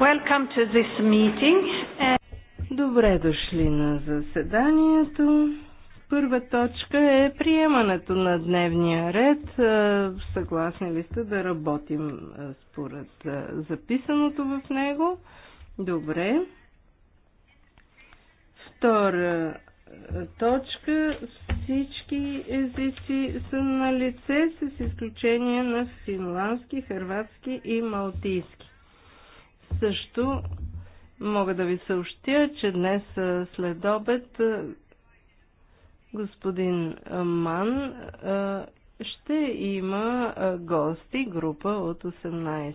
Welcome to this meeting. Добре дошли на заседанието. Първа точка е приемането на дневния ред. Е, съгласни ли сте да работим е, според е, записаното в него? Добре. Втора точка всички езици са на лице с изключение на финландски, хърватски и малтийски. Също мога да ви съобщя, че днес след обед господин Ман ще има гости, група от 18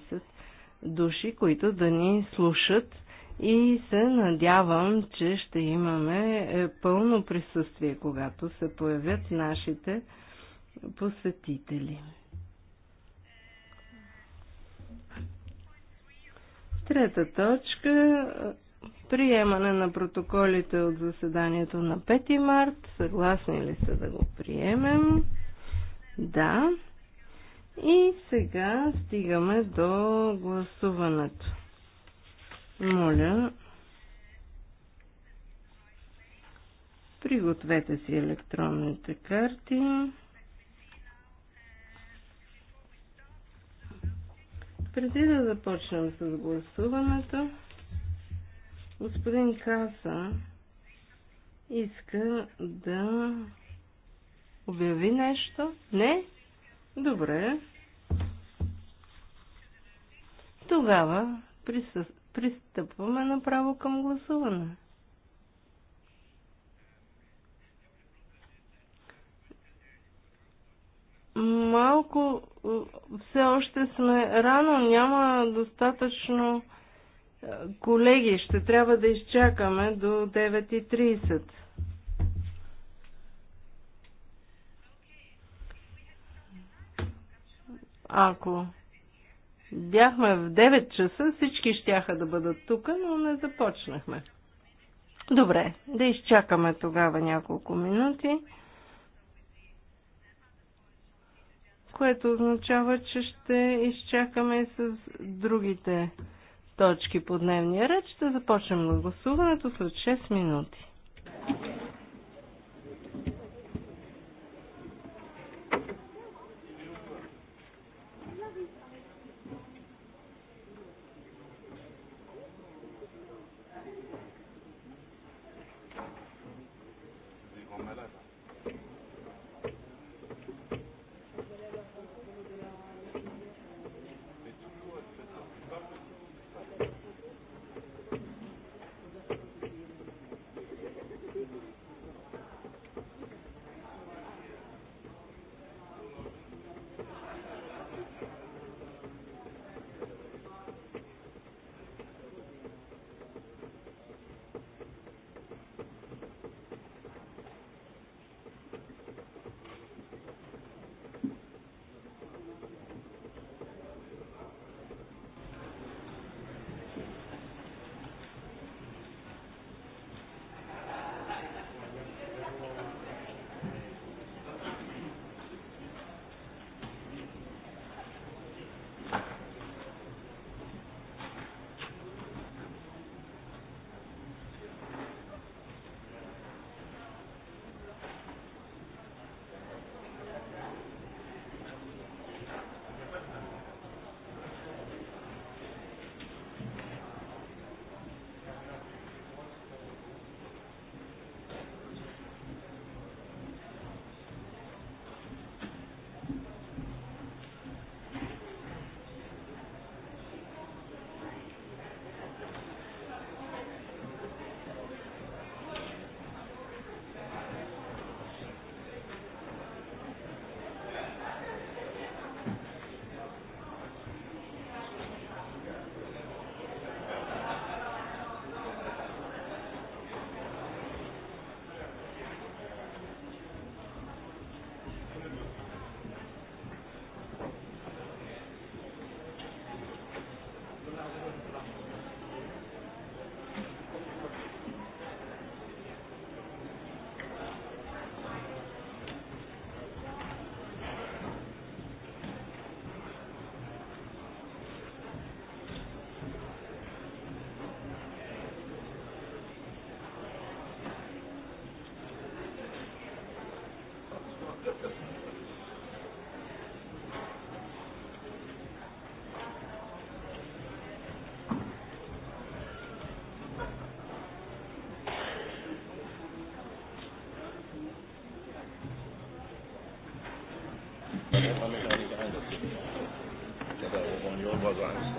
души, които да ни слушат и се надявам, че ще имаме е, пълно присъствие, когато се появят нашите посетители. Трета точка приемане на протоколите от заседанието на 5 март. Съгласни ли са да го приемем? Да. И сега стигаме до гласуването. Моля, пригответе си електронните карти. Преди да започнем с гласуването, господин Каса иска да обяви нещо. Не? Добре. Тогава присъ... пристъпваме направо към гласуване. малко е, все още сме рано, няма достатъчно е, колеги. Ще трябва да изчакаме до 9.30. Ако бяхме в 9 часа, всички щяха да бъдат тук, но не започнахме. Добре, да изчакаме тогава няколко минути. което означава, че ще изчакаме с другите точки по дневния ред. Ще започнем на гласуването след 6 минути. Herr Mamichani geeinigt. Der war auch Union war so eins.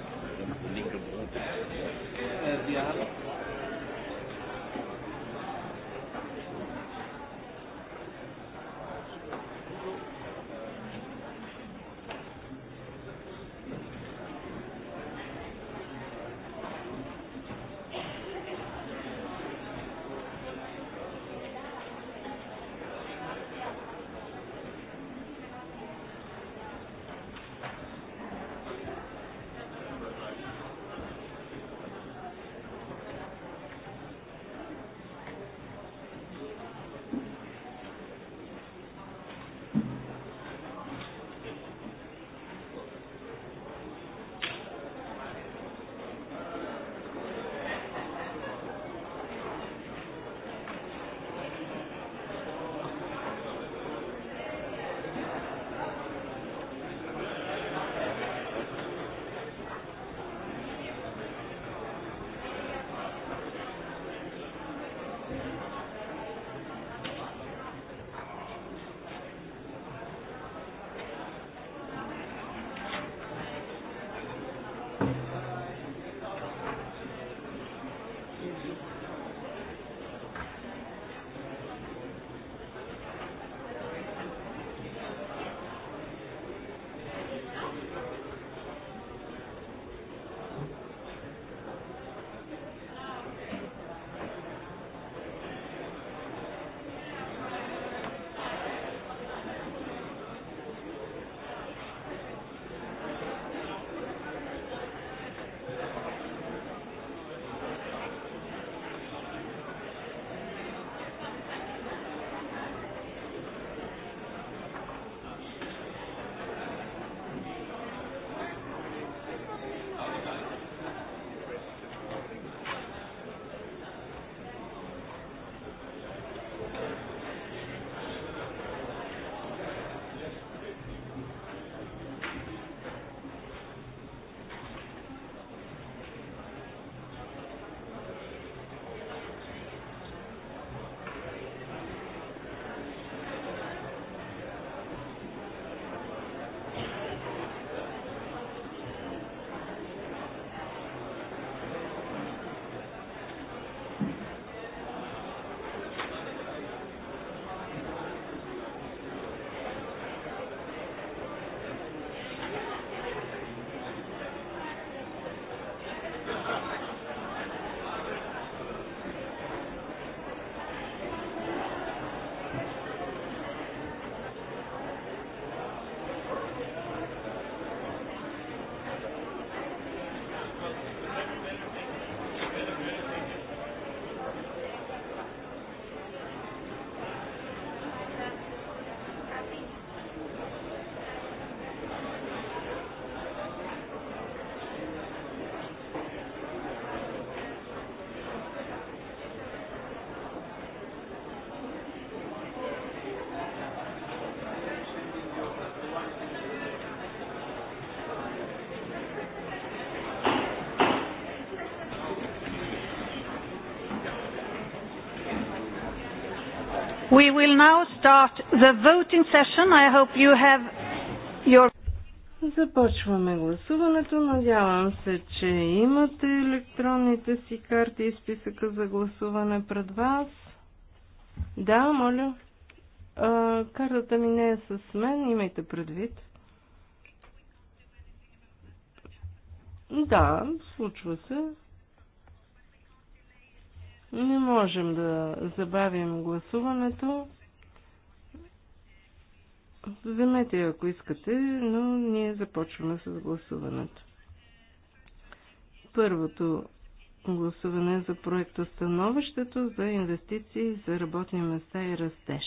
We will now start the voting session. I hope you have your... Започваме гласуването. Надявам се, че имате електронните си карти и списъка за гласуване пред вас. Да, моля. А, картата ми не е с мен, имайте предвид. Да, случва се. Не можем да забавим гласуването. Вземете ако искате, но ние започваме с гласуването. Първото гласуване е за проекта становището за инвестиции за работни места и растеж.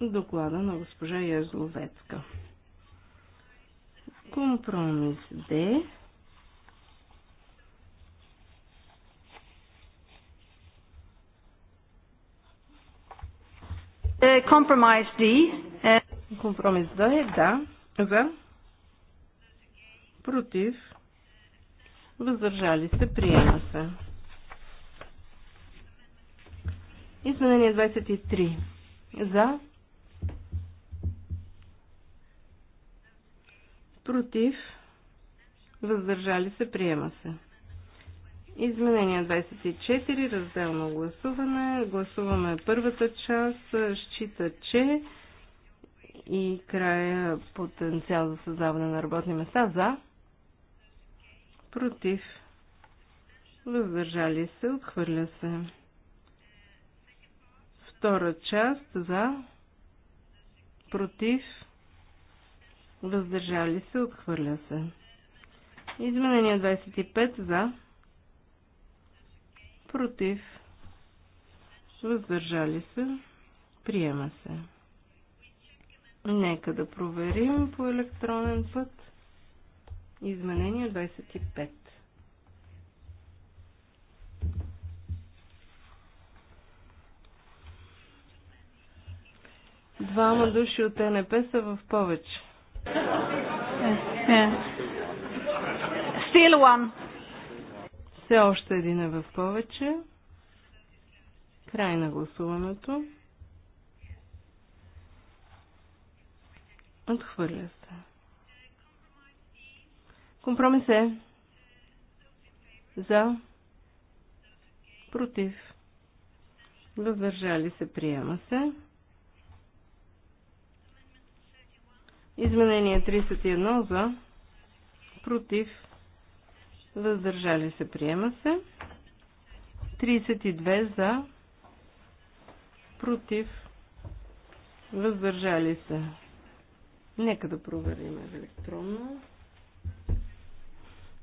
Доклада на госпожа Язловецка. Компромис Д. Е, компромис D. Е. Компромис D е да. За. Против. Въздържали се. Приема се. Изменение 23. За. Против. Въздържали се. Приема се. Изменение 24, разделно гласуване. Гласуваме първата част. Счита, че и края потенциал за създаване на работни места за, против, въздържали се, отхвърля се. Втора част за, против, въздържали се, отхвърля се. Изменение 25 за, против, въздържали се, приема се. Нека да проверим по електронен път изменение 25. Двама души от НП са в повече. Е, е. Still one. Все още един е в повече. Край на гласуването. Отхвърля се. Компромис е за, против, въздържали се, приема се. Изменение 31 за, против, въздържали се, приема се. 32 за, против, въздържали се. Нека да проверим електронно.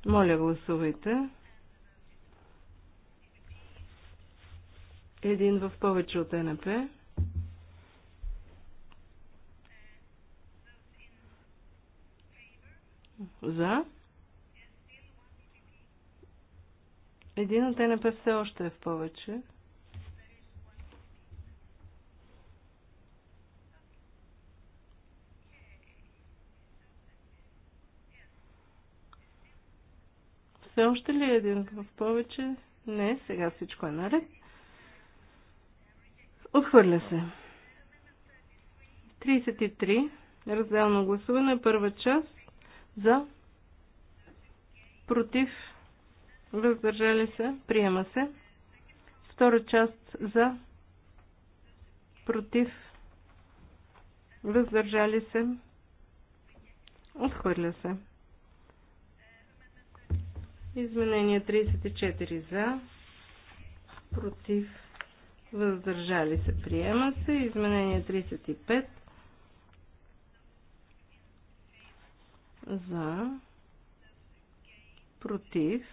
Моля, гласувайте. Един в повече от НП. За. Един от НП все още е в повече. Все още ли е един в повече? Не, сега всичко е наред. Отхвърля се. 33. Разделно гласуване. Първа част. За. Против въздържали се, приема се. Втора част за, против, въздържали се, отхвърля се. Изменение 34 за, против, въздържали се, приема се. Изменение 35 за, против,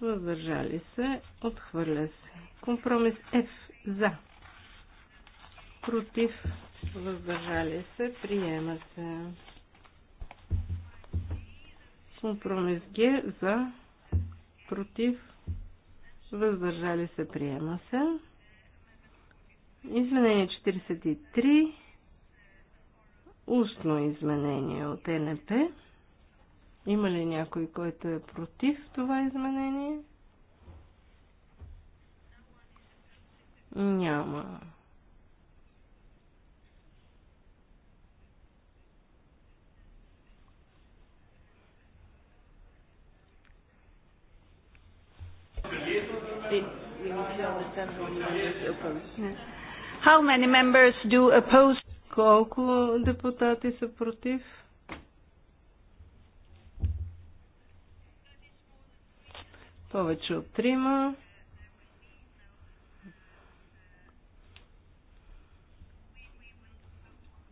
въздържали се, отхвърля се. Компромис F за, против, въздържали се, приема се. Компромис Г за, против, въздържали се, приема се. Изменение 43, устно изменение от НП. Има ли някой, който е против това изменение? Няма. How many members do oppose? Колко депутати са против? повече от трима.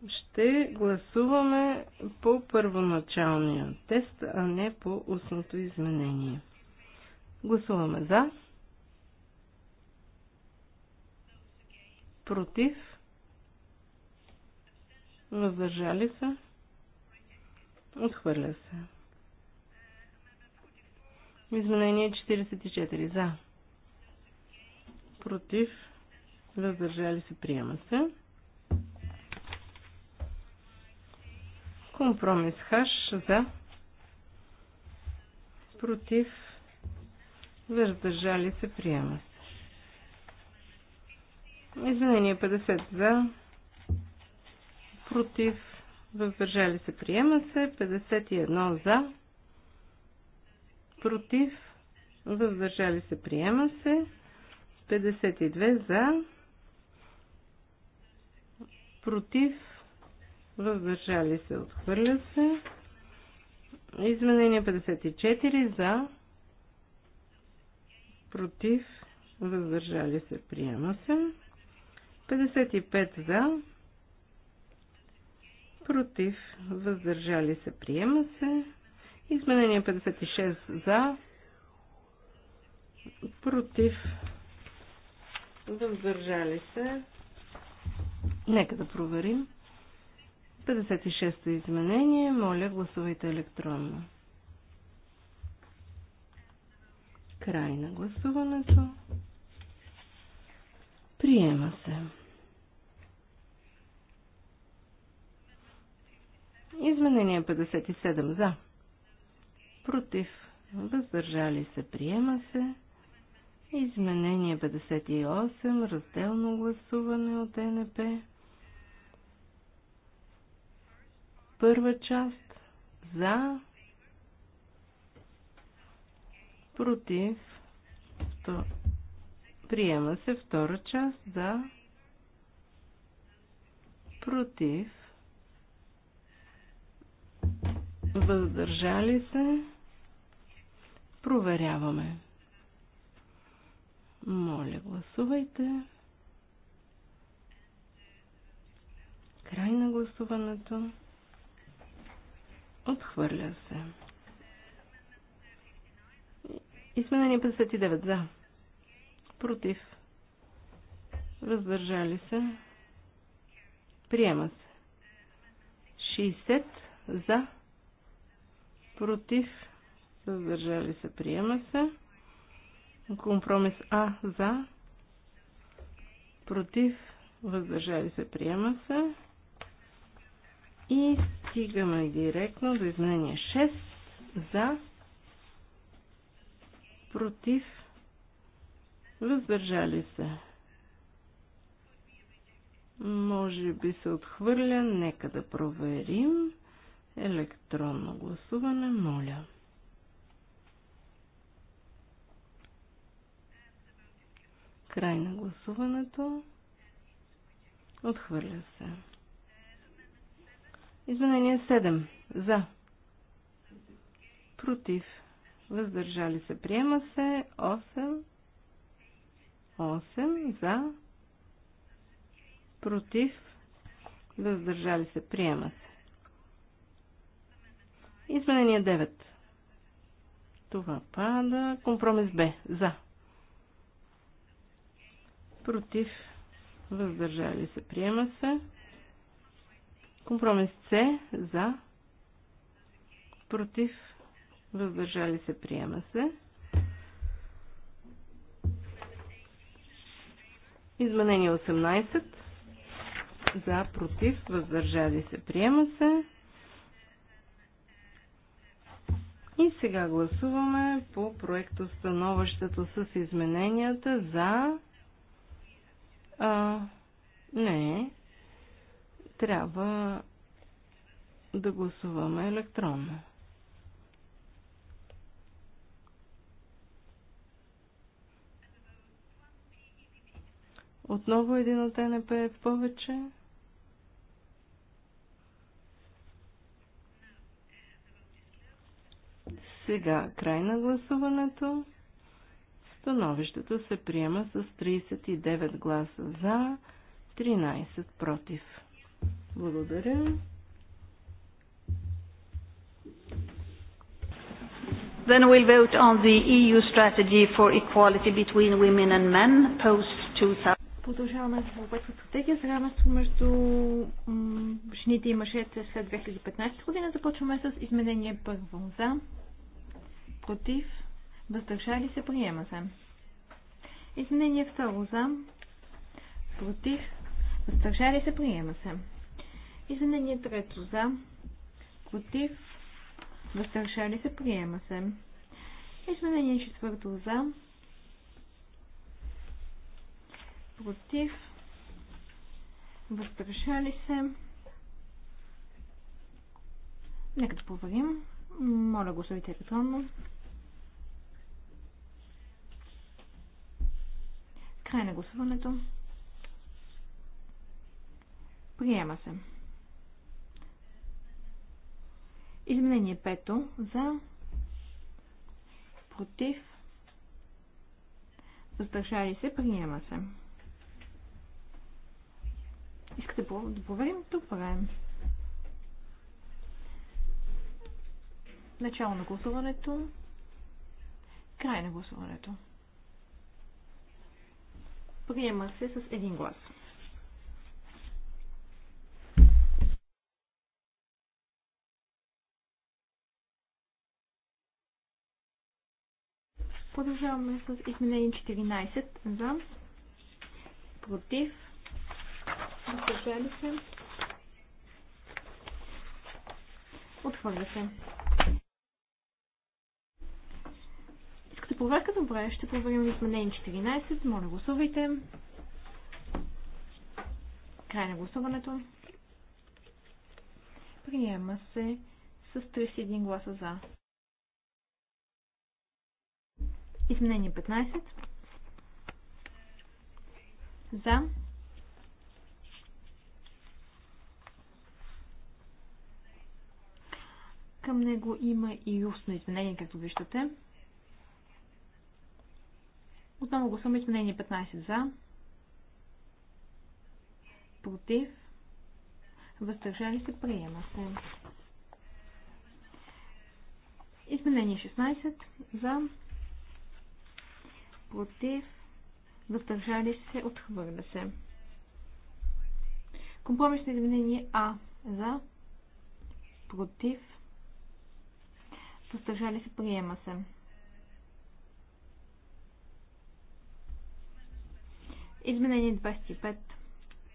Ще гласуваме по първоначалния тест, а не по устното изменение. Гласуваме за. Против. Въздържали се. Отхвърля се. Изменение 44 за. Против. Въздържали се. Приема се. Компромис хаш за. Против. Въздържали се. Приема се. Изменение 50 за. Против. Въздържали се. Приема се. 51 за против, въздържали се, приема се. 52 за, против, въздържали се, отхвърля се. Изменение 54 за, против, въздържали се, приема се. 55 за, против, въздържали се, приема се. Изменение 56 за, против, въздържали се. Нека да проверим. 56-то изменение. Моля, гласувайте електронно. Край на гласуването. Приема се. Изменение 57 за против, въздържали се, приема се. Изменение 58, разделно гласуване от ДНП. Първа част за, против, то, приема се втора част за, против, въздържали се. Проверяваме. Моля, гласувайте. Край на гласуването. Отхвърля се. Изменение 59 за. Против. Въздържали се. Приема се. 60 за. Против въздържали се, приема се. Компромис А за, против, въздържали се, приема се. И стигаме директно до изменение 6 за, против, въздържали се. Може би се отхвърля, нека да проверим. Електронно гласуване, моля. Край на гласуването. Отхвърля се. Изменение 7. За. Против. Въздържали се. Приема се. 8. 8. За. Против. Въздържали се. Приема се. Изменение 9. Това пада. Компромис Б. За против, въздържали се, приема се. Компромис С за, против, въздържали се, приема се. Изменение 18 за, против, въздържали се, приема се. И сега гласуваме по проекто становището с измененията за, а, не. Трябва да гласуваме електронно. Отново един от НП е повече. Сега край на гласуването. Становището се приема с 39 гласа за, 13 против. Благодаря. Then we'll vote on the EU strategy for equality between women and men post 2000. Продължаваме с Европейската стратегия за равенство между жените и мъжете след 2015 година. Започваме с изменение първо за, против, въздържали се, приема се. Изменение второ за, против, въздържали се, приема се. Изменение трето за, против, въздържали се, приема се. Изменение четвърто за, против, въздържали се. Нека да проверим. Моля, го съвите електронно. Край на гласуването. Приема се. Изменение пето за против въздържали се, приема се. Искате да проверим? правим. Начало на гласуването. Край на гласуването. Приема се с един глас. Продължаваме с изменение 14 за, против, въздържали се, отхвърля се. Искате проверка? Добре, ще проверим изменение 14. Моля, гласувайте. Край на гласуването. Приема се с 31 гласа за. Изменение 15. За. Към него има и устно изменение, както виждате. Отново гласуваме изменение 15 за, против, въздържали се, приема се. Изменение 16 за, против, въздържали се, отхвърля се. Компромисно изменение А за, против, въздържали се, приема се. Изменение 25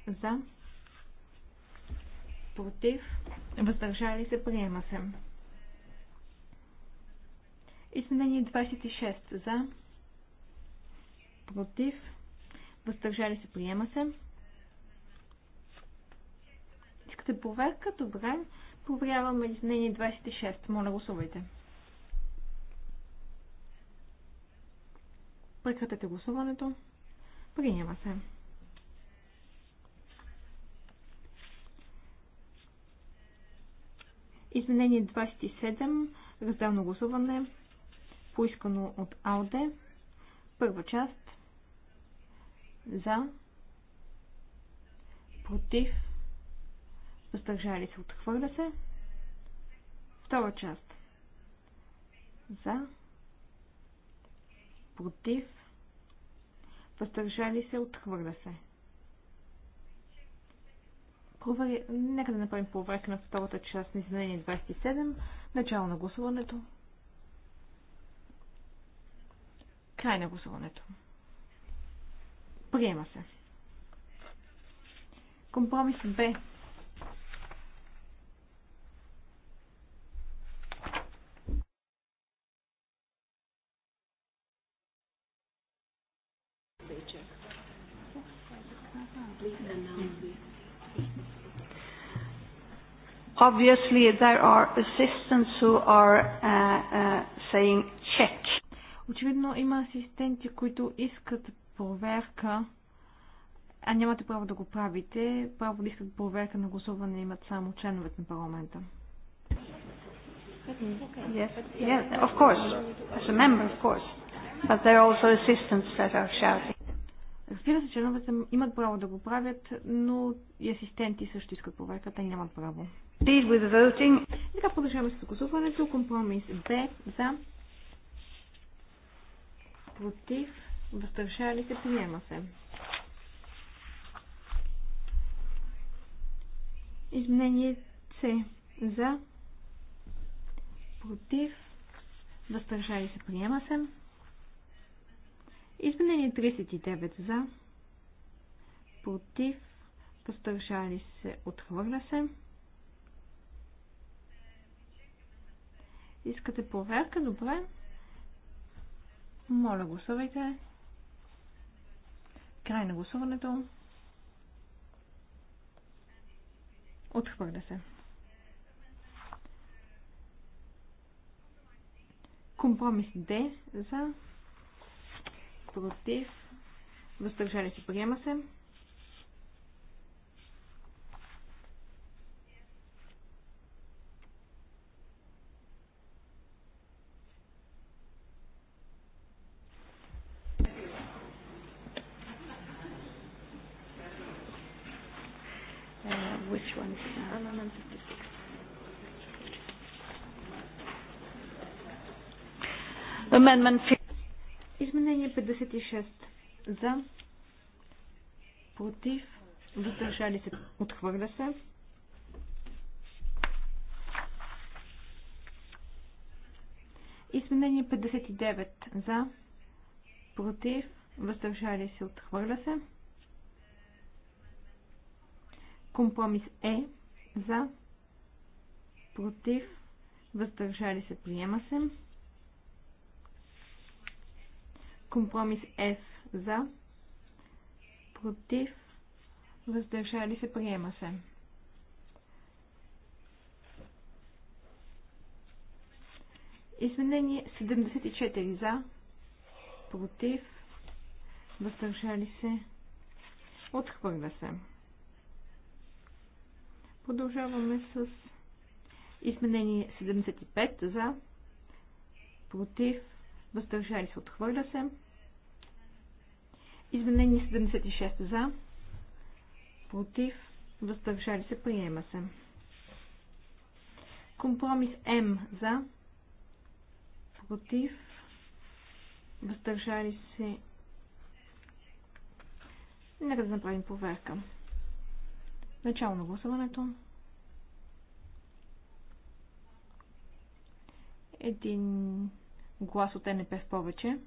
за. Против. Въздържали се. Приема се. Изменение 26 за. Против. Въздържали се. Приема се. Искате проверка? Добре. Проверяваме изменение 26. Моля, гласувайте. Прекратете гласуването. Приема се. Изменение 27, разделно гласуване, поискано от АЛДЕ. Първа част. За. Против. Въздържали се, отхвърля се. Втора част. За. Против въздържали се, отхвърля се. Провери... Нека да направим проверка на втората част на изменение 27, начало на гласуването. Край на гласуването. Приема се. Компромис Б Obviously, there are assistants who are uh, uh, saying check. Очевидно има асистенти, които искат проверка, а нямате право да го правите. Право да искат проверка на гласуване имат само членовете на парламента. Yes, yes, of course. As a member, of course. But there are also assistants that are shouting. Разбира се, членовете имат право да го правят, но и асистенти също искат проверка, те нямат право. И така продължаваме с гласуването. Компромис Б за против въздържали се приема се. Изменение С за против въздържали се приема се. Изменение 39 за против въздържали се отхвърля се. Искате проверка? Добре. Моля, гласувайте. Край на гласуването. Отхвърля се. Компромис Д за против. Въздържали се. Приема се. Amendment Изменение 56. За. Против. Въздържали се. Отхвърля се. Изменение 59. За. Против. Въздържали се. Отхвърля се. Компромис Е. За. Против. Въздържали се. Приема се. Компромис F за. Против. Въздържали се. Приема се. Изменение 74 за. Против. Въздържали се. Отхвърля се. Продължаваме с изменение 75 за. Против. Въздържали се. Отхвърля се. Изменени 76 за. Против. Въздържали се. Приема се. Компромис М за. Против. Въздържали се. Нека да направим проверка. Начало на гласуването. Един глас от НП в повече.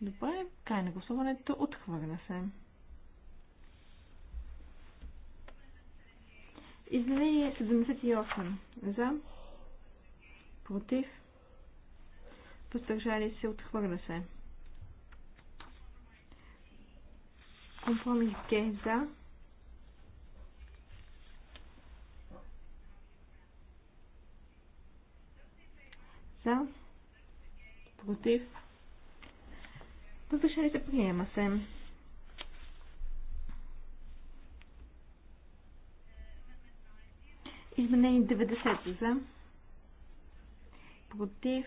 Добре, край на гласуването. Отхвърля се. Изменение 78. За. Против. Въздържали се. Отхвърля се. Компромис Г. За. За. Против Въздържали приема се. Изменени 90 за. Против.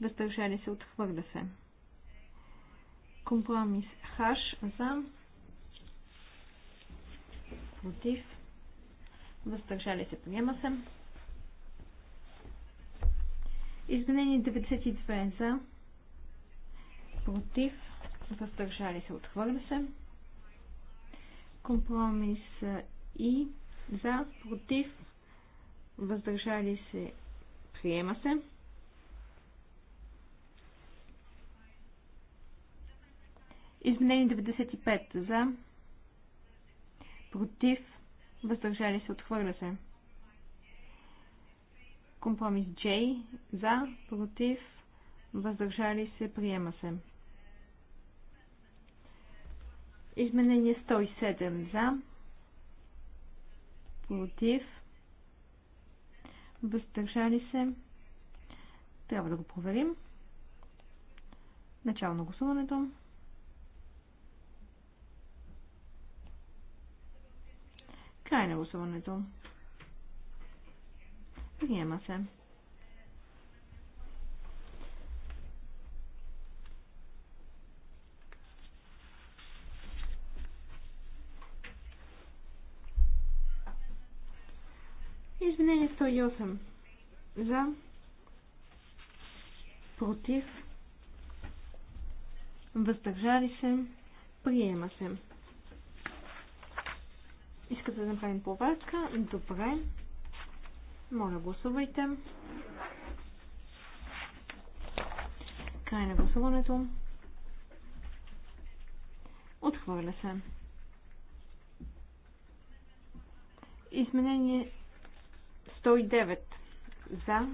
Въздържали се, отхвърля се. Компромис хаш за. Против. Въздържали се, приема се. Изменени 92 за против, въздържали се, отхвърля се. Компромис и за, против, въздържали се, приема се. Изменение 95 за, против, въздържали се, отхвърля се. Компромис J за, против, въздържали се, приема се. Изменение 107 за. Против. Въздържали се. Трябва да го проверим. Начало на гласуването. Край на гласуването. Приема се. Изменение 108. За. Против. Въздържали се. Приема се. Искате да направим проверка? Добре. Моля, гласувайте. Край на гласуването. Отхвърля се. Изменение 109 за,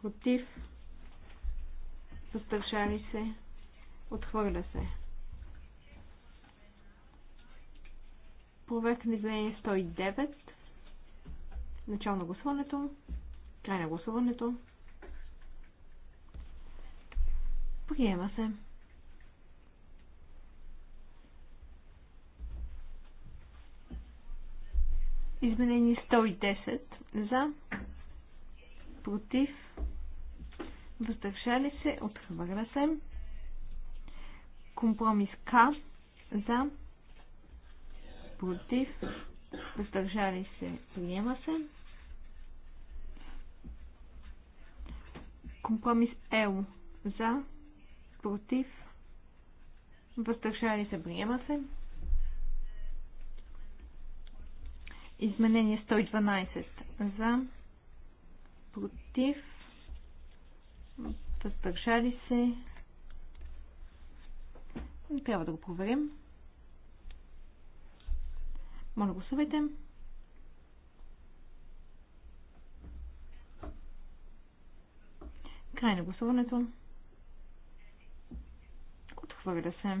против, въздържали се, отхвърля се. Проверка на изменение 109. Начало на гласуването. Край на гласуването. Приема се. Изменение 110 за, против, въздържали се, отхвърля се. Компромис К за, против, въздържали се, приема се. Компромис Л за, против, въздържали се, приема се. Изменение 112 за, против, въздържали се. Трябва да го проверим. Моля гласувайте. Край на гласуването. Отхвърля се.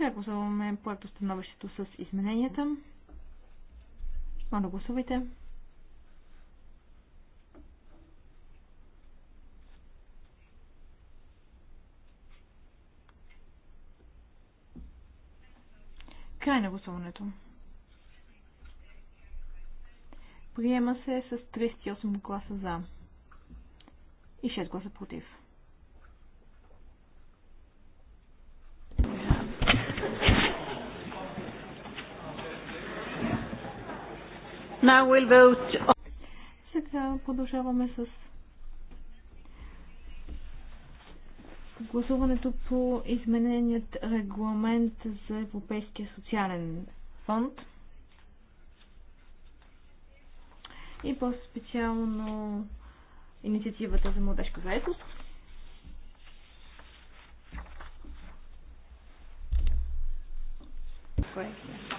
Сега гласуваме проектостановището с измененията. Моля, гласувайте. Край на гласуването. Приема се с 38 гласа за и 6 гласа против. Now we'll vote. Сега продължаваме с гласуването по измененият регламент за Европейския социален фонд. И по-специално инициативата за младежка Thank you.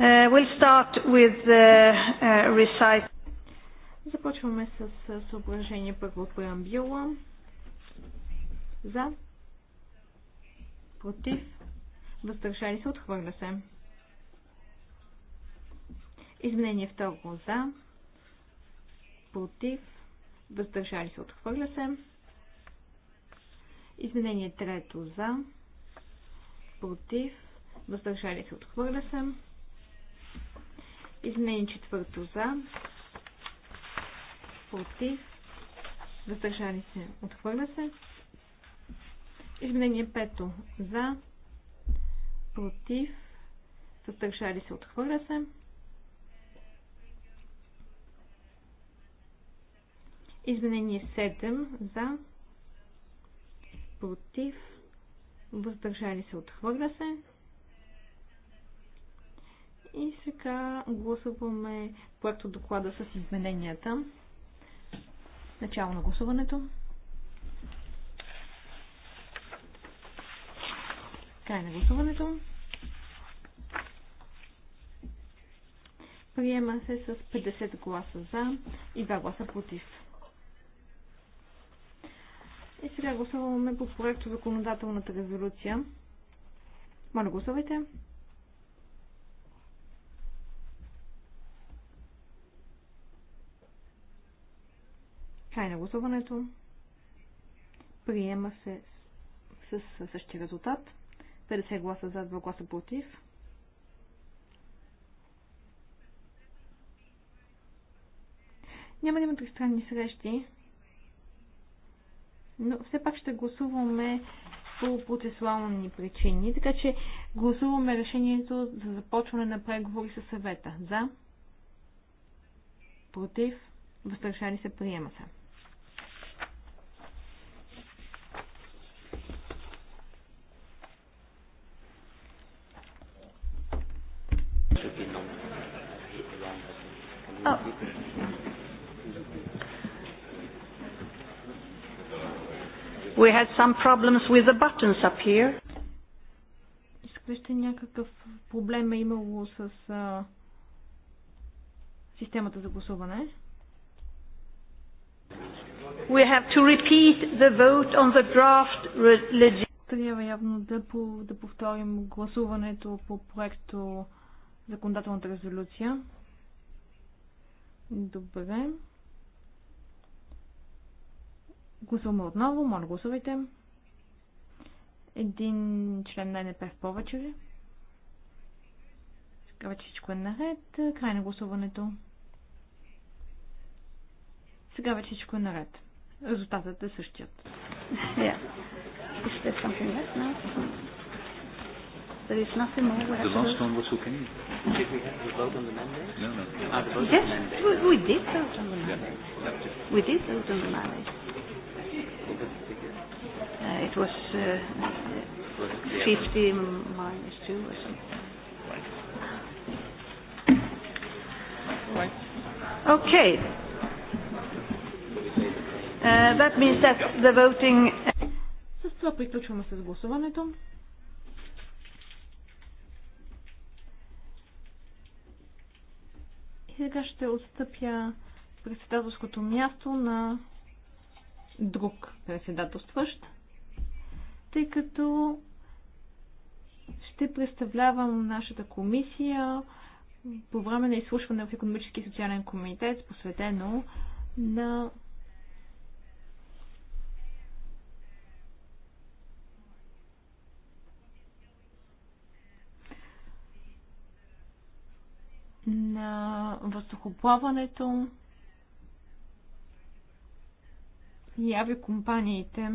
Uh, we'll start with the uh, recite. Започваме с съображение първо от преамбюла. За. Против. Въздържали се. Отхвърля се. Изменение второ за. Против. Въздържали се. Отхвърля се. Изменение трето за. Против. Въздържали се. Отхвърля се. Изменение четвърто за. Против. Въздържали се. Отхвърля се. Изменение пето за. Против. Въздържали се. Отхвърля се. Изменение 7 за. Против. Въздържали се. Отхвърля се. И сега гласуваме проекто доклада с измененията. Начало на гласуването. Край на гласуването. Приема се с 50 гласа за и 2 гласа против. И сега гласуваме по проекто законодателната резолюция. Моля, гласувайте. Край на гласуването. Приема се с същия резултат. 50 гласа за, 2 гласа против. Няма да има тристранни срещи, но все пак ще гласуваме по процесуални причини, така че гласуваме решението за започване на преговори със съвета. За, против, въздържали се, приема се. Oh. We had some problems with the buttons up here. Изглежда някакъв проблем е имало с а, системата за гласуване. We have to repeat the vote on the draft Трябва явно да, по, да повторим гласуването по проекто законодателната резолюция. Добре. Гласуваме отново. Моля, гласувайте. Един член на НП в повече ли? Сега вече всичко е наред. Край на гласуването. Сега вече всичко е наред. Резултатът е същият. Yeah. There is nothing more. We have the last one was who can Did we have the vote on the mandate? No, no. Ah, the yes, the We, we did vote on the mandate. Yeah. We did vote on the mandate. Uh, it was uh, 50 minus 2 or something. Right. Okay. Uh, that means that the voting... С това приключваме с гласуването. И сега ще отстъпя председателското място на друг председателстващ, тъй като ще представлявам нашата комисия по време на изслушване в економически и социален комитет, посветено на на въздухоплаването и авиокомпаниите,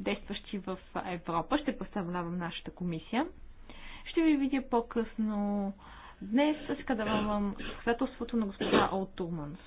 действащи в Европа. Ще представлявам нашата комисия. Ще ви видя по-късно днес. Сега давам свидетелството на господа Олтурманс.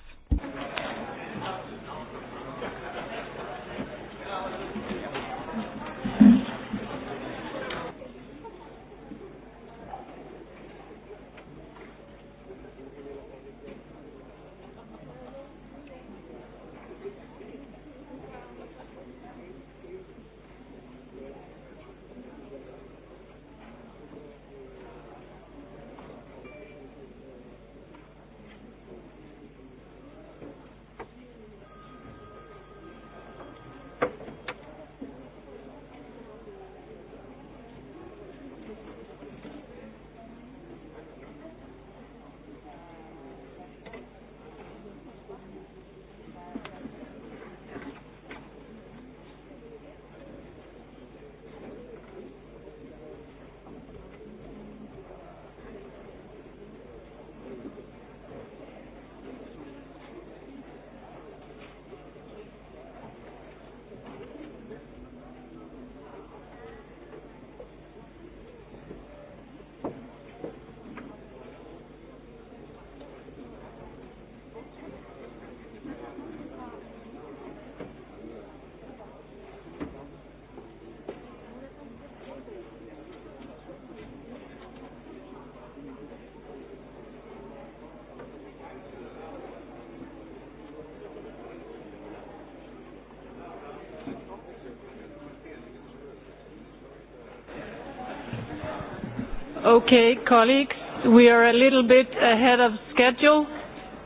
Okay, colleagues, we are a little bit ahead of schedule,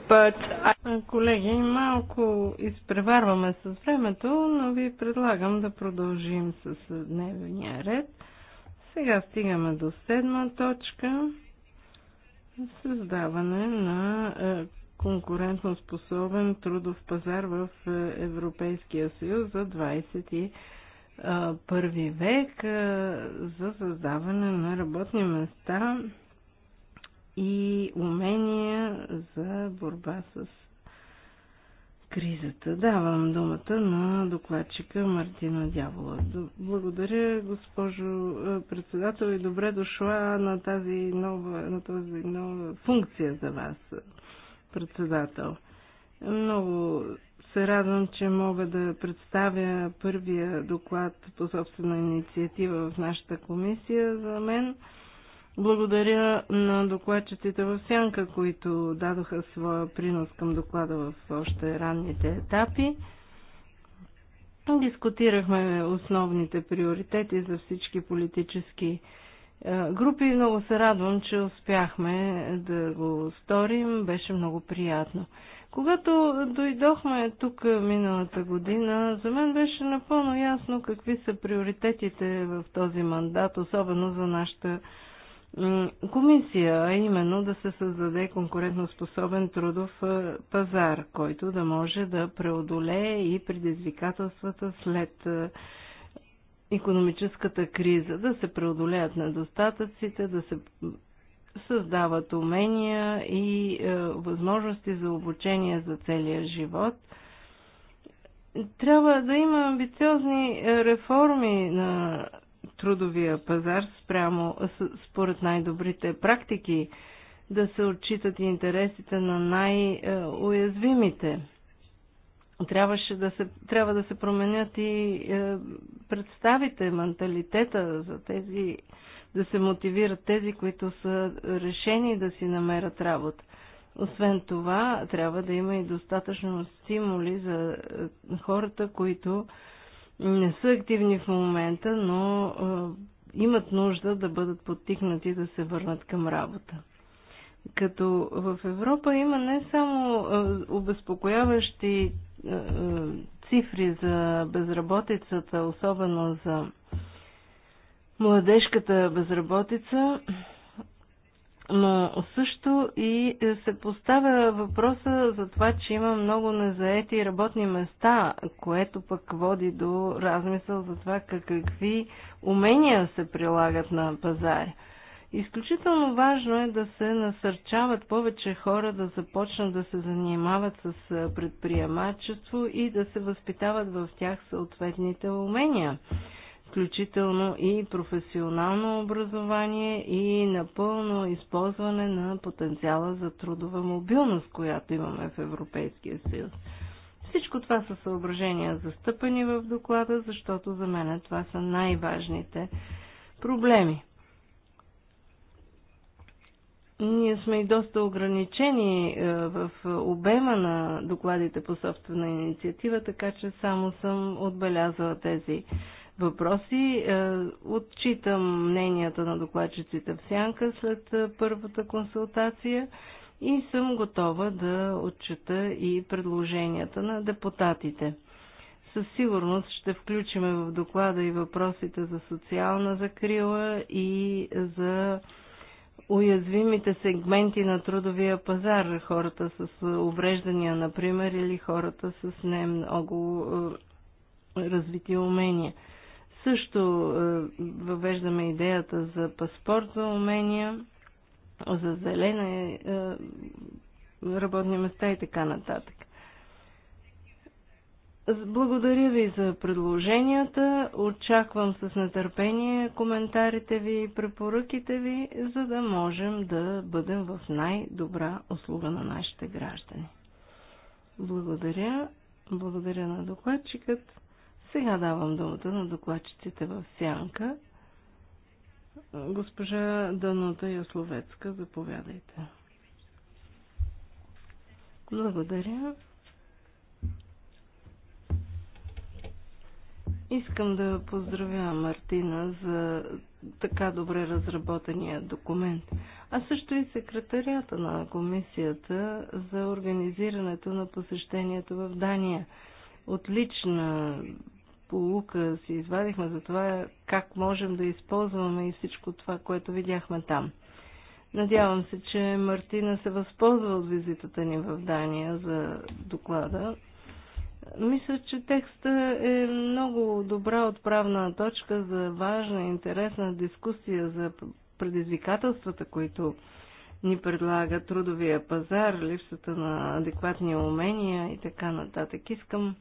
but I... Колеги, малко изпреварваме с времето, но ви предлагам да продължим с дневния ред. Сега стигаме до седма точка. Създаване на е, конкурентно способен трудов пазар в е, Европейския съюз за 20 първи век за създаване на работни места и умения за борба с кризата. Давам думата на докладчика Мартина Дявола. Благодаря, госпожо председател, и добре дошла на тази нова, на тази нова функция за вас, председател. Много се радвам, че мога да представя първия доклад по собствена инициатива в нашата комисия. За мен благодаря на докладчиците в Сянка, които дадоха своя принос към доклада в още ранните етапи. Дискутирахме основните приоритети за всички политически е, групи. Много се радвам, че успяхме да го сторим. Беше много приятно. Когато дойдохме тук миналата година, за мен беше напълно ясно какви са приоритетите в този мандат, особено за нашата комисия, а именно да се създаде конкурентоспособен трудов пазар, който да може да преодолее и предизвикателствата след економическата криза, да се преодолеят недостатъците, да се създават умения и е, възможности за обучение за целия живот. Трябва да има амбициозни е, реформи на трудовия пазар спрямо, според най-добрите практики, да се отчитат и интересите на най-уязвимите. Трябваше да се, трябва да се променят и е, представите, менталитета за тези да се мотивират тези, които са решени да си намерят работа. Освен това, трябва да има и достатъчно стимули за е, хората, които не са активни в момента, но е, имат нужда да бъдат подтикнати да се върнат към работа. Като в Европа има не само е, обезпокояващи цифри за безработицата, особено за младежката безработица, но също и се поставя въпроса за това, че има много незаети работни места, което пък води до размисъл за това какви умения се прилагат на пазаря. Изключително важно е да се насърчават повече хора да започнат да се занимават с предприемачество и да се възпитават в тях съответните умения включително и професионално образование и напълно използване на потенциала за трудова мобилност, която имаме в Европейския съюз. Всичко това са съображения застъпени в доклада, защото за мен това са най-важните проблеми. Ние сме и доста ограничени е, в обема на докладите по собствена инициатива, така че само съм отбелязала тези въпроси. Е, отчитам мненията на докладчиците в сянка след е, първата консултация и съм готова да отчета и предложенията на депутатите. Със сигурност ще включиме в доклада и въпросите за социална закрила и за уязвимите сегменти на трудовия пазар, хората с увреждания, например, или хората с не много е, развити умения. Също е, въвеждаме идеята за паспорт за умения, за зелена е, работни места и така нататък. Благодаря ви за предложенията. Очаквам с нетърпение коментарите ви и препоръките ви, за да можем да бъдем в най-добра услуга на нашите граждани. Благодаря. Благодаря на докладчикът. Сега давам думата на докладчиците в сянка. Госпожа Данута Ясловецка, заповядайте. Благодаря. Искам да поздравя Мартина за така добре разработения документ, а също и секретарията на комисията за организирането на посещението в Дания. Отлична полука си извадихме за това как можем да използваме и всичко това, което видяхме там. Надявам се, че Мартина се възползва от визитата ни в Дания за доклада. Мисля, че текста е много добра отправна точка за важна и интересна дискусия за предизвикателствата, които ни предлага трудовия пазар, липсата на адекватни умения и така нататък. Искам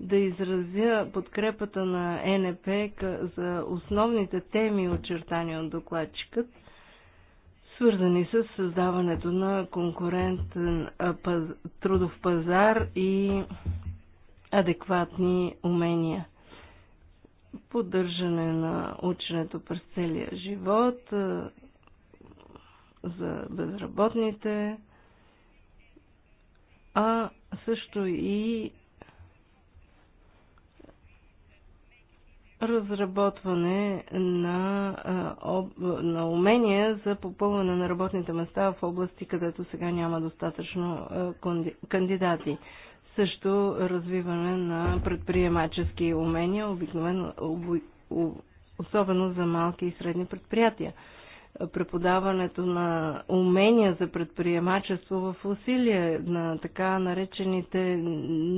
да изразя подкрепата на НП за основните теми, очертани от докладчикът, свързани с създаването на конкурентен трудов пазар и адекватни умения. Поддържане на ученето през целия живот, за безработните, а също и разработване на, на умения за попълване на работните места в области, където сега няма достатъчно кандидати. Също развиване на предприемачески умения, обикновено, особено за малки и средни предприятия. Преподаването на умения за предприемачество в усилие на така наречените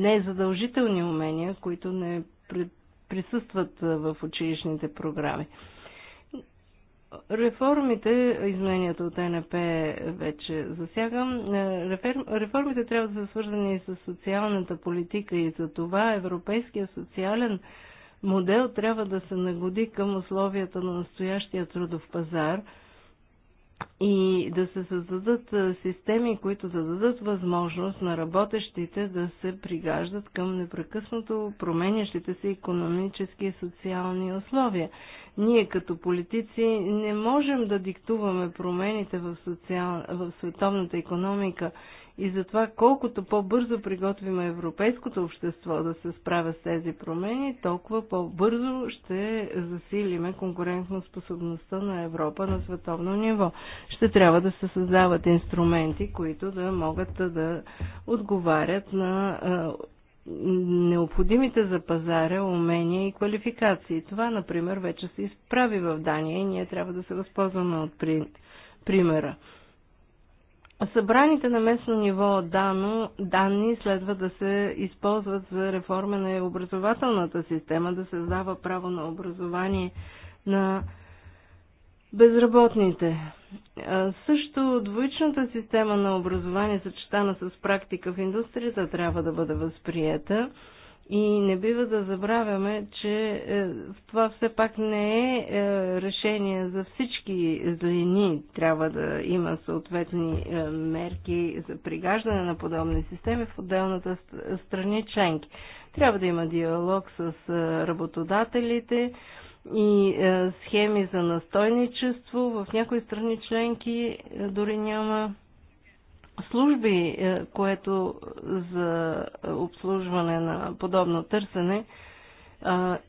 незадължителни умения, които не пред присъстват в училищните програми. Реформите, измененията от НП вече засягам, реформите трябва да са свързани с социалната политика и за това европейския социален модел трябва да се нагоди към условията на настоящия трудов пазар – и да се създадат системи, които да дадат възможност на работещите да се пригаждат към непрекъснато променящите се економически и социални условия. Ние като политици не можем да диктуваме промените в, социал... в световната економика и затова колкото по-бързо приготвим европейското общество да се справя с тези промени, толкова по-бързо ще засилиме конкурентно способността на Европа на световно ниво. Ще трябва да се създават инструменти, които да могат да отговарят на необходимите за пазара умения и квалификации. Това, например, вече се изправи в Дания и ние трябва да се възползваме от примера. Събраните на местно ниво дано, данни следва да се използват за реформа на образователната система, да създава право на образование на безработните. Също двоичната система на образование, съчетана с практика в индустрията, трябва да бъде възприета. И не бива да забравяме, че е, това все пак не е, е решение за всички злини. Трябва да има съответни е, мерки за пригаждане на подобни системи в отделната страни членки. Трябва да има диалог с работодателите и схеми за настойничество. В някои страни членки дори няма служби, е, което за обслужване на подобно търсене е,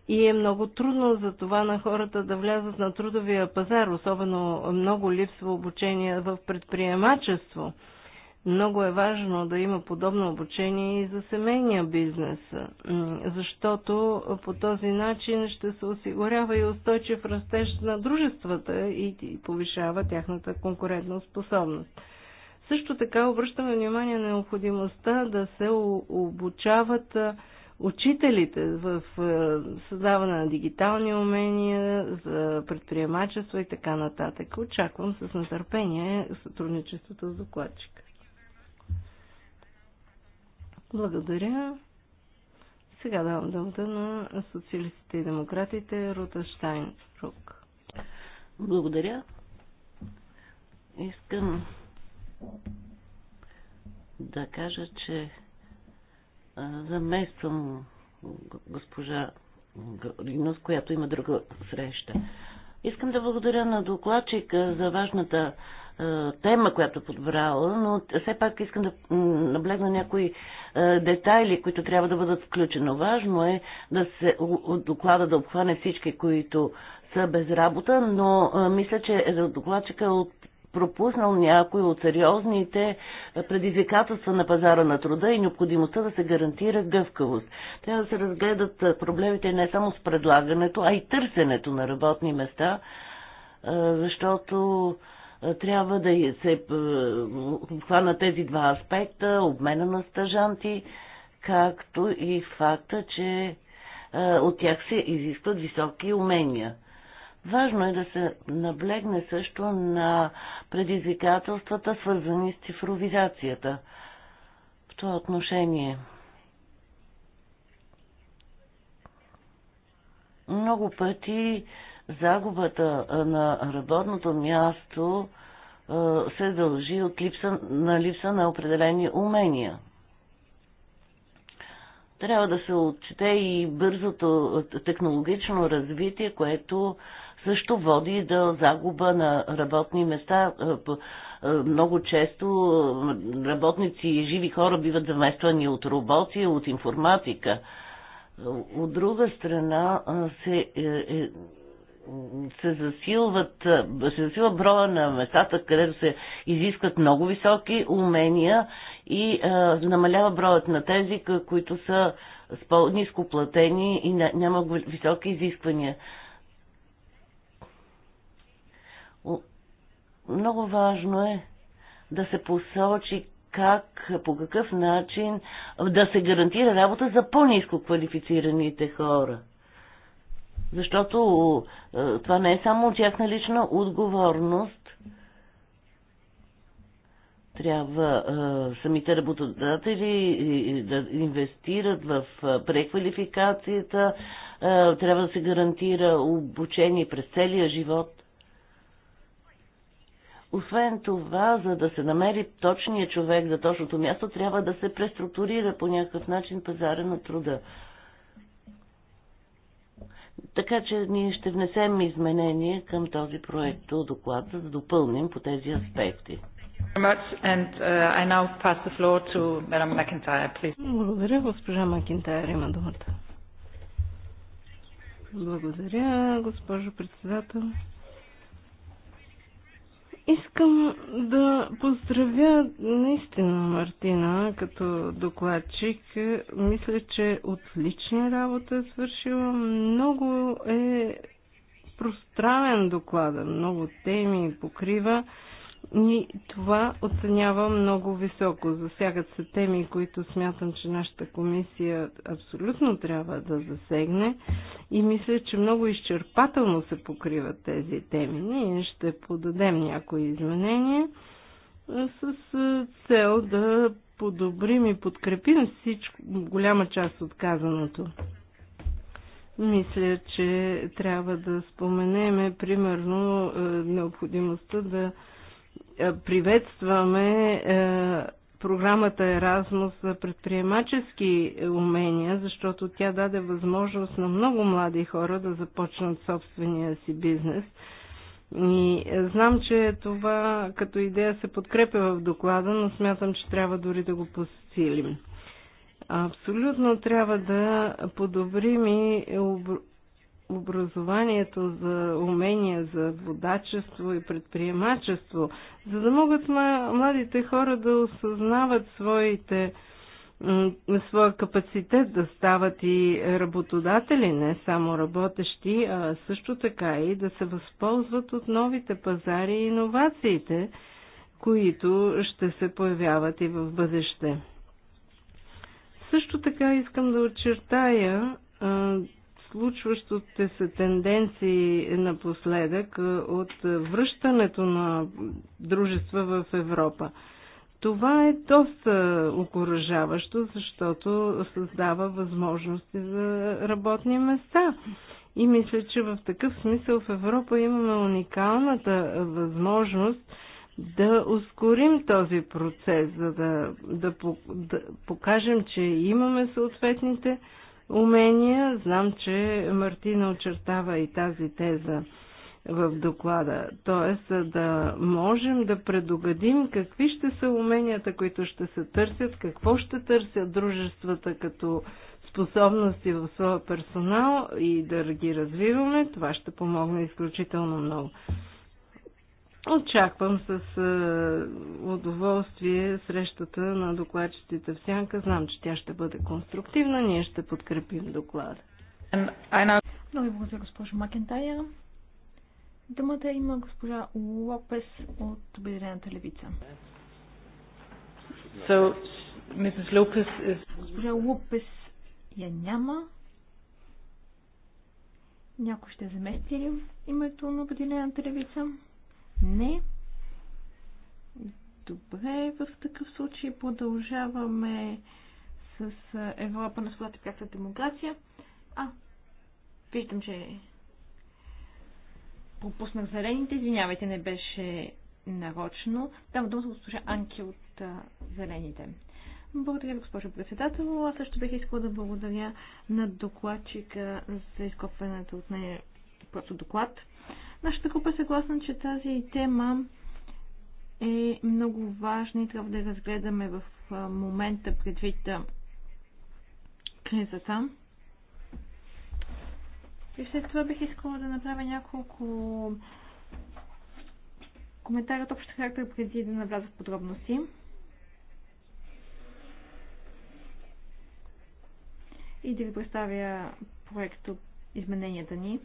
и е много трудно за това на хората да влязат на трудовия пазар, особено много липсва обучение в предприемачество. Много е важно да има подобно обучение и за семейния бизнес, защото по този начин ще се осигурява и устойчив растеж на дружествата и повишава тяхната конкурентна способност. Също така обръщаме внимание на необходимостта да се обучават учителите в създаване на дигитални умения, за предприемачество и така нататък. Очаквам с нетърпение сътрудничеството с докладчика. Благодаря. Сега давам думата на социалистите и демократите Рута Рук. Благодаря. Искам да кажа, че замествам госпожа Гринус, която има друга среща. Искам да благодаря на докладчика за важната тема, която подбрала, но все пак искам да наблегна някои детайли, които трябва да бъдат включени. Важно е да се от доклада да обхване всички, които са без работа, но мисля, че докладчика е от пропуснал някои от сериозните предизвикателства на пазара на труда и необходимостта да се гарантира гъвкавост. Трябва да се разгледат проблемите не само с предлагането, а и търсенето на работни места, защото трябва да се хванат тези два аспекта, обмена на стажанти, както и факта, че от тях се изискват високи умения. Важно е да се наблегне също на предизвикателствата, свързани с цифровизацията. В това отношение. Много пъти загубата на работното място се дължи от липса, на липса на определени умения. Трябва да се отчете и бързото технологично развитие, което също води до загуба на работни места. Е, е, много често е, работници и живи хора биват замествани от роботи, от информатика. От друга страна се, се, засилват, се засилва броя на местата, където се изискват много високи умения и намалява броят на тези, които са ниско низко платени и няма високи изисквания. Много важно е да се посочи как, по какъв начин да се гарантира работа за по-низко квалифицираните хора. Защото е, това не е само тяхна лична отговорност. Трябва е, самите работодатели да инвестират в е, преквалификацията, е, трябва да се гарантира обучение през целия живот. Освен това, за да се намери точния човек за точното място, трябва да се преструктурира по някакъв начин пазара на труда. Така че ние ще внесем изменения към този проект доклад, за да допълним по тези аспекти. Uh, Благодаря, госпожа Макентайр има думата. Благодаря, госпожо председател. Искам да поздравя наистина Мартина като докладчик. Мисля, че отлична работа е свършила. Много е пространен доклада, много теми покрива ни това оценява много високо. Засягат се теми, които смятам, че нашата комисия абсолютно трябва да засегне и мисля, че много изчерпателно се покриват тези теми. Ние ще подадем някои изменения с цел да подобрим и подкрепим всичко, голяма част от казаното. Мисля, че трябва да споменеме примерно необходимостта да е, приветстваме е, програмата Еразмус за предприемачески умения, защото тя даде възможност на много млади хора да започнат собствения си бизнес. И е, знам, че това като идея се подкрепя в доклада, но смятам, че трябва дори да го посилим. Абсолютно трябва да подобрим и образованието за умения за водачество и предприемачество, за да могат младите хора да осъзнават своите своя капацитет да стават и работодатели, не само работещи, а също така и да се възползват от новите пазари и иновациите, които ще се появяват и в бъдеще. Също така искам да очертая случващите се тенденции напоследък от връщането на дружества в Европа. Това е доста окоръжаващо, защото създава възможности за работни места. И мисля, че в такъв смисъл в Европа имаме уникалната възможност да ускорим този процес, за да, да, да покажем, че имаме съответните умения. Знам, че Мартина очертава и тази теза в доклада. Тоест да можем да предугадим какви ще са уменията, които ще се търсят, какво ще търсят дружествата като способности в своя персонал и да ги развиваме, това ще помогне изключително много. Очаквам с е, удоволствие срещата на докладчиците в Сянка. Знам, че тя ще бъде конструктивна. Ние ще подкрепим доклада. Много благодаря, госпожо Макентайя. Думата има госпожа Лопес от Обединената левица. So, Mrs. Lopez is... Госпожа Лопес я няма. Някой ще замести ли името на Обединената левица? Не. Добре, в такъв случай продължаваме с Европа на свободата и пряката демокрация. А, виждам, че пропуснах зелените. Извинявайте, не беше нарочно. Дам думата госпожа Анки от а, зелените. Благодаря, госпожо председател. Аз също бих искала да благодаря на докладчика за изкопването от нея просто доклад. Нашата група е съгласна, че тази тема е много важна и трябва да я разгледаме в момента предвид кризата. И след това бих искала да направя няколко коментара от общ характер преди да навляза в подробности. И да ви представя проект от измененията ни.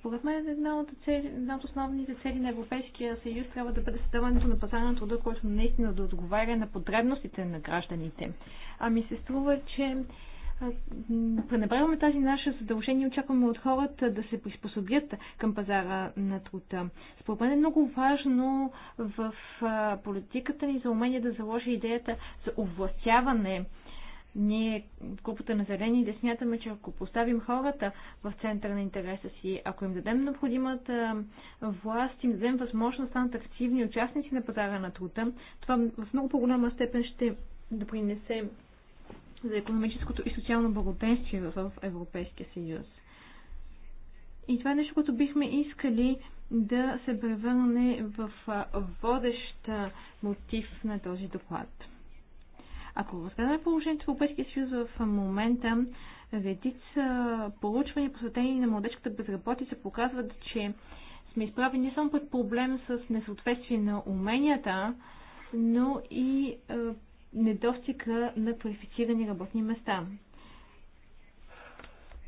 Според мен една от, цели, една от основните цели на Европейския съюз трябва да бъде създаването на пазара на труда, който наистина да отговаря на потребностите на гражданите. А ми се струва, че пренебрегваме тази наша задължение и очакваме от хората да се приспособят към пазара на труда. Според мен е много важно в политиката ни за умение да заложи идеята за овластяване ние, групата на зелени, да смятаме, че ако поставим хората в центъра на интереса си, ако им дадем необходимата власт, им дадем възможност да станат активни участници на пазара на труда, това в много по-голяма степен ще допринесе за економическото и социално благоденствие в Европейския съюз. И това е нещо, което бихме искали да се превърне в водещ мотив на този доклад. Ако разгледаме положението в Европейския съюз в момента, редица и посветени на младежката безработица, показват, че сме изправени не само пред проблем с несъответствие на уменията, но и е, недостига на квалифицирани работни места.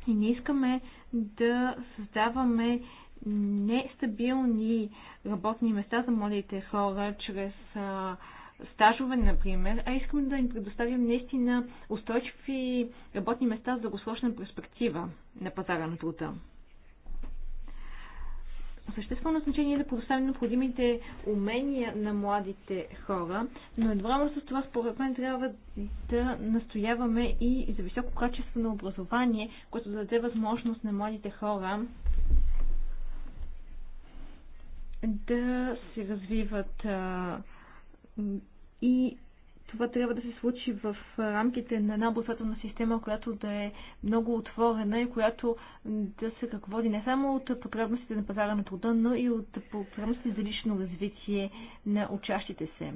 И не искаме да създаваме нестабилни работни места за младите хора чрез е, стажове, например, а искам да им предоставим наистина устойчиви работни места с дългосрочна перспектива на пазара на труда. Съществено значение е да предоставим необходимите умения на младите хора, но едновременно с това според мен трябва да настояваме и за високо качество на образование, което да даде възможност на младите хора да се развиват а, и това трябва да се случи в рамките на една образователна система, която да е много отворена и която да се ръководи не само от потребностите на пазара на труда, но и от потребностите за лично развитие на учащите се.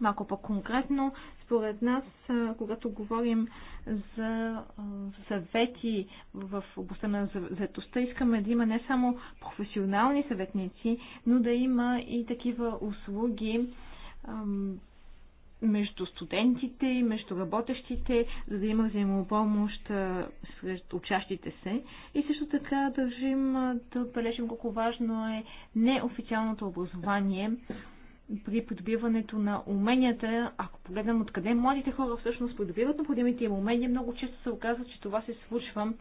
Малко по-конкретно, според нас, когато говорим за съвети в областта на заедостта, искаме да има не само професионални съветници, но да има и такива услуги, между студентите и между работещите, за да има взаимопомощ сред учащите се. И също така държим да отбележим колко важно е неофициалното образование при придобиването на уменията. Ако погледнем откъде младите хора всъщност придобиват необходимите им умения, много често се оказва, че това се случва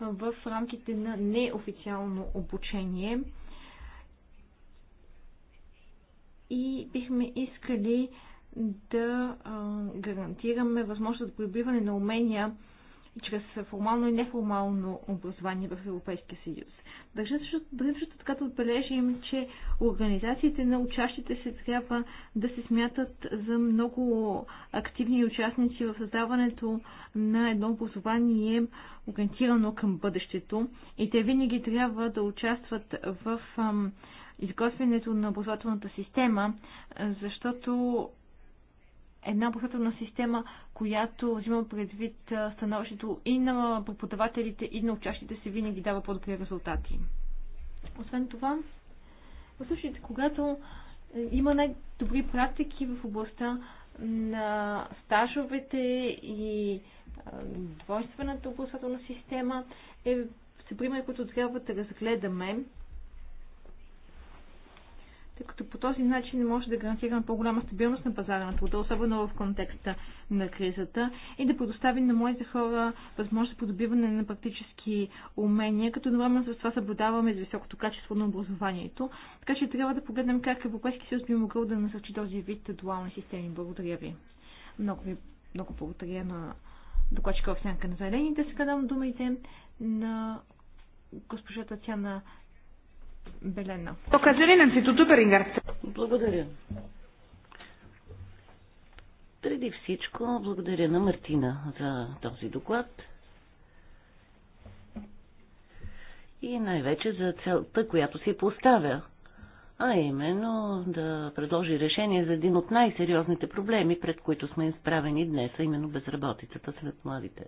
в рамките на неофициално обучение и бихме искали да гарантираме възможност за прибиване на умения чрез формално и неформално образование в Европейския съюз. Държа също, държа също така да отбележим, че организациите на учащите се трябва да се смятат за много активни участници в създаването на едно образование, ориентирано към бъдещето. И те винаги трябва да участват в ам, изготвянето на образователната система, защото една образователна система, която взима предвид становището и на преподавателите, и на учащите се, винаги дава по-добри резултати. Освен това, в когато има най-добри практики в областта на стажовете и двойствената образователна система, е, са примери, които трябва да разгледаме тъй като по този начин може да гарантираме по-голяма стабилност на пазара на труда, особено в контекста на кризата и да предоставим на моите хора възможност за подобиване на практически умения, като едновременно с това съблюдаваме за високото качество на образованието. Така че трябва да погледнем как Европейски съюз би могъл да насърчи този вид дуални системи. Благодаря ви. Много ви много благодаря на докладчика в сянка на зелените. Сега дам думите на госпожа Татьяна Белена. Благодаря. Преди всичко, благодаря на Мартина за този доклад. И най-вече за целта, която си поставя, а именно да предложи решение за един от най-сериозните проблеми, пред които сме изправени днес, а именно безработицата сред младите.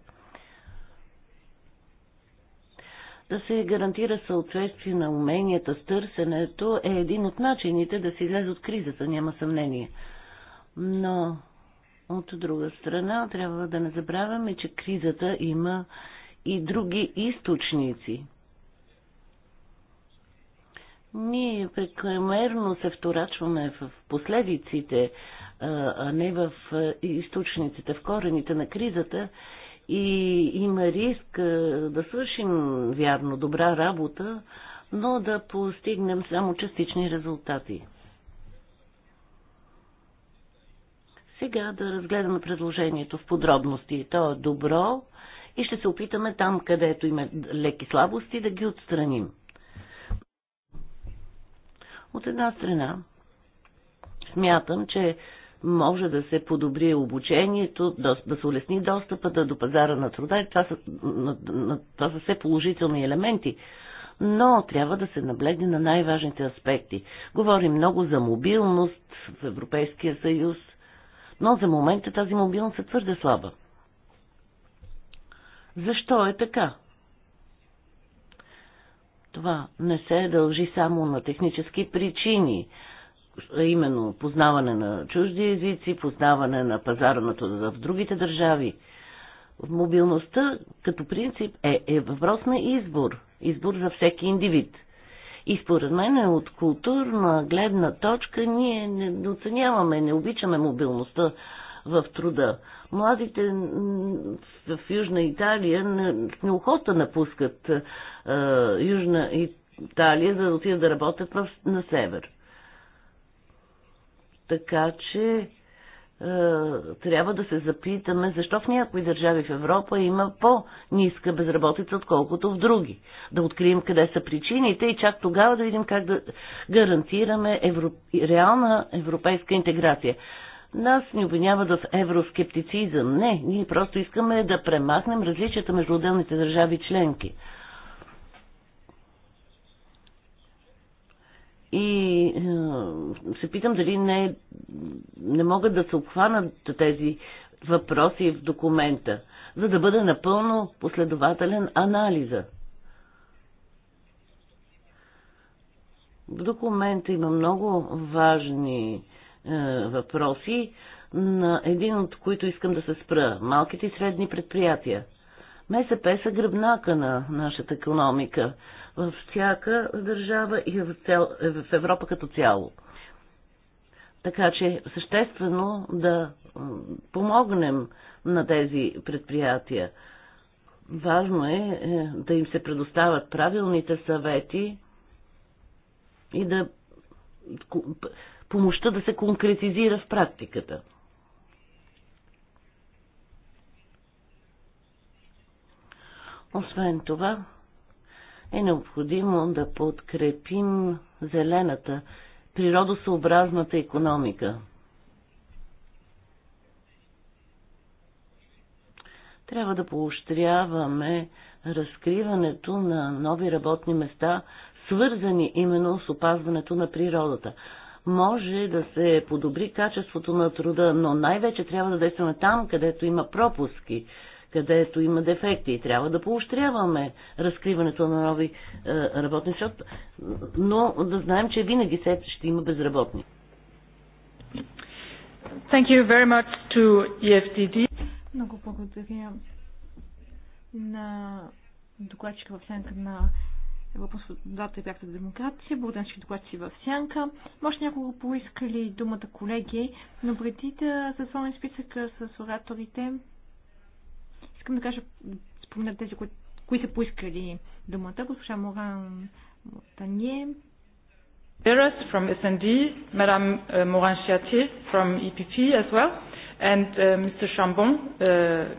да се гарантира съответствие на уменията с търсенето е един от начините да се излезе от кризата, няма съмнение. Но от друга страна трябва да не забравяме, че кризата има и други източници. Ние прекомерно се вторачваме в последиците, а не в източниците, в корените на кризата и има риск да свършим вярно добра работа, но да постигнем само частични резултати. Сега да разгледаме предложението в подробности. То е добро и ще се опитаме там, където има леки слабости, да ги отстраним. От една страна, смятам, че може да се подобри обучението, да, да се улесни достъпа да до пазара на труда. това са, на, на, това са все положителни елементи. Но трябва да се наблегне на най-важните аспекти. Говорим много за мобилност в Европейския съюз, но за момента тази мобилност е твърде слаба. Защо е така? Това не се дължи само на технически причини. А именно познаване на чужди езици, познаване на пазара на труда в другите държави. Мобилността като принцип е, е въпрос на избор. Избор за всеки индивид. И според мен е от културна гледна точка ние не оценяваме, не обичаме мобилността в труда. Младите в Южна Италия с неохота напускат е, Южна Италия, за да отидат да работят в, на север. Така че е, трябва да се запитаме защо в някои държави в Европа има по-ниска безработица, отколкото в други. Да открием къде са причините и чак тогава да видим как да гарантираме евро... реална европейска интеграция. Нас ни обвиняват в евроскептицизъм. Не, ние просто искаме да премахнем различията между отделните държави членки. И е, се питам дали не, не могат да се обхванат тези въпроси в документа, за да бъде напълно последователен анализа. В документа има много важни е, въпроси, на един от които искам да се спра малките и средни предприятия. МСП са гръбнака на нашата економика във всяка държава и в Европа като цяло. Така че съществено да помогнем на тези предприятия. Важно е, е да им се предоставят правилните съвети и да помощта да се конкретизира в практиката. Освен това, е необходимо да подкрепим зелената, природосъобразната економика. Трябва да поощряваме разкриването на нови работни места, свързани именно с опазването на природата. Може да се подобри качеството на труда, но най-вече трябва да действаме там, където има пропуски където има дефекти и трябва да поощряваме разкриването на нови е, работни защото, но да знаем, че винаги се ще има безработни. Thank you very much to EFTD. Много благодаря на докладчика в сянка на и бяхте демокрация. Благодаря на докладчици в сянка. Може няколко поискали думата колеги, но преди да затворим списъка с ораторите, Искам да кажа, спомена тези, кои, кои са поискали думата. Госпожа Моран Мотанье. Берес from SND, Мадам Моран Шиати Chiati from EPP as well, and uh, Mr. Chambon, uh,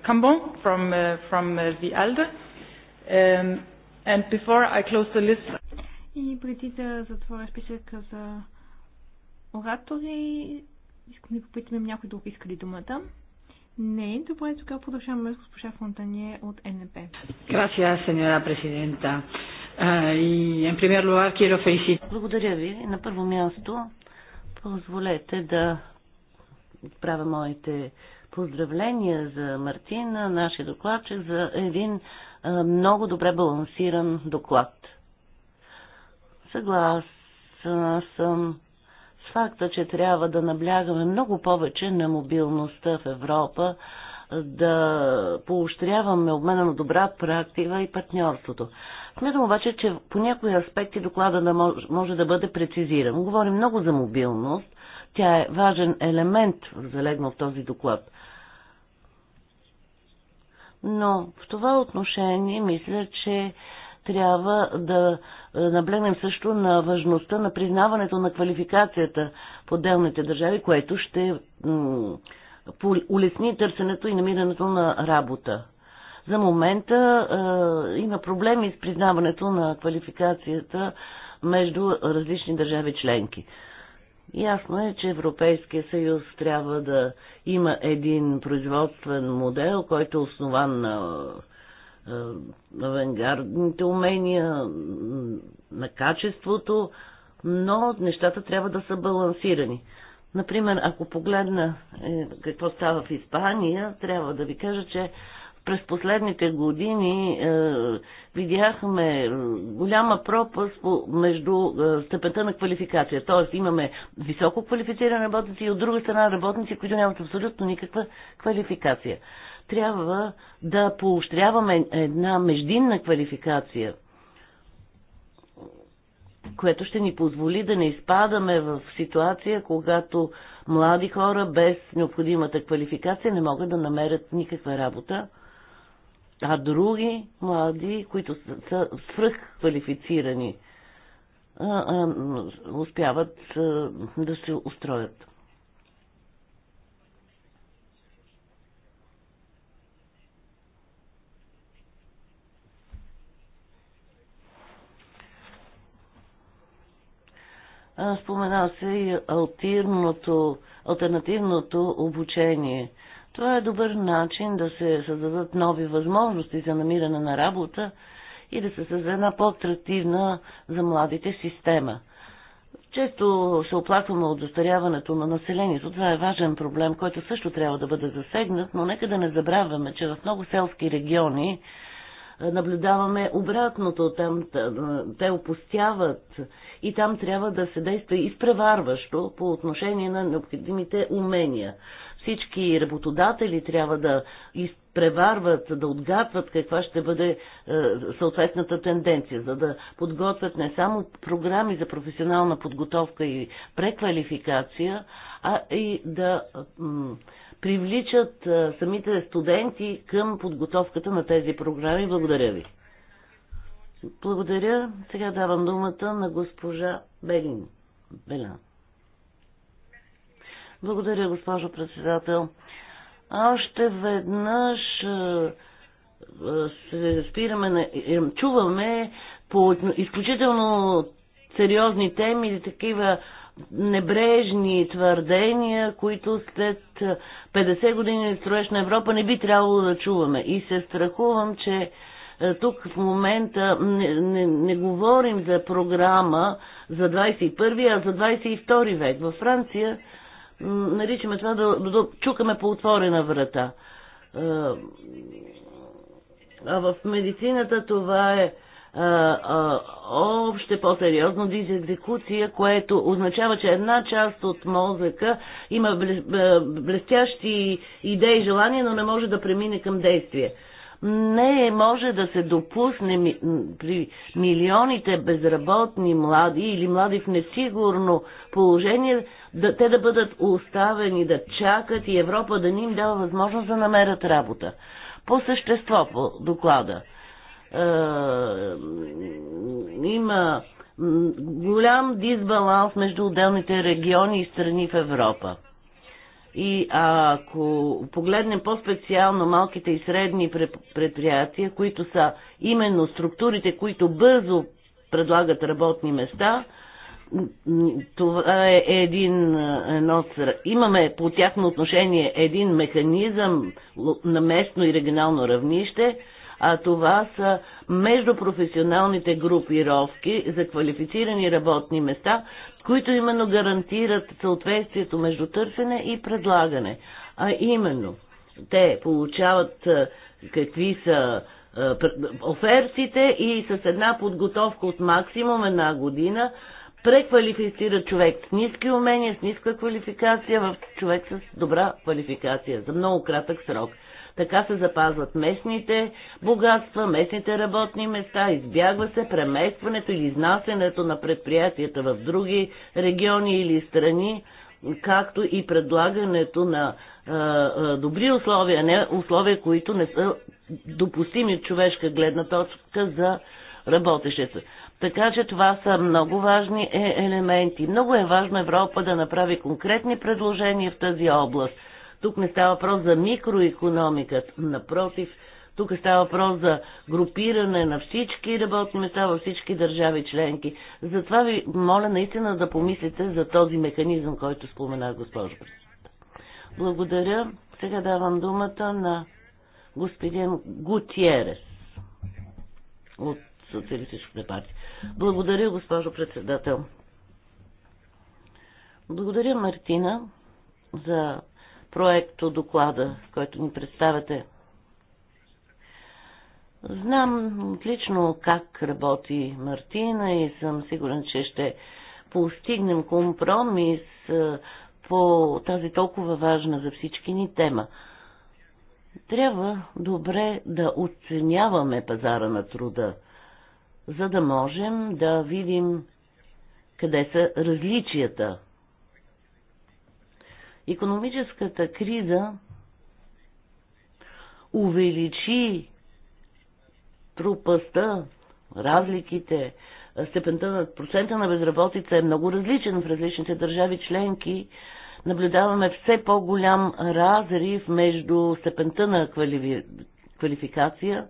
Cambon from, uh, from uh, the ALDE. Um, and before I close the list... И преди да затворя списък за оратори, искам да попитаме някой друг иска ли думата. Не, е добре, тогава продължаваме с госпожа Фонтание от НП. Грация, сеньора президента. И, en пример, lugar, киро Благодаря ви. На първо място, позволете да правя моите поздравления за Мартина, нашия докладчик, за един много добре балансиран доклад. Съгласна съм факта, че трябва да наблягаме много повече на мобилността в Европа, да поощряваме обмена на добра практика и партньорството. Смятам обаче, че по някои аспекти доклада да може, може да бъде прецизиран. Говорим много за мобилност. Тя е важен елемент, залегнал в този доклад. Но в това отношение мисля, че трябва да е, наблегнем също на важността на признаването на квалификацията в отделните държави, което ще улесни търсенето и намирането на работа. За момента е, има проблеми с признаването на квалификацията между различни държави членки. Ясно е, че Европейския съюз трябва да има един производствен модел, който е основан на е, е, авангардните умения, на качеството, но нещата трябва да са балансирани. Например, ако погледна е, какво става в Испания, трябва да ви кажа, че през последните години е, видяхме е, голяма пропаст между е, степента на квалификация. Тоест имаме високо квалифицирани работници и от друга страна работници, които нямат абсолютно никаква квалификация трябва да поощряваме една междинна квалификация, което ще ни позволи да не изпадаме в ситуация, когато млади хора без необходимата квалификация не могат да намерят никаква работа, а други млади, които са, са свръхквалифицирани, успяват да се устроят. Спомена се и альтернативното, альтернативното обучение. Това е добър начин да се създадат нови възможности за намиране на работа и да се създаде една по-атрактивна за младите система. Често се оплакваме от застаряването на населението. Това е важен проблем, който също трябва да бъде засегнат, но нека да не забравяме, че в много селски региони наблюдаваме обратното. Там те опустяват и там трябва да се действа изпреварващо по отношение на необходимите умения. Всички работодатели трябва да изпреварват, да отгадват каква ще бъде е, съответната тенденция, за да подготвят не само програми за професионална подготовка и преквалификация, а и да привличат самите студенти към подготовката на тези програми. Благодаря ви. Благодаря. Сега давам думата на госпожа Белин. Белин. Благодаря, госпожо председател. Още веднъж се спираме, на, е, чуваме по изключително сериозни теми, такива небрежни твърдения, които след 50 години строеж на Европа не би трябвало да чуваме. И се страхувам, че е, тук в момента не, не, не говорим за програма за 21, а за 22 век. Във Франция наричаме това да, да чукаме по отворена врата. Е, а в медицината това е още по-сериозно дизекзекуция, което означава, че една част от мозъка има блестящи идеи и желания, но не може да премине към действие. Не може да се допусне при милионите безработни млади или млади в несигурно положение да, те да бъдат оставени, да чакат и Европа да ни им дава възможност да намерят работа. По същество по доклада – е, има голям дисбаланс между отделните региони и страни в Европа. И ако погледнем по-специално малките и средни предприятия, които са именно структурите, които бързо предлагат работни места, това е един, едно, имаме по тяхно отношение един механизъм на местно и регионално равнище, а това са междупрофесионалните групировки за квалифицирани работни места, които именно гарантират съответствието между търсене и предлагане. А именно, те получават какви са офертите и с една подготовка от максимум една година преквалифицира човек с ниски умения, с ниска квалификация в човек с добра квалификация за много кратък срок. Така се запазват местните богатства, местните работни места, избягва се преместването или изнасянето на предприятията в други региони или страни, както и предлагането на добри условия, не условия, които не са допустими от човешка гледна точка за работещите. Така че това са много важни е, елементи. Много е важно Европа да направи конкретни предложения в тази област – тук не става въпрос за микроекономика, напротив, тук става въпрос за групиране на всички работни места във всички държави членки. Затова ви моля наистина да помислите за този механизъм, който спомена госпожо Благодаря. Сега давам думата на господин Гутиерес от Социалистическата партия. Благодаря, госпожо председател. Благодаря, Мартина, за проекто доклада, който ни представяте. Знам отлично как работи Мартина и съм сигурен, че ще постигнем компромис по тази толкова важна за всички ни тема. Трябва добре да оценяваме пазара на труда, за да можем да видим къде са различията Економическата криза увеличи трупаста, разликите, степента на процента на безработица е много различен в различните държави членки. Наблюдаваме все по-голям разрив между степента на квали... квалификация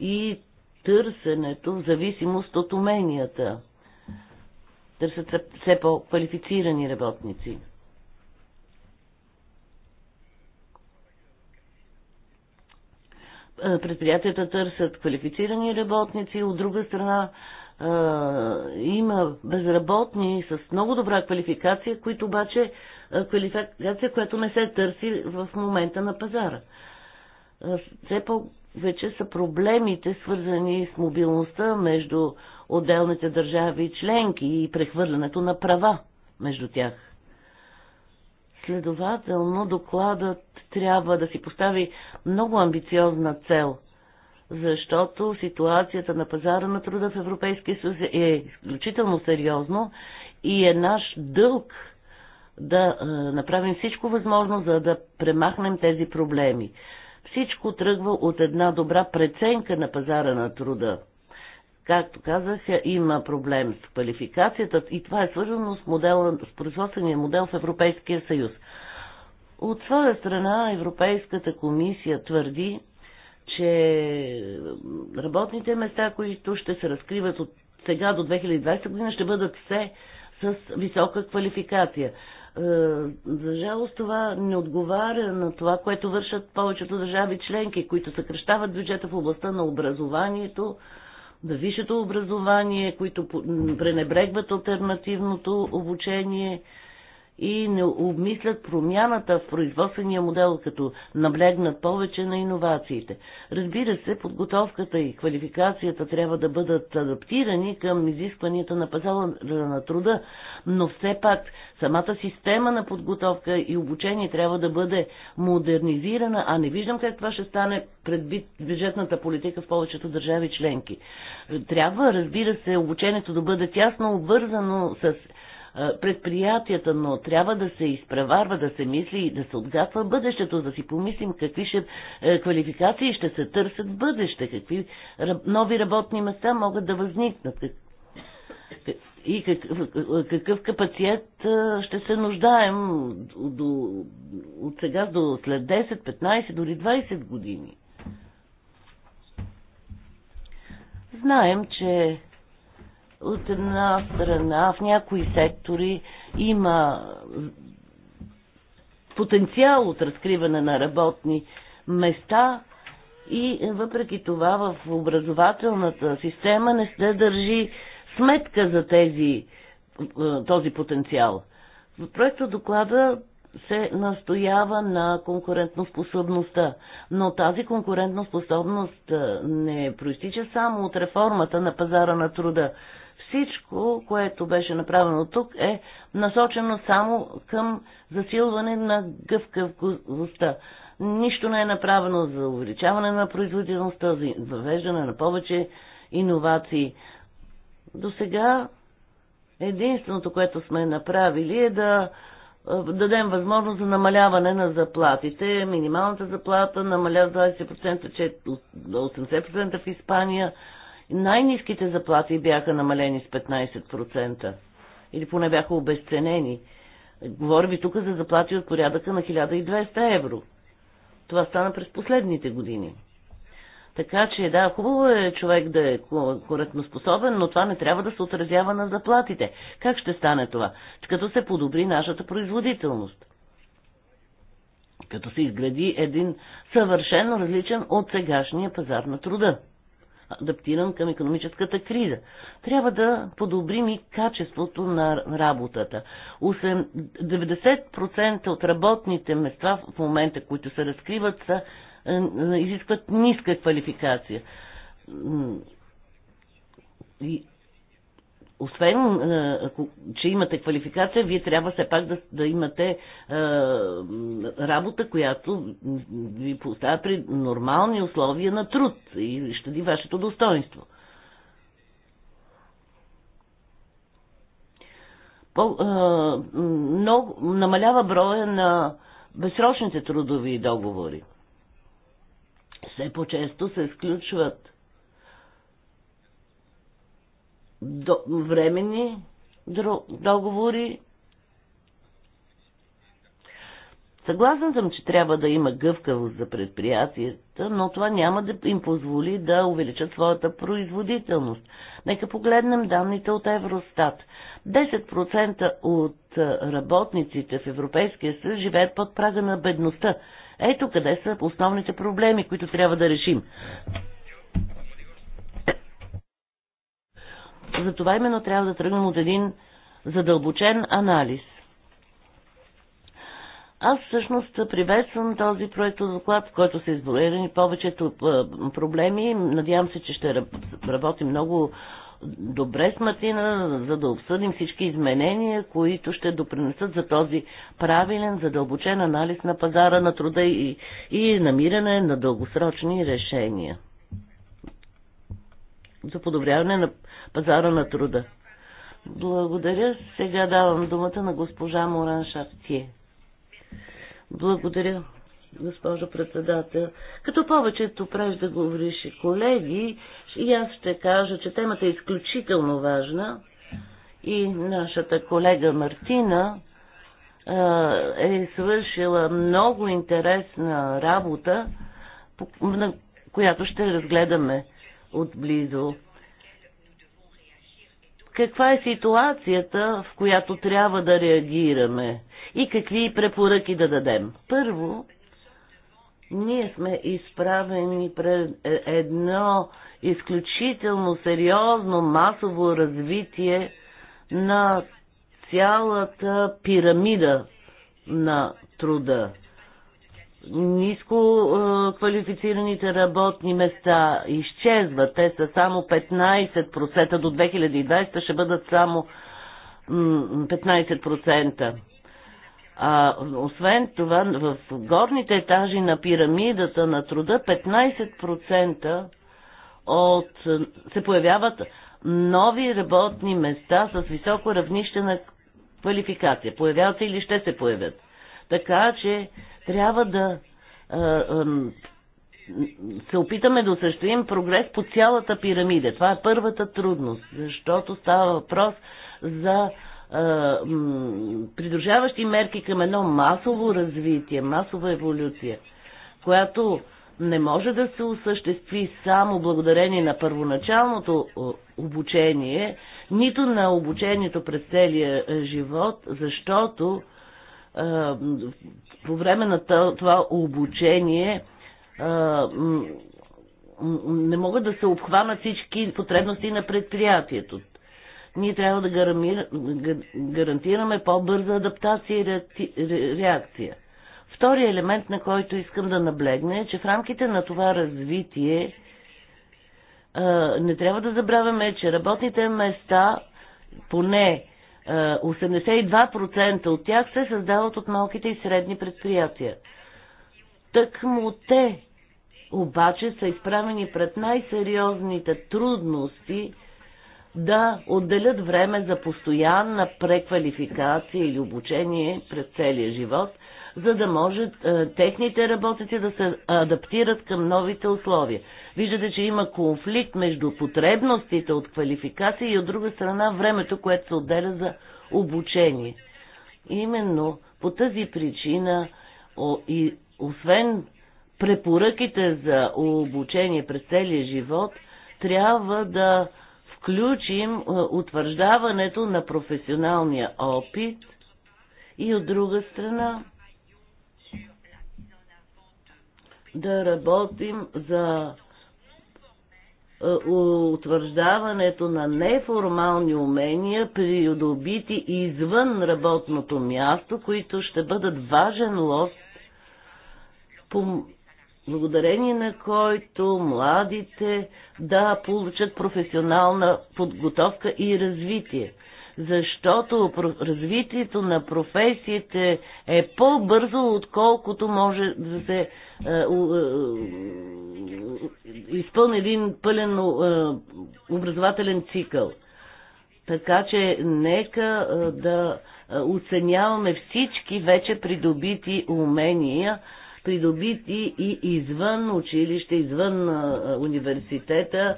и търсенето в зависимост от уменията. Търсят се все по-квалифицирани работници. Е, предприятията търсят квалифицирани работници, от друга страна е, има безработни с много добра квалификация, които обаче е, квалификация, която не се търси в момента на пазара. Все повече са проблемите, свързани с мобилността между отделните държави и членки и прехвърлянето на права между тях. Следователно, докладът трябва да си постави много амбициозна цел, защото ситуацията на пазара на труда в Европейския съюз е изключително сериозно и е наш дълг да направим всичко възможно, за да премахнем тези проблеми. Всичко тръгва от една добра преценка на пазара на труда. Както казах, има проблем с квалификацията и това е свързано с, модела, с производствения модел в Европейския съюз. От своя страна Европейската комисия твърди, че работните места, които ще се разкриват от сега до 2020 година, ще бъдат все с висока квалификация. Е, за жалост това не отговаря на това, което вършат повечето държави членки, които съкръщават бюджета в областта на образованието, на висшето образование, които пренебрегват альтернативното обучение, и не обмислят промяната в производствения модел, като наблегнат повече на иновациите. Разбира се, подготовката и квалификацията трябва да бъдат адаптирани към изискванията на пазара на труда, но все пак самата система на подготовка и обучение трябва да бъде модернизирана, а не виждам как това ще стане пред бюджетната политика в повечето държави членки. Трябва, разбира се, обучението да бъде тясно обвързано с предприятията, но трябва да се изпреварва, да се мисли и да се отгатва бъдещето, да си помислим какви ще, е, квалификации ще се търсят в бъдеще, какви нови работни места могат да възникнат и какъв, какъв капацитет е, ще се нуждаем до, от сега до след 10, 15, дори 20 години. Знаем, че от една страна, в някои сектори има потенциал от разкриване на работни места и въпреки това в образователната система не се държи сметка за тези, е, този потенциал. В проекта доклада се настоява на конкурентноспособността, но тази конкурентноспособност е, не проистича само от реформата на пазара на труда. Всичко, което беше направено тук, е насочено само към засилване на гъвкавостта. Нищо не е направено за увеличаване на производителността, за въвеждане на повече иновации. До сега единственото, което сме направили е да е, дадем възможност за намаляване на заплатите. Минималната заплата намаля 20%, 80% в Испания, най-низките заплати бяха намалени с 15% или поне бяха обесценени. Говоря ви тук за заплати от порядъка на 1200 евро. Това стана през последните години. Така че, да, хубаво е човек да е коректноспособен, но това не трябва да се отразява на заплатите. Как ще стане това? Като се подобри нашата производителност. Като се изгради един съвършено различен от сегашния пазар на труда адаптиран към економическата криза. Трябва да подобрим и качеството на работата. 90% от работните места в момента, които се разкриват, са, е, е, изискват ниска квалификация освен, е, че имате квалификация, вие трябва все пак да, да имате е, работа, която ви поставя при нормални условия на труд и щади вашето достоинство. По, а, е, много, намалява броя на безсрочните трудови договори. Все по-често се изключват до, времени договори. Съгласен съм, че трябва да има гъвкавост за предприятията, но това няма да им позволи да увеличат своята производителност. Нека погледнем данните от Евростат. 10% от работниците в Европейския съюз живеят под прага на бедността. Ето къде са основните проблеми, които трябва да решим. За това именно трябва да тръгнем от един задълбочен анализ. Аз всъщност приветствам този проект от доклад, в който са изборени повечето е, проблеми. Надявам се, че ще работим много добре с Матина, за да обсъдим всички изменения, които ще допринесат за този правилен, задълбочен анализ на пазара на труда и, и намиране на дългосрочни решения за подобряване на пазара на труда. Благодаря. Сега давам думата на госпожа Моран Шартие. Благодаря, госпожо председател. Като повечето преждеговоривши колеги, и аз ще кажа, че темата е изключително важна и нашата колега Мартина е свършила много интересна работа, която ще разгледаме отблизо каква е ситуацията, в която трябва да реагираме и какви препоръки да дадем. Първо, ние сме изправени пред е, едно изключително сериозно масово развитие на цялата пирамида на труда ниско квалифицираните работни места изчезват. Те са само 15%, до 2020 ще бъдат само 15%. А, освен това, в горните етажи на пирамидата на труда 15% от, се появяват нови работни места с високо равнище на квалификация. Появяват се или ще се появят. Така че трябва да се опитаме да осъществим прогрес по цялата пирамида. Това е първата трудност, защото става въпрос за придружаващи мерки към едно масово развитие, масова еволюция, която не може да се осъществи само благодарение на първоначалното обучение, нито на обучението през целия живот, защото по време на това обучение не могат да се обхванат всички потребности на предприятието. Ние трябва да гарантираме по-бърза адаптация и реакция. Втория елемент, на който искам да наблегне е, че в рамките на това развитие не трябва да забравяме, че работните места, поне 82% от тях се създават от малките и средни предприятия. Так му те обаче са изправени пред най-сериозните трудности да отделят време за постоянна преквалификация или обучение през целия живот – за да може е, техните работници да се адаптират към новите условия. Виждате, че има конфликт между потребностите от квалификация и от друга страна времето, което се отделя за обучение. Именно по тази причина и освен препоръките за обучение през целия живот, трябва да включим е, утвърждаването на професионалния опит и от друга страна да работим за е, утвърждаването на неформални умения, придобити извън работното място, които ще бъдат важен лост, по... благодарение на който младите да получат професионална подготовка и развитие защото развитието на професиите е по-бързо, отколкото може да се е, е, е, изпълни един пълен образователен цикъл. Така че нека да оценяваме всички вече придобити умения, придобити и извън училище, извън университета,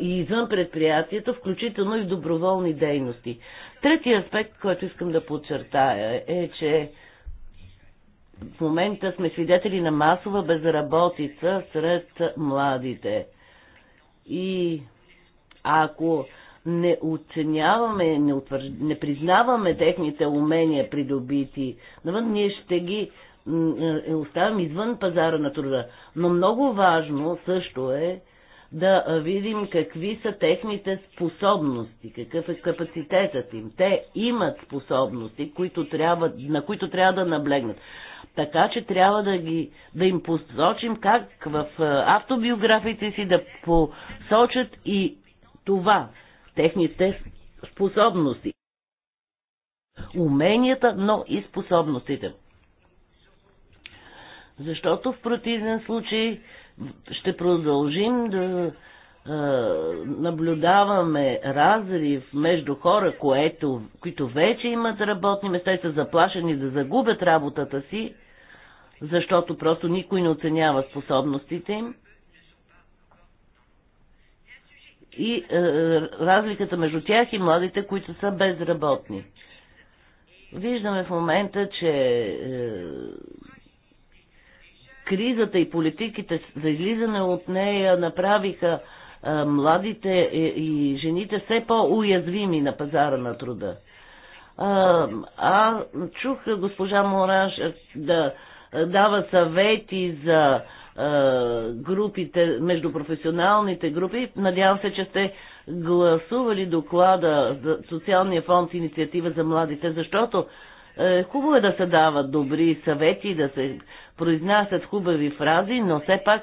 и извън предприятието, включително и в доброволни дейности. Третия аспект, който искам да подчертая е, че в момента сме свидетели на масова безработица сред младите. И ако не оценяваме, не, утвърж... не признаваме техните умения придобити, навън ние ще ги е, оставим извън пазара на труда. Но много важно също е да видим какви са техните способности, какъв е капацитетът им. Те имат способности, които трябва, на които трябва да наблегнат. Така че трябва да, ги, да им посочим как в автобиографиите си да посочат и това, техните способности. Уменията, но и способностите. Защото в противен случай ще продължим да а, наблюдаваме разрив между хора, което, които вече имат работни места и са заплашени да загубят работата си, защото просто никой не оценява способностите им. И е, е разликата между тях и младите, които са безработни. Виждаме в момента, че е, кризата и политиките за излизане от нея направиха а, младите и, и жените все по-уязвими на пазара на труда. А, а чух госпожа Мораш да дава съвети за а, групите, професионалните групи. Надявам се, че сте гласували доклада за Социалния фонд инициатива за младите, защото е, хубаво е да се дават добри съвети да се произнасят хубави фрази, но все пак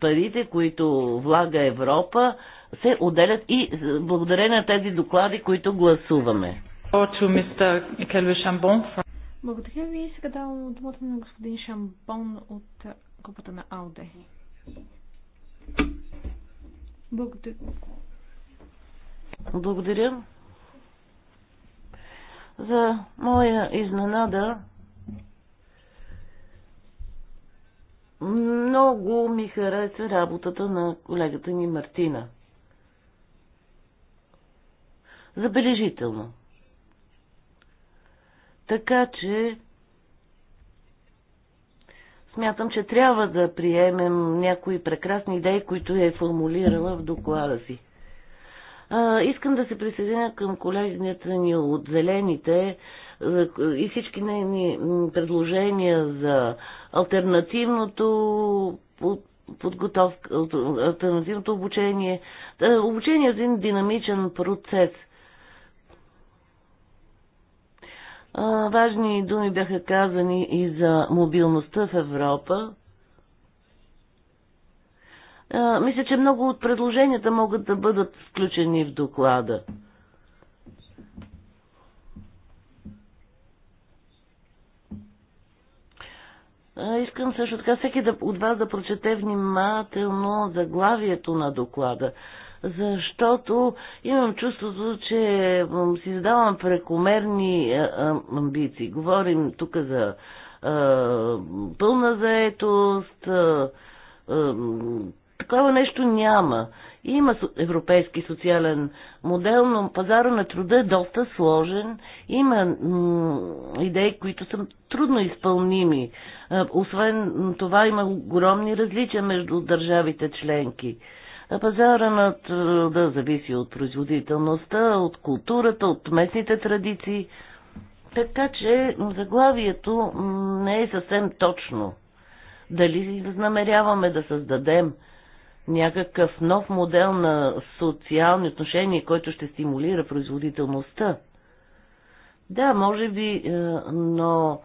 парите, които влага Европа, се отделят и е, благодарение на тези доклади, които гласуваме. Благодаря ви. Сега давам думата на господин Шамбон от групата на Ауде. Благодаря. Благодаря. За моя изненада, много ми хареса работата на колегата ни Мартина. Забележително. Така че смятам, че трябва да приемем някои прекрасни идеи, които е формулирала в доклада си. А, искам да се присъединя към колегията ни от Зелените е, и всички нейни предложения за альтернативното подготовка, альтернативното обучение. Обучение е един динамичен процес. Важни думи бяха казани и за мобилността в Европа. А, мисля, че много от предложенията могат да бъдат включени в доклада. Искам също така всеки да, от вас да прочете внимателно заглавието на доклада, защото имам чувството, че си задавам прекомерни амбиции. Говорим тук за а, пълна заетост, а, а, такова нещо няма. Има европейски социален модел, но пазара на труда е доста сложен. Има идеи, които са трудно изпълними. Е, освен това има огромни различия между държавите членки. Е, пазара на труда зависи от производителността, от културата, от местните традиции. Така че заглавието не е съвсем точно. Дали намеряваме да създадем някакъв нов модел на социални отношения, който ще стимулира производителността. Да, може би, е, но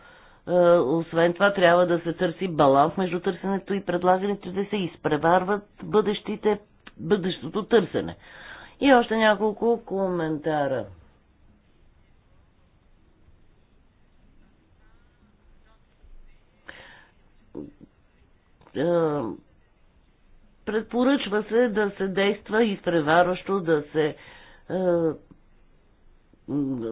е, освен това трябва да се търси баланс между търсенето и предлагането, да се изпреварват бъдещите, бъдещото търсене. И още няколко коментара. Е, Предпоръчва се да се действа изпреварващо, да се е,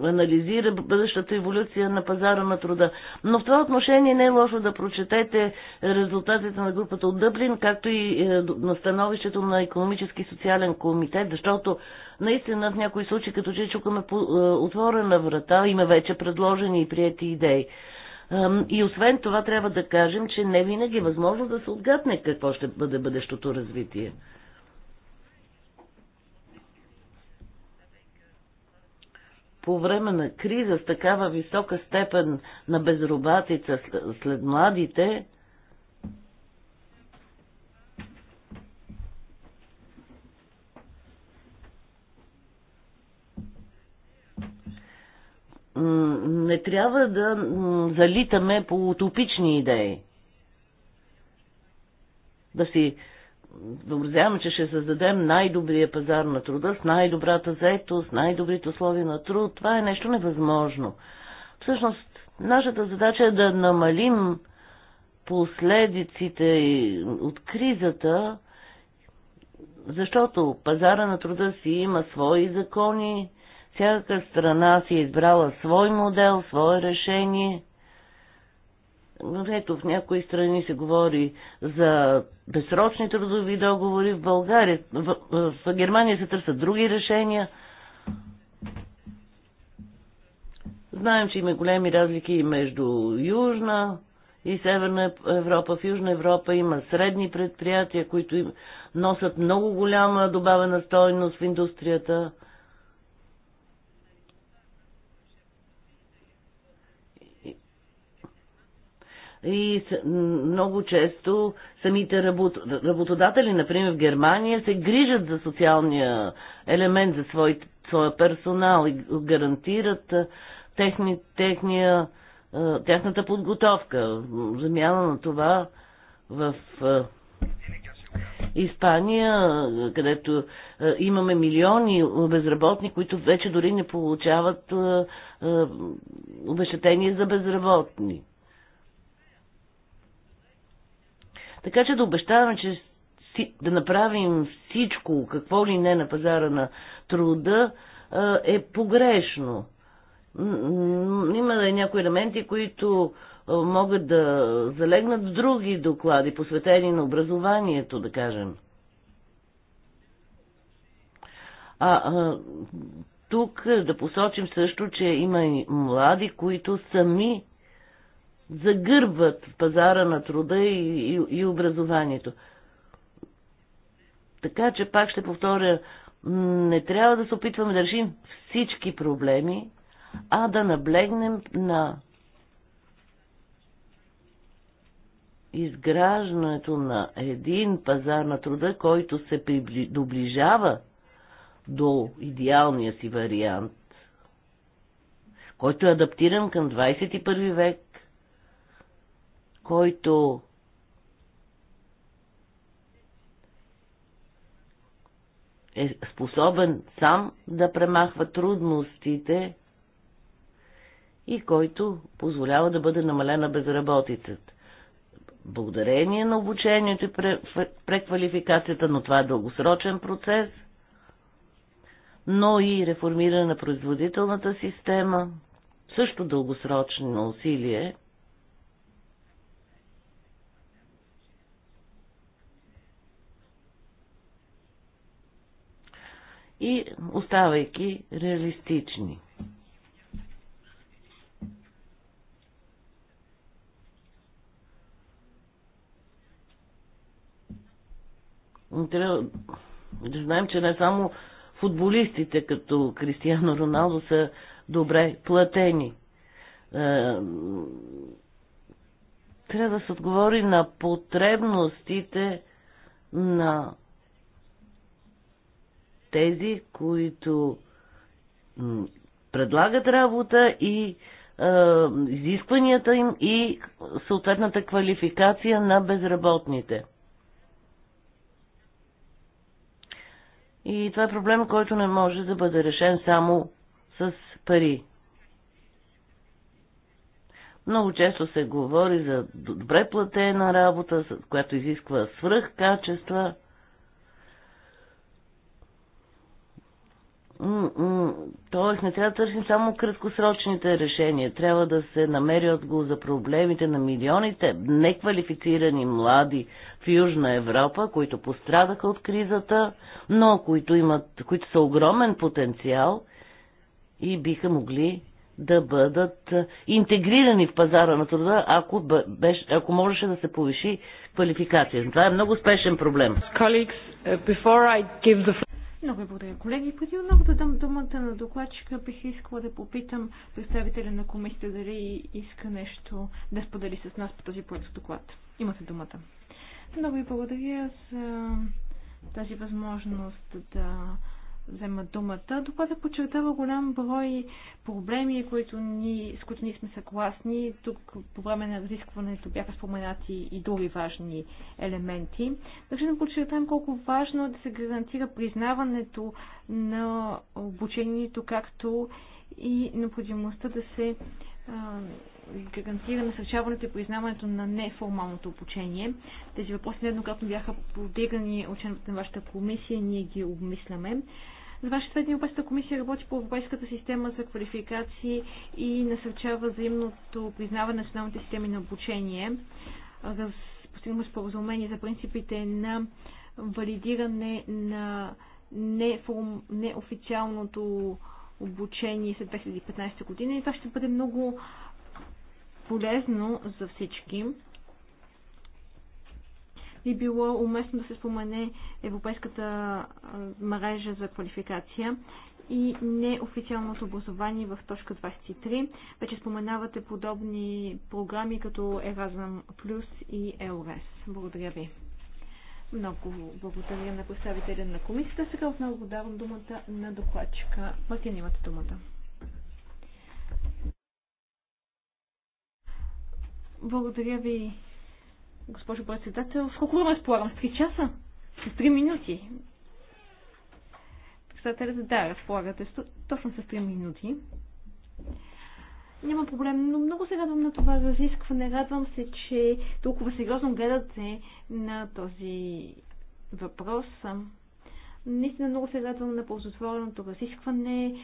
анализира бъдещата еволюция на пазара на труда. Но в това отношение не е лошо да прочетете резултатите на групата от Дъблин, както и е, на становището на економически и социален комитет, защото наистина в някои случаи като че чукаме по е, отворена врата, има вече предложени и прияти идеи. И освен това трябва да кажем, че не винаги е възможно да се отгадне какво ще бъде бъдещото развитие. по време на криза с такава висока степен на безробатица след младите, не трябва да залитаме по утопични идеи. Да си въобразяваме, че ще създадем най-добрия пазар на труда, с най-добрата заетост, най-добрите условия на труд. Това е нещо невъзможно. Всъщност, нашата задача е да намалим последиците от кризата, защото пазара на труда си има свои закони, всяка страна си е избрала свой модел, свое решение. Ето в някои страни се говори за безсрочни трудови договори, в България, в, в, в Германия се търсят други решения. Знаем, че има големи разлики между Южна и Северна Европа. В Южна Европа има средни предприятия, които носят много голяма добавена стойност в индустрията. и много често самите работ... работодатели, например в Германия, се грижат за социалния елемент, за свой... своя персонал и гарантират техни... техния... тяхната подготовка. Замяна на това в Испания, където имаме милиони безработни, които вече дори не получават обещатение за безработни. Така че да обещаваме, че да направим всичко, какво ли не на пазара на труда, е погрешно. Има да е някои елементи, които могат да залегнат в други доклади, посветени на образованието, да кажем. А, а тук да посочим също, че има и млади, които сами загърбват пазара на труда и, и, и образованието. Така че пак ще повторя, не трябва да се опитваме да решим всички проблеми, а да наблегнем на изграждането на един пазар на труда, който се доближава до идеалния си вариант, който е адаптиран към 21 век който е способен сам да премахва трудностите и който позволява да бъде намалена безработицата. Благодарение на обучението и преквалификацията, но това е дългосрочен процес, но и реформиране на производителната система, също дългосрочно усилие, и оставайки реалистични. Трябва да знаем, че не само футболистите като Кристиано Роналдо са добре платени. Е, трябва да се отговори на потребностите на тези, които предлагат работа и изискванията им и съответната квалификация на безработните. И това е проблем, който не може да бъде решен само с пари. Много често се говори за добре платена работа, която изисква свръхкачества. качества. Тоест не трябва да търсим само краткосрочните решения. Трябва да се намери отговор за проблемите на милионите неквалифицирани млади в Южна Европа, които пострадаха от кризата, но които, имат, които са огромен потенциал и биха могли да бъдат интегрирани в пазара на труда, ако, беше, ако можеше да се повиши квалификация. Това е много спешен проблем. Много ви благодаря, колеги. Преди отново да дам думата на докладчика, бих искала да попитам представителя на комисията дали иска нещо да сподели с нас по този проект доклад. Имате думата. Много ви благодаря за тази възможност да взема думата. Доклада подчертава голям брой проблеми, които ни, с които ние сме съгласни. Тук по време на разискването бяха споменати и други важни елементи. Държа да подчертаем колко важно е да се гарантира признаването на обучението, както и необходимостта да се гарантира насърчаването и признаването на неформалното обучение. Тези въпроси нееднократно бяха повдигани от членовете на вашата комисия, ние ги обмисляме. За вашата сведение, Европейската комисия работи по Европейската система за квалификации и насърчава взаимното признаване на националните системи на обучение. за Постигнахме споразумение за принципите на валидиране на неформ... неофициалното обучение след 2015 година и това ще бъде много полезно за всички. Би било уместно да се спомене Европейската мрежа за квалификация и неофициалното образование в точка 23. Вече споменавате подобни програми като Erasmus Plus и EURES. Благодаря ви. Много благодаря на представителя на комисията. Сега отново давам думата на докладчика. Мартин, имате думата. Благодаря ви, госпожо председател. С колко време разполагам? С 3 часа? С 3 минути? Председателят, да, разполагате точно с 3 минути. Няма проблем, но много се радвам на това разискване. Радвам се, че толкова сериозно гледате на този въпрос. Наистина много се радвам на ползотвореното разискване.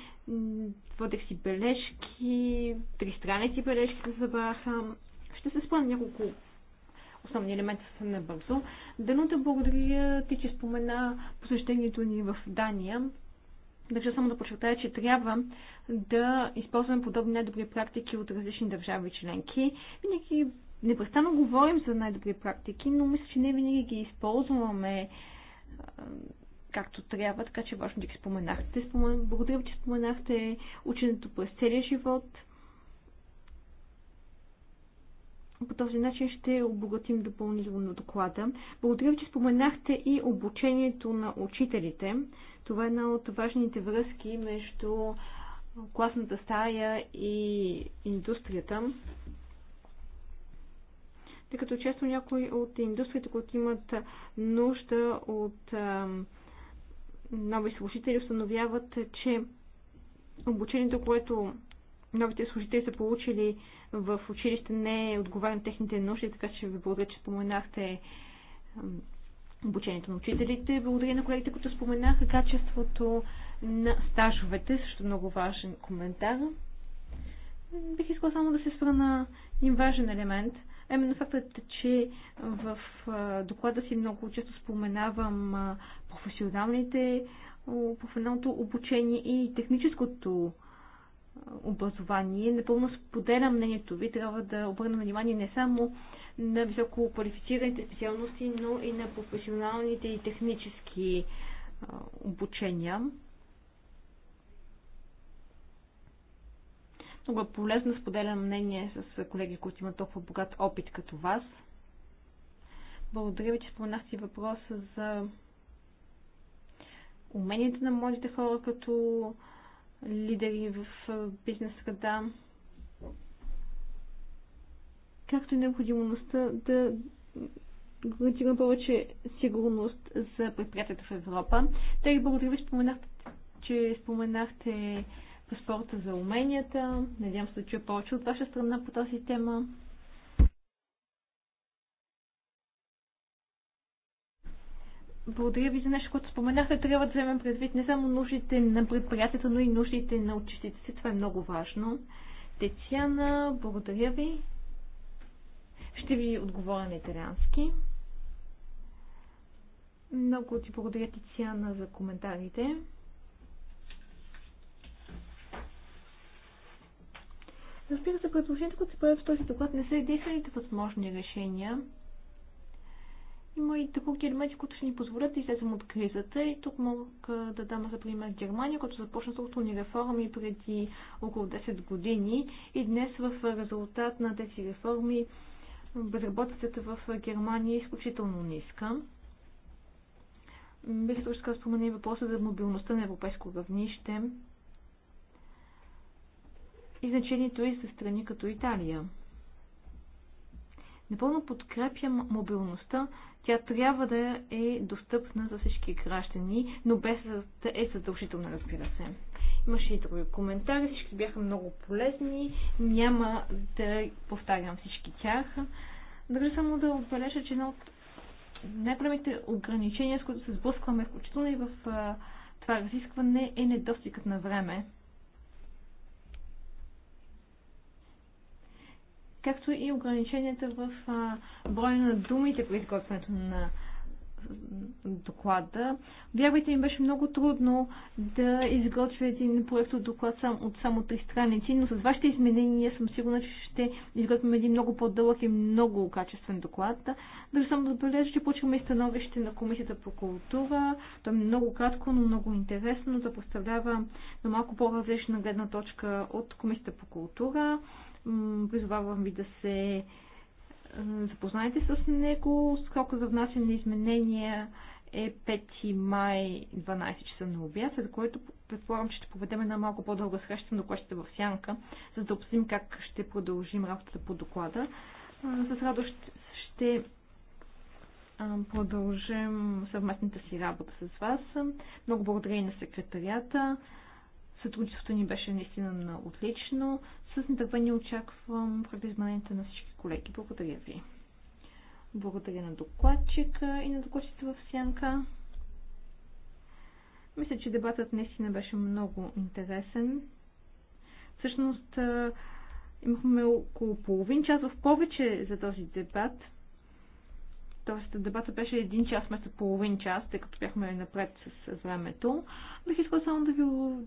Водех си бележки, три страници бележки се забраха. Ще се спомня няколко основни елемента са набързо. те благодаря ти, че спомена посещението ни в Дания. Държа само да подчертая, че трябва да използваме подобни най-добри практики от различни държави членки. Винаги непрестанно говорим за най-добри практики, но мисля, че не винаги ги използваме както трябва, така че е важно да ги споменахте. Благодаря ви, че споменахте ученето през целия живот. По този начин ще обогатим допълнително доклада. Благодаря ви, че споменахте и обучението на учителите. Това е една от важните връзки между класната стая и индустрията. Тъй като често някои от индустрията, които имат нужда от нови служители, установяват, че обучението, което новите служители са получили в училище не е отговарям техните нужди, така че ви благодаря, че споменахте обучението на учителите. Благодаря на колегите, които споменаха качеството на стажовете, също много важен коментар. Бих искала само да се спра на един важен елемент, именно фактът, че в доклада си много често споменавам професионалните, професионалното обучение и техническото образование. Напълно споделям мнението ви. Трябва да обърнем внимание не само на високо квалифицираните специалности, но и на професионалните и технически обучения. Много е полезно споделям мнение с колеги, които имат толкова богат опит като вас. Благодаря ви, че споменахте въпроса за уменията на младите хора като лидери в бизнес среда, както и е необходимостта да гарантираме повече сигурност за предприятията в Европа. Те ви благодаря ви, споменахте, че споменахте паспорта за уменията. Надявам се да чуя повече от ваша страна по тази тема. Благодаря ви за нещо, което споменахте. Трябва да вземем предвид не само нуждите на предприятията, но и нуждите на учителите. Това е много важно. Тетяна, благодаря ви. Ще ви отговоря на италиански. Много ти благодаря, Тициана, за коментарите. Разбира се, предложението, което се правят в този доклад, не са единствените възможни решения. Има и други елементи, които ще ни позволят да излезем от кризата. И тук мога да дам за пример Германия, която започна структурни реформи преди около 10 години. И днес в резултат на тези реформи безработицата в Германия е изключително ниска. Бих също така спомена и въпроса за мобилността на европейско равнище и значението и за страни като Италия. Напълно подкрепям мобилността, тя трябва да е достъпна за всички граждани, но без да е задължителна, разбира се. Имаше и други коментари, всички бяха много полезни, няма да повтарям всички тях. Държа само да отбележа, че едно от най-големите ограничения, с които се сблъскваме, включително и в това разискване, е недостигът на време. както и ограниченията в броя на думите при изготвянето на доклада. Вярвайте ми, беше много трудно да изготвя един проект от доклад сам, от само три страници, но с вашите изменения съм сигурна, че ще изготвим един много по-дълъг и много качествен доклад. Дори съм забележа, че получихме и становище на Комисията по култура. То е много кратко, но много интересно, да представлява на малко по-различна гледна точка от Комисията по култура. Призовавам ви да се запознаете с него. Скока за внасяне на изменения е 5 май 12 часа на обяд, след което предполагам, че ще поведем една малко по-дълга среща на докладчите е в Сянка, за да обсъдим как ще продължим работата по доклада. С радост ще продължим съвместната си работа с вас. Много благодаря и на секретарията Сътрудничеството ни беше наистина на отлично. С нетърпение очаквам предизмененията на всички колеги. Благодаря ви. Благодаря на докладчика и на докладчите в Сянка. Мисля, че дебатът наистина беше много интересен. Всъщност имахме около половин час в повече за този дебат – Тоест, дебата беше един час вместо половин час, тъй като бяхме напред с времето. Бих искала само да ви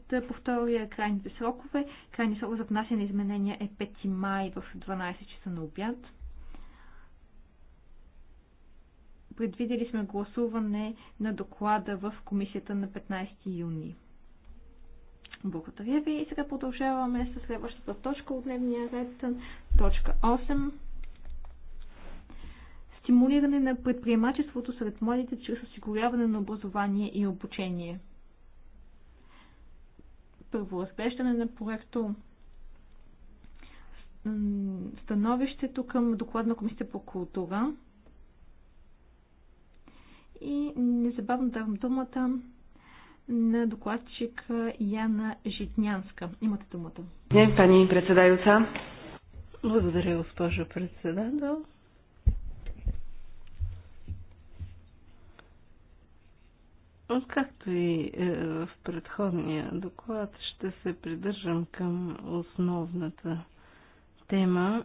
да повторя крайните срокове. Крайни срокове за внасяне на изменения е 5 май в 12 часа на обяд. Предвидели сме гласуване на доклада в комисията на 15 юни. Благодаря ви и сега продължаваме с следващата точка от дневния ред, точка 8 стимулиране на предприемачеството сред младите чрез осигуряване на образование и обучение. Първо разглеждане на проекто становището към доклад на Комисията по култура. И незабавно давам думата на докладчик Яна Житнянска. Имате думата. Не, пани Благодаря, госпожо председател. Както и е, в предходния доклад, ще се придържам към основната тема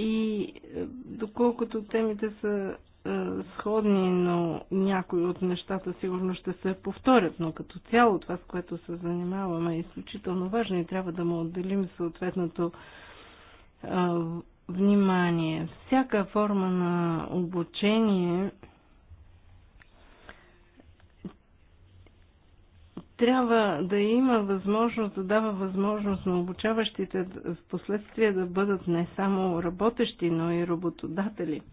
И е, доколкото темите са е, сходни, но някои от нещата сигурно ще се повторят, но като цяло това, с което се занимаваме е изключително важно и трябва да му отделим съответното е, внимание. Всяка форма на обучение трябва да има възможност, да дава възможност на обучаващите в последствие да бъдат не само работещи, но и работодатели –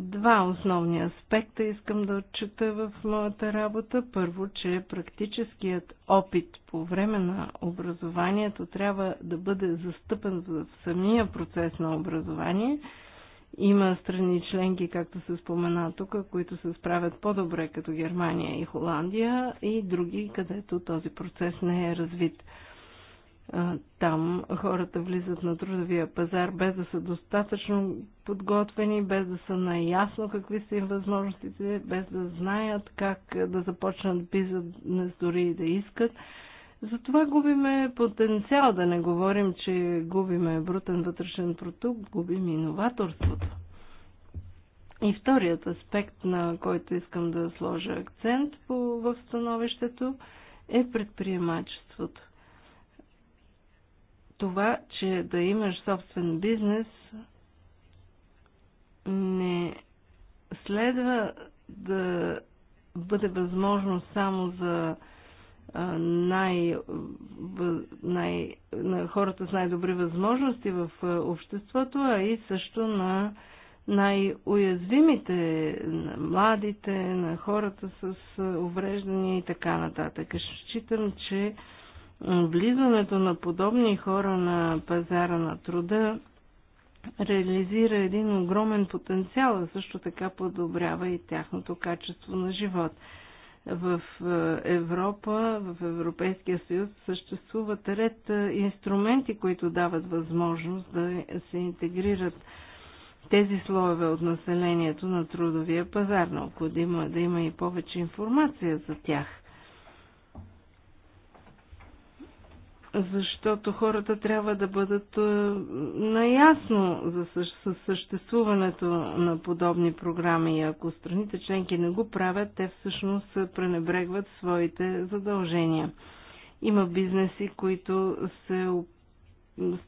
Два основни аспекта искам да отчета в моята работа. Първо, че практическият опит по време на образованието трябва да бъде застъпен в самия процес на образование. Има страни членки, както се спомена тук, които се справят по-добре, като Германия и Холандия, и други, където този процес не е развит. Там хората влизат на трудовия пазар без да са достатъчно подготвени, без да са наясно какви са им възможностите, без да знаят как да започнат бизнес дори и да искат. Затова губиме потенциал, да не говорим, че губиме брутен вътрешен продукт, губим иноваторството. И вторият аспект, на който искам да сложа акцент в становището, е предприемачеството това, че да имаш собствен бизнес не следва да бъде възможно само за най, най, на хората с най-добри възможности в обществото, а и също на най-уязвимите, на младите, на хората с увреждания и така нататък. Считам, че влизането на подобни хора на пазара на труда реализира един огромен потенциал, а също така подобрява и тяхното качество на живот. В е, Европа, в Европейския съюз съществуват ред е, инструменти, които дават възможност да се интегрират тези слоеве от населението на трудовия пазар. Необходимо е да има и повече информация за тях – защото хората трябва да бъдат е, наясно за съществуването на подобни програми. И ако страните членки не го правят, те всъщност пренебрегват своите задължения. Има бизнеси, които се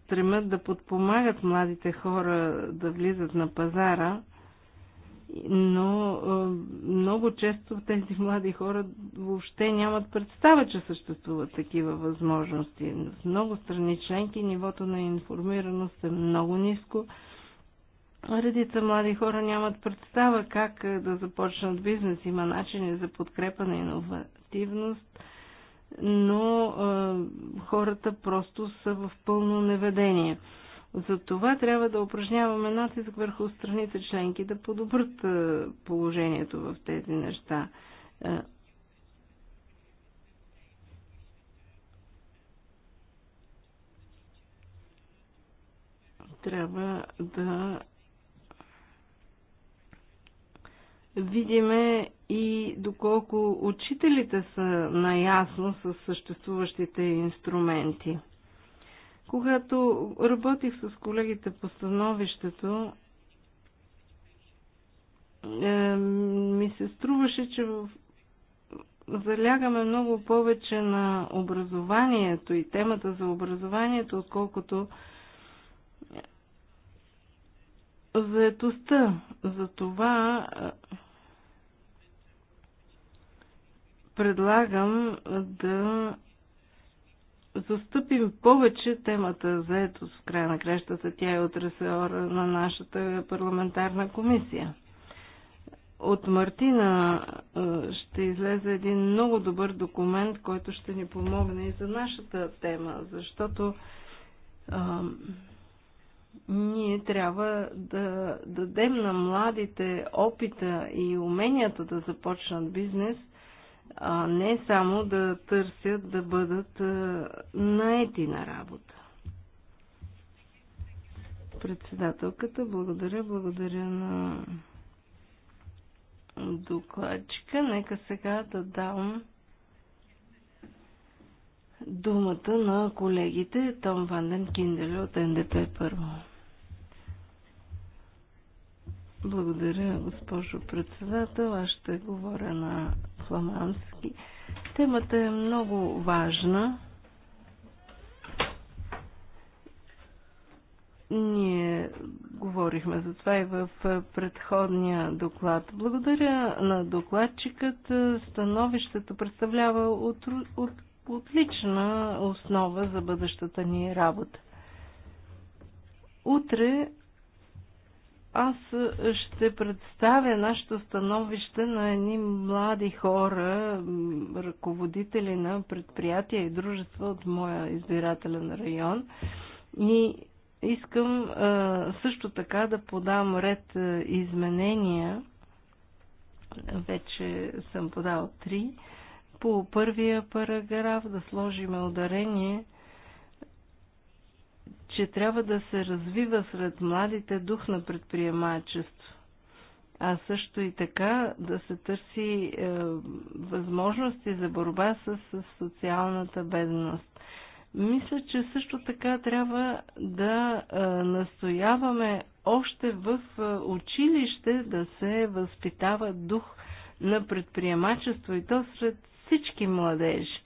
стремят да подпомагат младите хора да влизат на пазара, но много често тези млади хора въобще нямат представа, че съществуват такива възможности. В много страни членки нивото на информираност е много ниско. Редица млади хора нямат представа как да започнат бизнес. Има начини за подкрепа на иновативност, но е, хората просто са в пълно неведение. За това трябва да упражняваме натиск върху страните членки да подобрят е, положението в тези неща. Е, трябва да видиме и доколко учителите са наясно с съществуващите инструменти. Когато работих с колегите по становището, ми се струваше, че в... залягаме много повече на образованието и темата за образованието, отколкото заетостта. За това е, предлагам да застъпим повече темата за ето в края на кращата. Тя е от ресора на нашата парламентарна комисия. От Мартина ще излезе един много добър документ, който ще ни помогне и за нашата тема, защото а, ние трябва да дадем на младите опита и уменията да започнат бизнес – а не само да търсят да бъдат наети на работа. Председателката, благодаря, благодаря на докладчика. Нека сега да дам думата на колегите Том Ванден Киндели от НДП първо. Благодаря, госпожо председател. Аз ще говоря на фламандски. Темата е много важна. Ние говорихме за това и в предходния доклад. Благодаря на докладчикът. Становището представлява от, от, отлична основа за бъдещата ни работа. Утре аз е, ще представя нашето становище на едни млади хора, ръководители на предприятия и дружества от моя избирателен район. И искам е, също така да подам ред е, изменения. Вече съм подал три. По първия параграф да сложим ударение – че трябва да се развива сред младите дух на предприемачество, а също и така да се търси е, възможности за борба с, с социалната бедност. Мисля, че също така трябва да е, настояваме още в е, училище да се възпитава дух на предприемачество и то сред всички младежи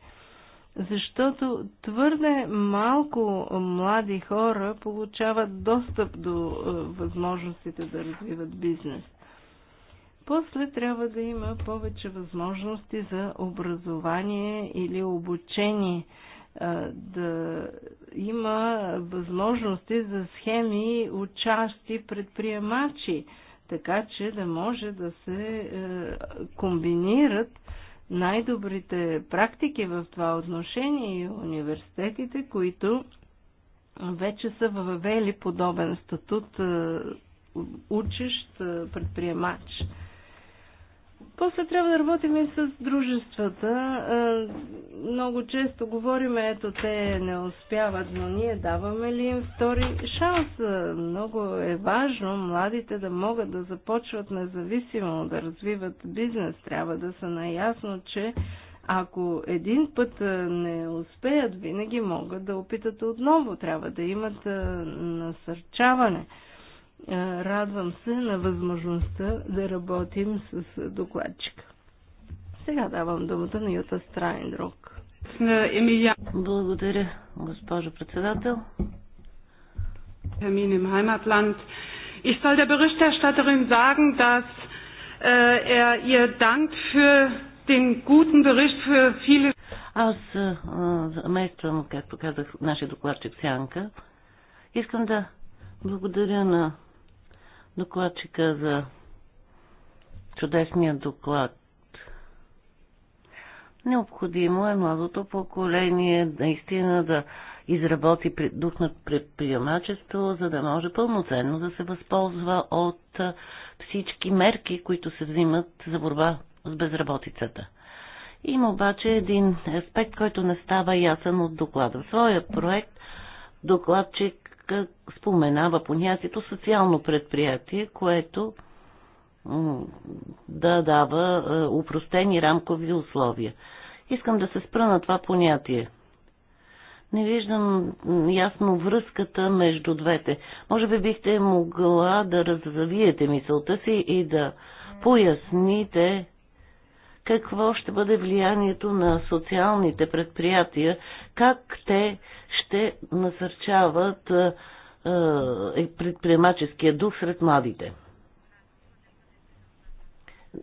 защото твърде малко млади хора получават достъп до е, възможностите да развиват бизнес. После трябва да има повече възможности за образование или обучение, е, да има възможности за схеми участи предприемачи, така че да може да се е, комбинират най-добрите практики в това отношение и университетите, които вече са въвели подобен статут е, учещ е, предприемач. После трябва да работим и с дружествата. Много често говорим, ето те не успяват, но ние даваме ли им втори шанс? Много е важно младите да могат да започват независимо, да развиват бизнес. Трябва да са наясно, че ако един път не успеят, винаги могат да опитат отново. Трябва да имат насърчаване. Радвам се на възможността да работим с докладчика. Сега давам думата на Юта Страйндрок. Благодаря, госпожо председател. Термин в Heimatland. Ich soll der Berichterstatterin sagen, dass äh, er ihr dankt für den guten Bericht für viele. Аз э, замествам, както казах, нашия докладчик Сянка. Искам да благодаря на докладчика за чудесния доклад. Необходимо е младото поколение наистина да изработи дух на предприемачество, за да може пълноценно да се възползва от всички мерки, които се взимат за борба с безработицата. Има обаче един аспект, който не става ясен от доклада. В своя проект докладчик споменава понятието социално предприятие, което да дава е, упростени рамкови условия. Искам да се спра на това понятие. Не виждам ясно връзката между двете. Може би бихте могла да развиете мисълта си и да поясните какво ще бъде влиянието на социалните предприятия, как те ще насърчават е, е, предприемаческия дух сред младите.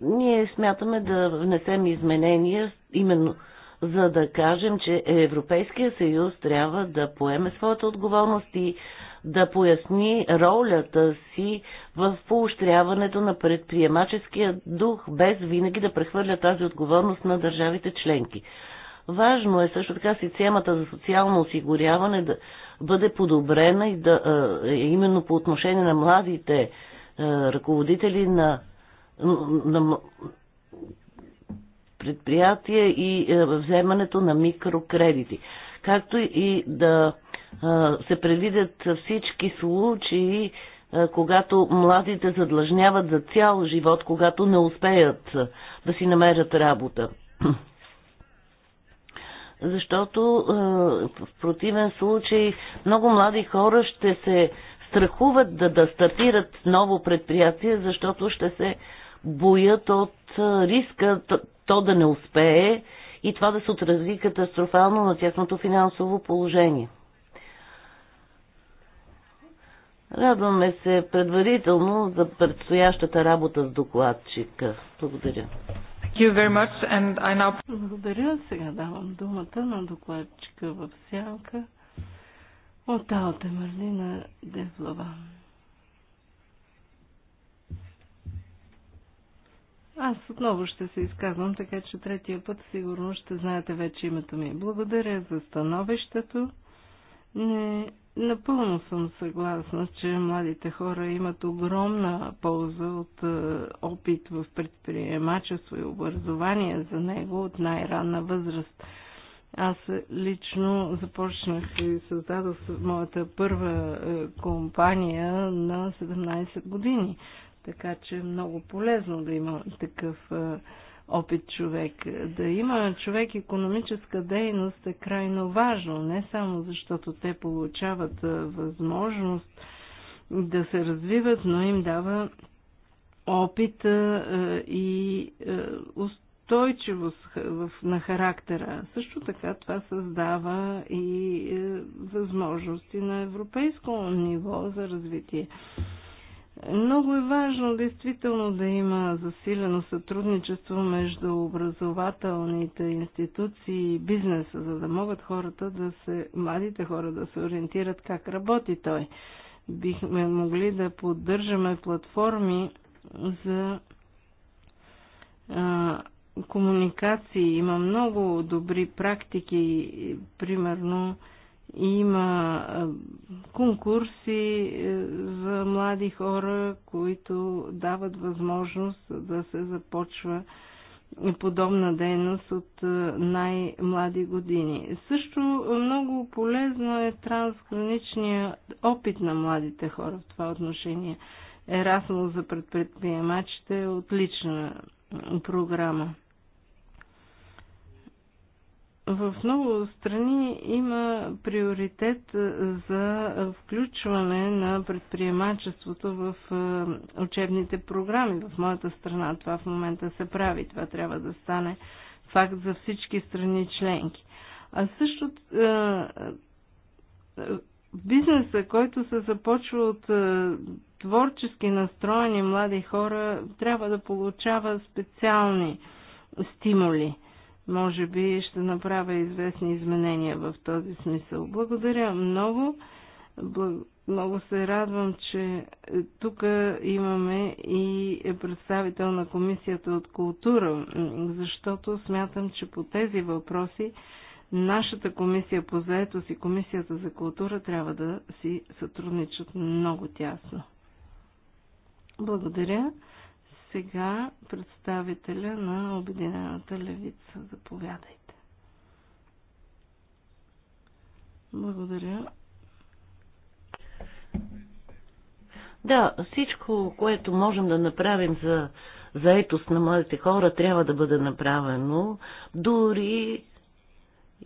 Ние смятаме да внесем изменения именно за да кажем, че Европейския съюз трябва да поеме своята отговорност и да поясни ролята си в поощряването на предприемаческия дух, без винаги да прехвърля тази отговорност на държавите членки. Важно е също така системата за социално осигуряване да бъде подобрена и да, е, именно по отношение на младите е, ръководители на, на предприятия и е, вземането на микрокредити. Както и да се предвидят всички случаи, когато младите задлъжняват за цял живот, когато не успеят да си намерят работа. защото в противен случай много млади хора ще се страхуват да, да стартират ново предприятие, защото ще се боят от риска то, то да не успее и това да се отрази катастрофално на тяхното финансово положение. Радваме се предварително за предстоящата работа с докладчика. Благодаря. Now... Благодаря. Сега давам думата на докладчика в сянка от Алте Марлина Дезлова. Аз отново ще се изказвам, така че третия път сигурно ще знаете вече името ми. Благодаря за становището. Не Напълно съм съгласна, че младите хора имат огромна полза от е, опит в предприемачество и образование за него от най-ранна възраст. Аз лично започнах и създадох моята първа е, компания на 17 години, така че е много полезно да има такъв е, опит човек. Да има човек економическа дейност е крайно важно, не само защото те получават възможност да се развиват, но им дава опит и устойчивост на характера. Също така това създава и възможности на европейско ниво за развитие. Много е важно действително да има засилено сътрудничество между образователните институции и бизнеса, за да могат хората да се, младите хора да се ориентират как работи той. Бихме могли да поддържаме платформи за а, комуникации. Има много добри практики, примерно а, има конкурси е, за млади хора, които дават възможност да се започва подобна дейност от е, най-млади години. Също много полезно е трансграничния опит на младите хора в това отношение. Ерасмус за предприемачите е отлична програма в много страни има приоритет за включване на предприемачеството в учебните програми. В моята страна това в момента се прави. Това трябва да стане факт за всички страни членки. А също бизнеса, който се започва от творчески настроени млади хора, трябва да получава специални стимули – може би ще направя известни изменения в този смисъл. Благодаря много. Благ... Много се радвам, че тук имаме и представител на Комисията от култура, защото смятам, че по тези въпроси нашата комисия по заетост и комисията за култура трябва да си сътрудничат много тясно. Благодаря. Сега представителя на Обединената левица. Заповядайте. Благодаря. Да, всичко, което можем да направим за заетост на младите хора, трябва да бъде направено, дори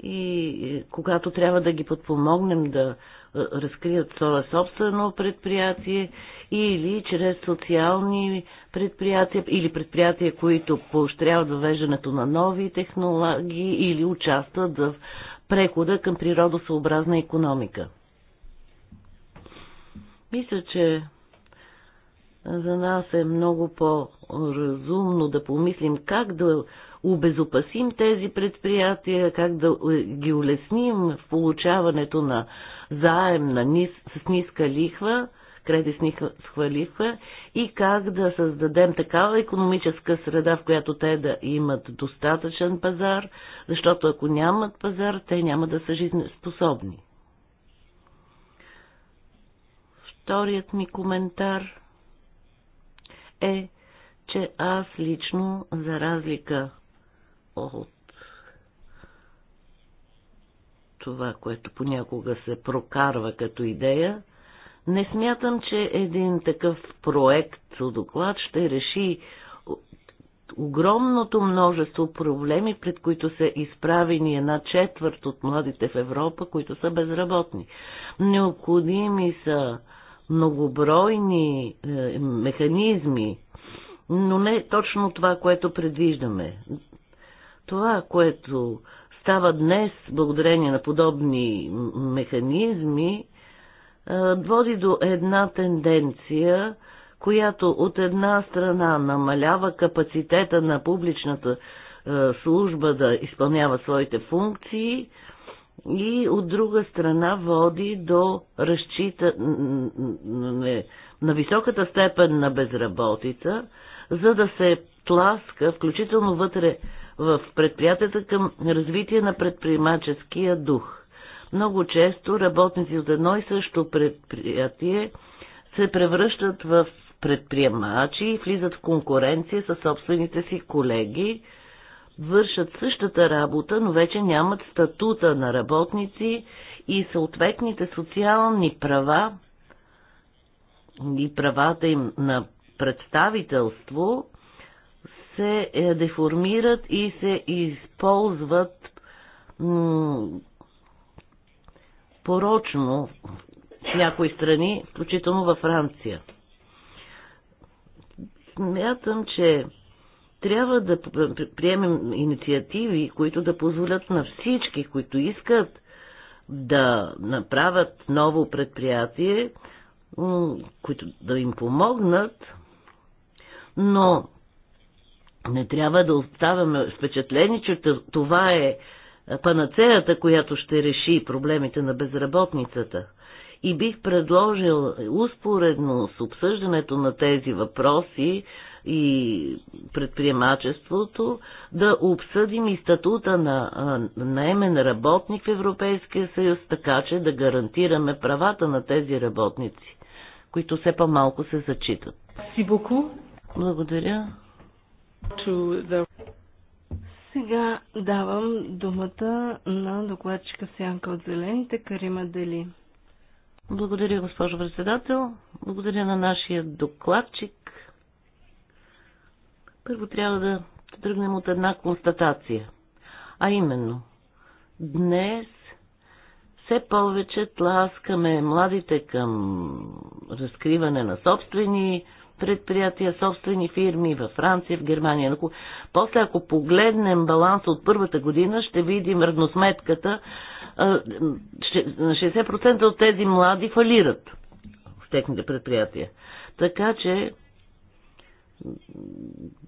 и когато трябва да ги подпомогнем да разкрият своя собствено предприятие или чрез социални предприятия или предприятия, които поощряват въвеждането на нови технологии или участват в прехода към природосъобразна економика. Мисля, че за нас е много по-разумно да помислим как да обезопасим тези предприятия, как да ги улесним в получаването на заем на низ, с ниска лихва, кредит с ниска лихва и как да създадем такава економическа среда, в която те да имат достатъчен пазар, защото ако нямат пазар, те няма да са жизнеспособни. Вторият ми коментар е, че аз лично, за разлика от това, което понякога се прокарва като идея, не смятам, че един такъв проект от доклад ще реши огромното множество проблеми, пред които са изправени една четвърт от младите в Европа, които са безработни. Необходими са многобройни е, механизми, но не точно това, което предвиждаме. Това, което става днес, благодарение на подобни механизми, води до една тенденция, която от една страна намалява капацитета на публичната служба да изпълнява своите функции и от друга страна води до разчита на високата степен на безработица, за да се тласка, включително вътре в предприятията към развитие на предприемаческия дух. Много често работници от едно и също предприятие се превръщат в предприемачи и влизат в конкуренция с собствените си колеги, вършат същата работа, но вече нямат статута на работници и съответните социални права и правата им на представителство се е, деформират и се използват порочно в някои страни, включително във Франция. Смятам, че трябва да приемем инициативи, които да позволят на всички, които искат да направят ново предприятие, които да им помогнат, но не трябва да оставаме впечатлени, че това е панацеята, която ще реши проблемите на безработницата. И бих предложил успоредно с обсъждането на тези въпроси и предприемачеството да обсъдим и статута на наемен работник в Европейския съюз, така че да гарантираме правата на тези работници, които все по-малко се зачитат. Благодаря. Сега давам думата на докладчика Сянка от Зелените Карима Дели. Благодаря, госпожо председател. Благодаря на нашия докладчик. Първо трябва да тръгнем от една констатация. А именно, днес все повече тласкаме младите към разкриване на собствени предприятия, собствени фирми във Франция, в Германия. Ако, после, ако погледнем баланса от първата година, ще видим равносметката. 60% от тези млади фалират в техните предприятия. Така че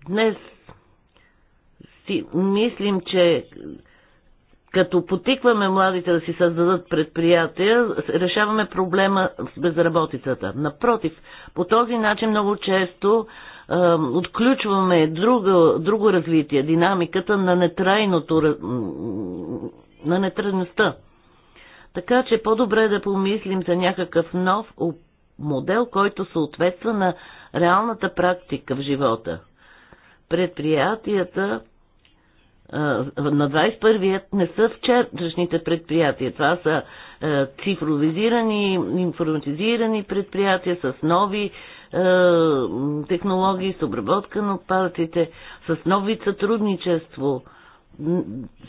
днес си мислим, че като потикваме младите да си създадат предприятия, решаваме проблема с безработицата. Напротив, по този начин много често е, отключваме друго, друго развитие, динамиката на нетрайното, на нетрайността. Така че по-добре е да помислим за някакъв нов модел, който съответства на реалната практика в живота. Предприятията на 21-ият не са вчерашните предприятия. Това са цифровизирани, информатизирани предприятия с нови технологии, с обработка на отпадъците, с нови сътрудничество.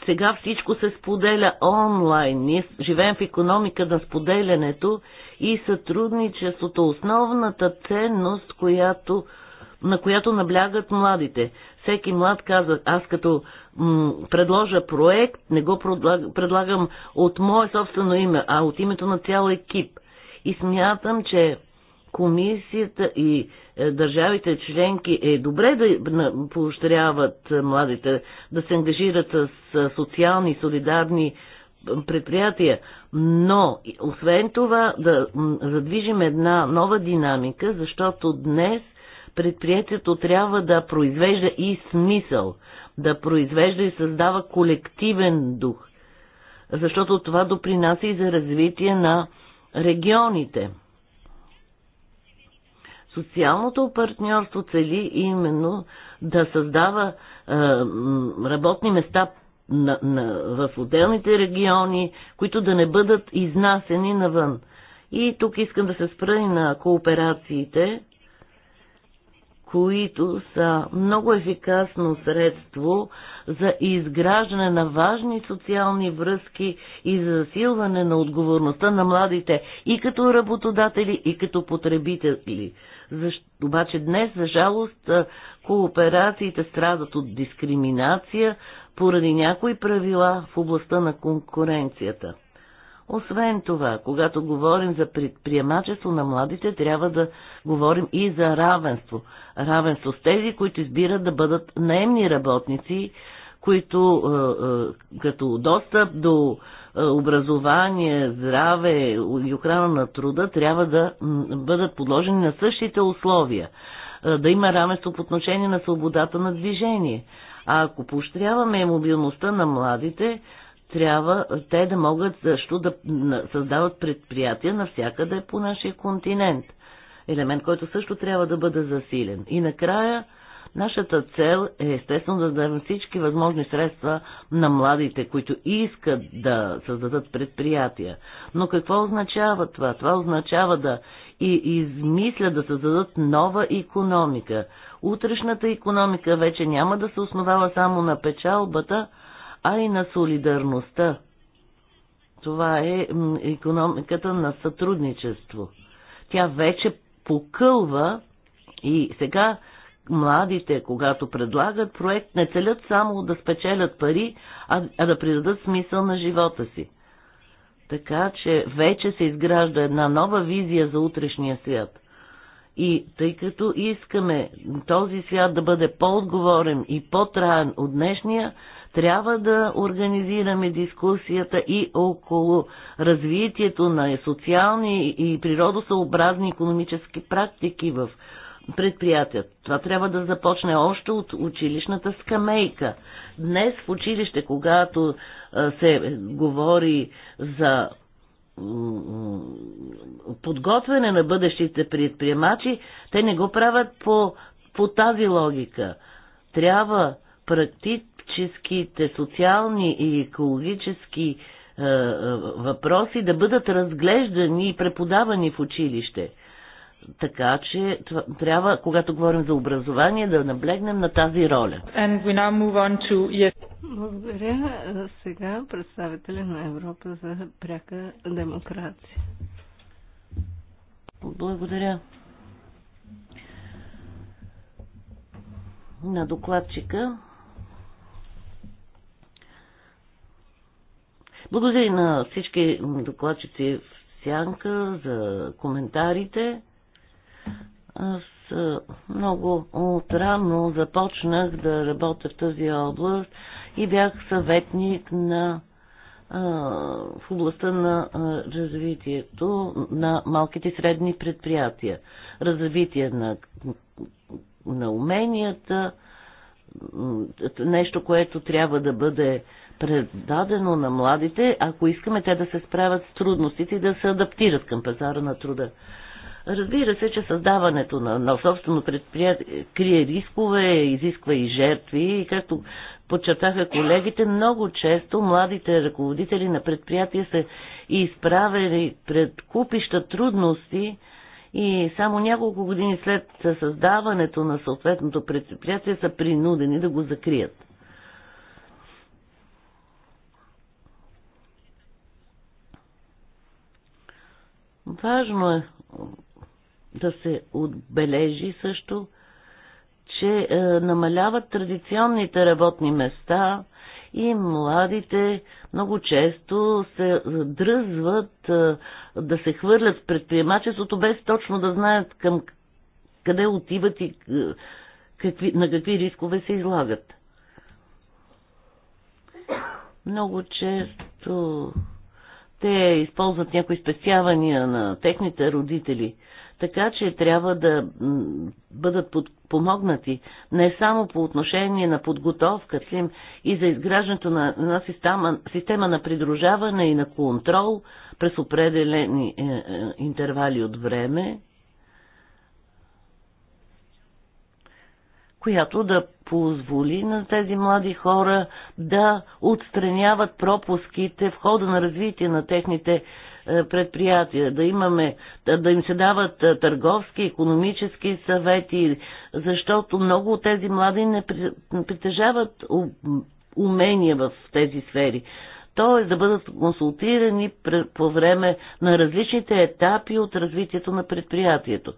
Сега всичко се споделя онлайн. Ние живеем в економика на споделянето и сътрудничеството, основната ценност, която, на която наблягат младите. Всеки млад казва, аз като предложа проект, не го предлагам от мое собствено име, а от името на цял екип. И смятам, че комисията и е, държавите членки е добре да поощряват е, младите да се ангажират с е, социални, солидарни предприятия, но освен това да задвижим една нова динамика, защото днес предприятието трябва да произвежда и смисъл да произвежда и създава колективен дух, защото това допринася и за развитие на регионите. Социалното партньорство цели именно да създава е, работни места на, на, в отделните региони, които да не бъдат изнасени навън. И тук искам да се спра и на кооперациите, които са много ефикасно средство за изграждане на важни социални връзки и за засилване на отговорността на младите и като работодатели, и като потребители. Защо, обаче днес, за жалост, кооперациите страдат от дискриминация поради някои правила в областта на конкуренцията. Освен това, когато говорим за предприемачество на младите, трябва да говорим и за равенство. Равенство с тези, които избират да бъдат наемни работници, които е, е, като достъп до е, образование, здраве и охрана на труда трябва да бъдат подложени на същите условия. Да има равенство по отношение на свободата на движение. А ако поощряваме мобилността на младите, трябва те да могат също да създават предприятия навсякъде по нашия континент. Елемент, който също трябва да бъде засилен. И накрая, нашата цел е естествено да дадем всички възможни средства на младите, които искат да създадат предприятия. Но какво означава това? Това означава да и измислят да създадат нова економика. Утрешната економика вече няма да се основава само на печалбата, а и на солидарността. Това е економиката на сътрудничество. Тя вече покълва и сега младите, когато предлагат проект, не целят само да спечелят пари, а, а да придадат смисъл на живота си. Така че вече се изгражда една нова визия за утрешния свят. И тъй като искаме този свят да бъде по-отговорен и по-траен от днешния, трябва да организираме дискусията и около развитието на социални и природосъобразни економически практики в предприятията. Това трябва да започне още от училищната скамейка. Днес в училище, когато се говори за подготвяне на бъдещите предприемачи, те не го правят по, по тази логика. Трябва практик политическите, социални и екологически е, е, въпроси да бъдат разглеждани и преподавани в училище. Така че това, трябва, когато говорим за образование, да наблегнем на тази роля. To... Благодаря. Сега представители на Европа за пряка демокрация. Благодаря. На докладчика. Благодаря и на всички докладчици в Сянка за коментарите. Аз много отрано започнах да работя в тази област и бях съветник на в областта на развитието на малките и средни предприятия. Развитие на, на уменията, нещо, което трябва да бъде предадено на младите, ако искаме те да се справят с трудностите и да се адаптират към пазара на труда. Разбира се, че създаването на, на собствено предприятие крие рискове, изисква и жертви и както подчертаха колегите, много често младите ръководители на предприятия са изправени пред купища трудности и само няколко години след създаването на съответното предприятие са принудени да го закрият. Важно е да се отбележи също, че е, намаляват традиционните работни места и младите много често се дръзват е, да се хвърлят в предприемачеството, без точно да знаят към къде отиват и е, какви, на какви рискове се излагат. Много често те използват някои спестявания на техните родители. Така че трябва да бъдат подпомогнати не само по отношение на подготовката им и за изграждането на една система, система на придружаване и на контрол през определени е, е, интервали от време, която да позволи на тези млади хора да отстраняват пропуските в хода на развитие на техните е, предприятия, да имаме, да им се дават е, търговски, економически съвети, защото много от тези млади не притежават умения в тези сфери. Тоест да бъдат консултирани по време на различните етапи от развитието на предприятието.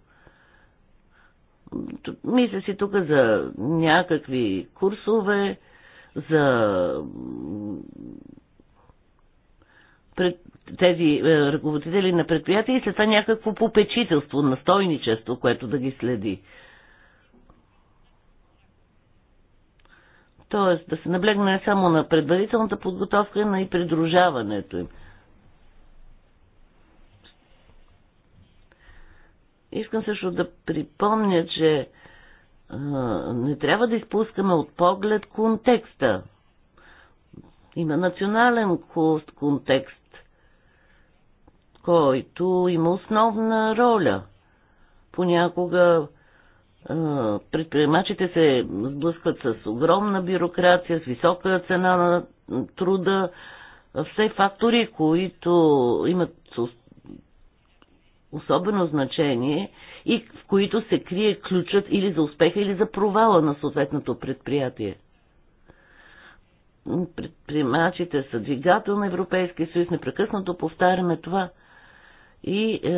Мисля си тук за някакви курсове, за пред тези е, ръководители на предприятия и след това някакво попечителство, настойничество, което да ги следи. Тоест да се наблегне не само на предварителната подготовка, но и придружаването им. Искам също да припомня, че а, не трябва да изпускаме от поглед контекста. Има национален контекст, който има основна роля. Понякога предприемачите се сблъскват с огромна бюрокрация, с висока цена на труда, все фактори, които имат особено значение и в които се крие ключът или за успеха, или за провала на съответното предприятие. Предприемачите са двигател на Европейския съюз, непрекъснато повтаряме това. И е,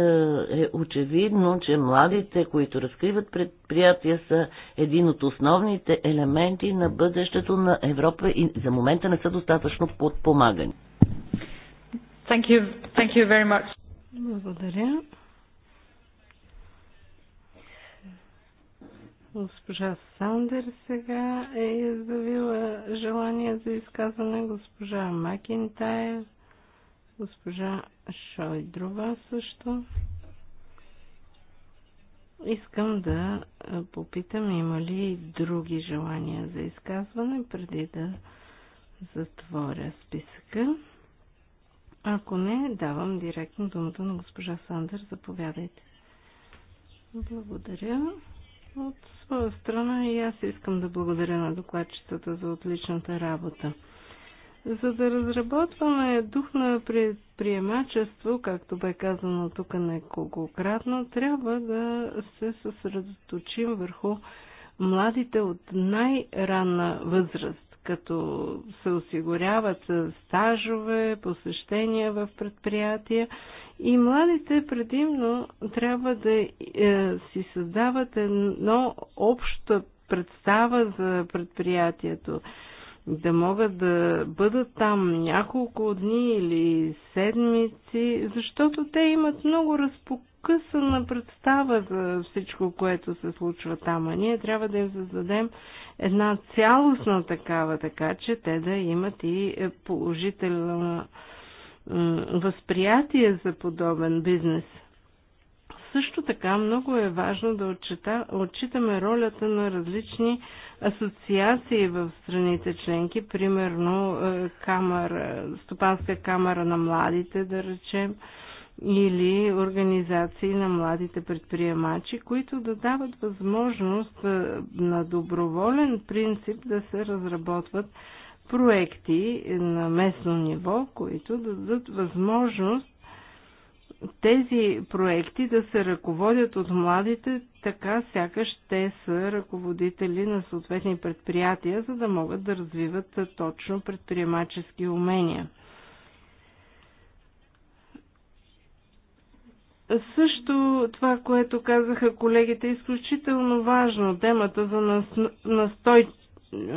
е очевидно, че младите, които разкриват предприятия, са един от основните елементи на бъдещето на Европа и за момента не са достатъчно подпомагани. Thank you. Thank you very much. Благодаря. Госпожа Сандер сега е изявила желание за изказване. Госпожа Макинтайр, госпожа Шойдрова също. Искам да попитам има ли други желания за изказване преди да затворя списъка. Ако не, давам директно думата на госпожа Сандър. Заповядайте. Благодаря. От своя страна и аз искам да благодаря на докладчицата за отличната работа. За да разработваме дух на предприемачество, както бе казано тук неколкократно, трябва да се съсредоточим върху младите от най-ранна възраст като се осигуряват стажове, посещения в предприятия и младите предимно трябва да е, си създават едно обща представа за предприятието да могат да бъдат там няколко дни или седмици, защото те имат много разпок... На представа за всичко, което се случва там. А ние трябва да им създадем една цялостна такава, така че те да имат и е, положително възприятие за подобен бизнес. Също така много е важно да отчита, отчитаме ролята на различни асоциации в страните членки, примерно е, е, камара, Стопанска камера на младите, да речем, или организации на младите предприемачи, които да дават възможност на доброволен принцип да се разработват проекти на местно ниво, които да дадат възможност тези проекти да се ръководят от младите, така сякаш те са ръководители на съответни предприятия, за да могат да развиват точно предприемачески умения – Също това, което казаха колегите, е изключително важно. Темата за настой,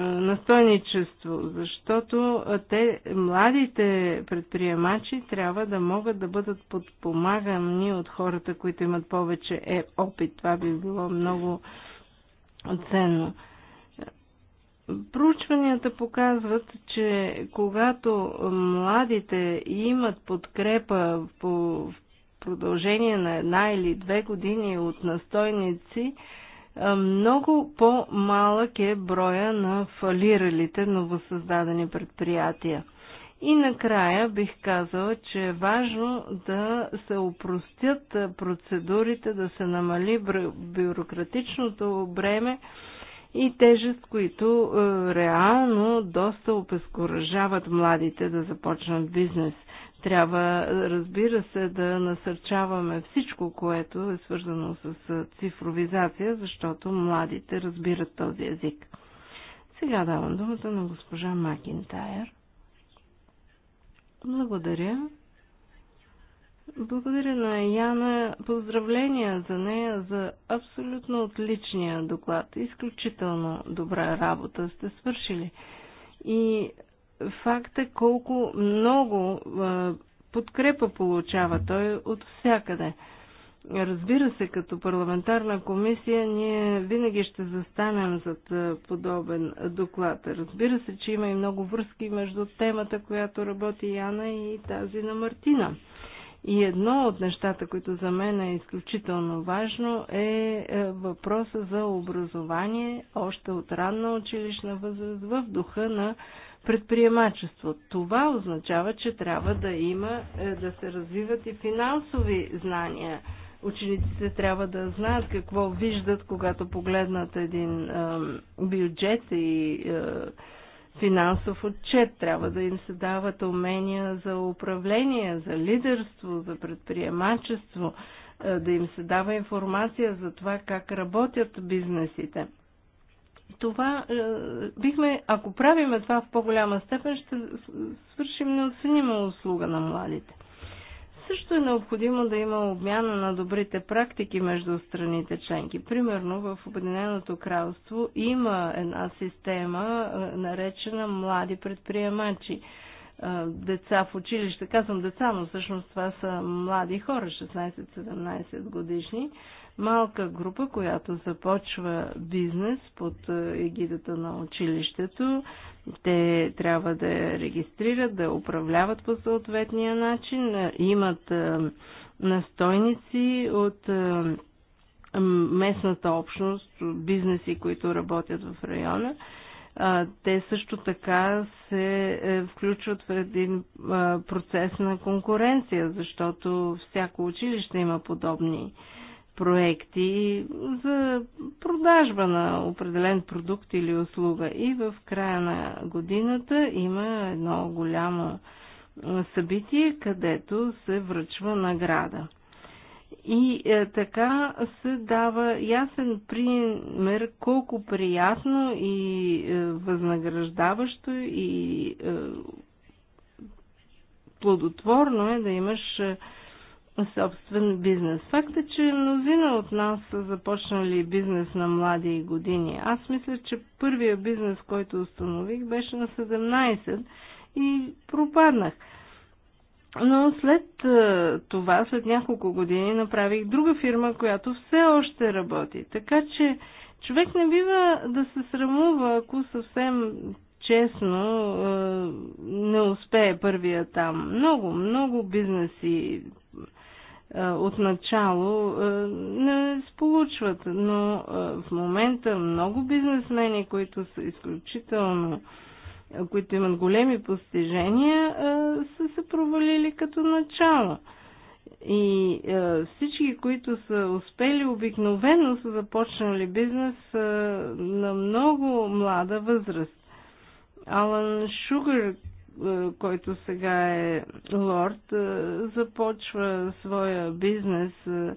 настойничество, защото те, младите предприемачи, трябва да могат да бъдат подпомагани от хората, които имат повече е, опит. Това би било много ценно. Проучванията показват, че когато младите имат подкрепа по, в продължение на една или две години от настойници, много по-малък е броя на фалиралите новосъздадени предприятия. И накрая бих казала, че е важно да се опростят процедурите, да се намали бюрократичното бреме и тежест, които реално доста обезкуражават младите да започнат бизнес – трябва, разбира се, да насърчаваме всичко, което е свързано с цифровизация, защото младите разбират този език. Сега давам думата на госпожа Макинтайр. Благодаря. Благодаря на Яна. Поздравления за нея за абсолютно отличния доклад. Изключително добра работа сте свършили. И Факта, е колко много подкрепа получава той от всякъде. Разбира се, като парламентарна комисия ние винаги ще застанем зад подобен доклад. Разбира се, че има и много връзки между темата, която работи Яна и тази на Мартина. И едно от нещата, които за мен е изключително важно, е, е въпроса за образование още от ранна училищна възраст в духа на предприемачество. Това означава, че трябва да има, е, да се развиват и финансови знания. Учениците трябва да знаят какво виждат, когато погледнат един е, бюджет и е, финансов отчет. Трябва да им се дават умения за управление, за лидерство, за предприемачество, е, да им се дава информация за това как работят бизнесите това е, бихме, ако правиме това в по-голяма степен, ще свършим неоценима услуга на младите. Също е необходимо да има обмяна на добрите практики между страните членки. Примерно в Обединеното кралство има една система, е, наречена млади предприемачи. Е, деца в училище, казвам деца, но всъщност това са млади хора, 16-17 годишни, е, малка група, която започва бизнес под е, егидата на училището. Те трябва да я регистрират, да управляват по съответния начин, е, имат е, настойници от местната общност, бизнеси, които работят в района. Те също така се включват в един процес на конкуренция, защото всяко училище има подобни проекти за продажба на определен продукт или услуга. И в края на годината има едно голямо събитие, където се връчва награда. И е, така се дава ясен пример колко приятно и е, възнаграждаващо и е, плодотворно е да имаш е, собствен бизнес. Факта, е, че мнозина от нас са започнали бизнес на млади години. Аз мисля, че първия бизнес, който установих, беше на 17 и пропаднах. Но след това, след няколко години, направих друга фирма, която все още работи. Така че човек не бива да се срамува, ако съвсем честно не успее първия там. Много, много бизнеси отначало не сполучват, но в момента много бизнесмени, които са изключително които имат големи постижения, са се провалили като начало. И всички, които са успели обикновено, са започнали бизнес на много млада възраст. Алан Шугър е, който сега е лорд, е, започва своя бизнес е,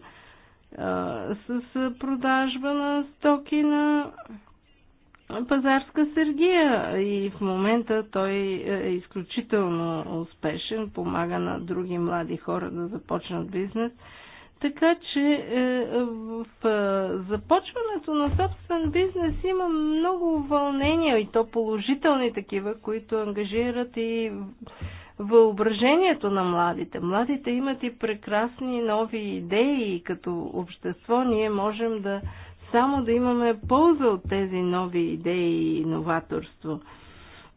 с продажба на стоки на пазарска сергия и в момента той е изключително успешен, помага на други млади хора да започнат бизнес – така че е, в е, започването на собствен бизнес има много вълнения и то положителни такива, които ангажират и въображението на младите. Младите имат и прекрасни нови идеи и като общество ние можем да само да имаме полза от тези нови идеи и новаторство.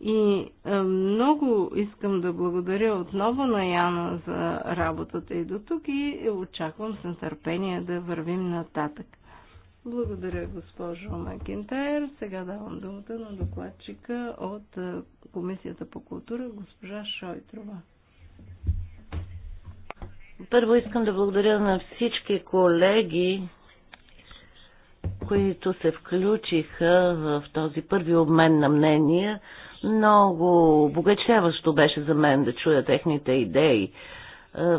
И е, много искам да благодаря отново на Яна за работата и до тук и очаквам с нетърпение да вървим нататък. Благодаря, госпожо Макентайр. Сега давам думата на докладчика от е, Комисията по култура, госпожа Шойтрова. Първо искам да благодаря на всички колеги, които се включиха в този първи обмен на мнения. Много обогачеващо беше за мен да чуя техните идеи. Е,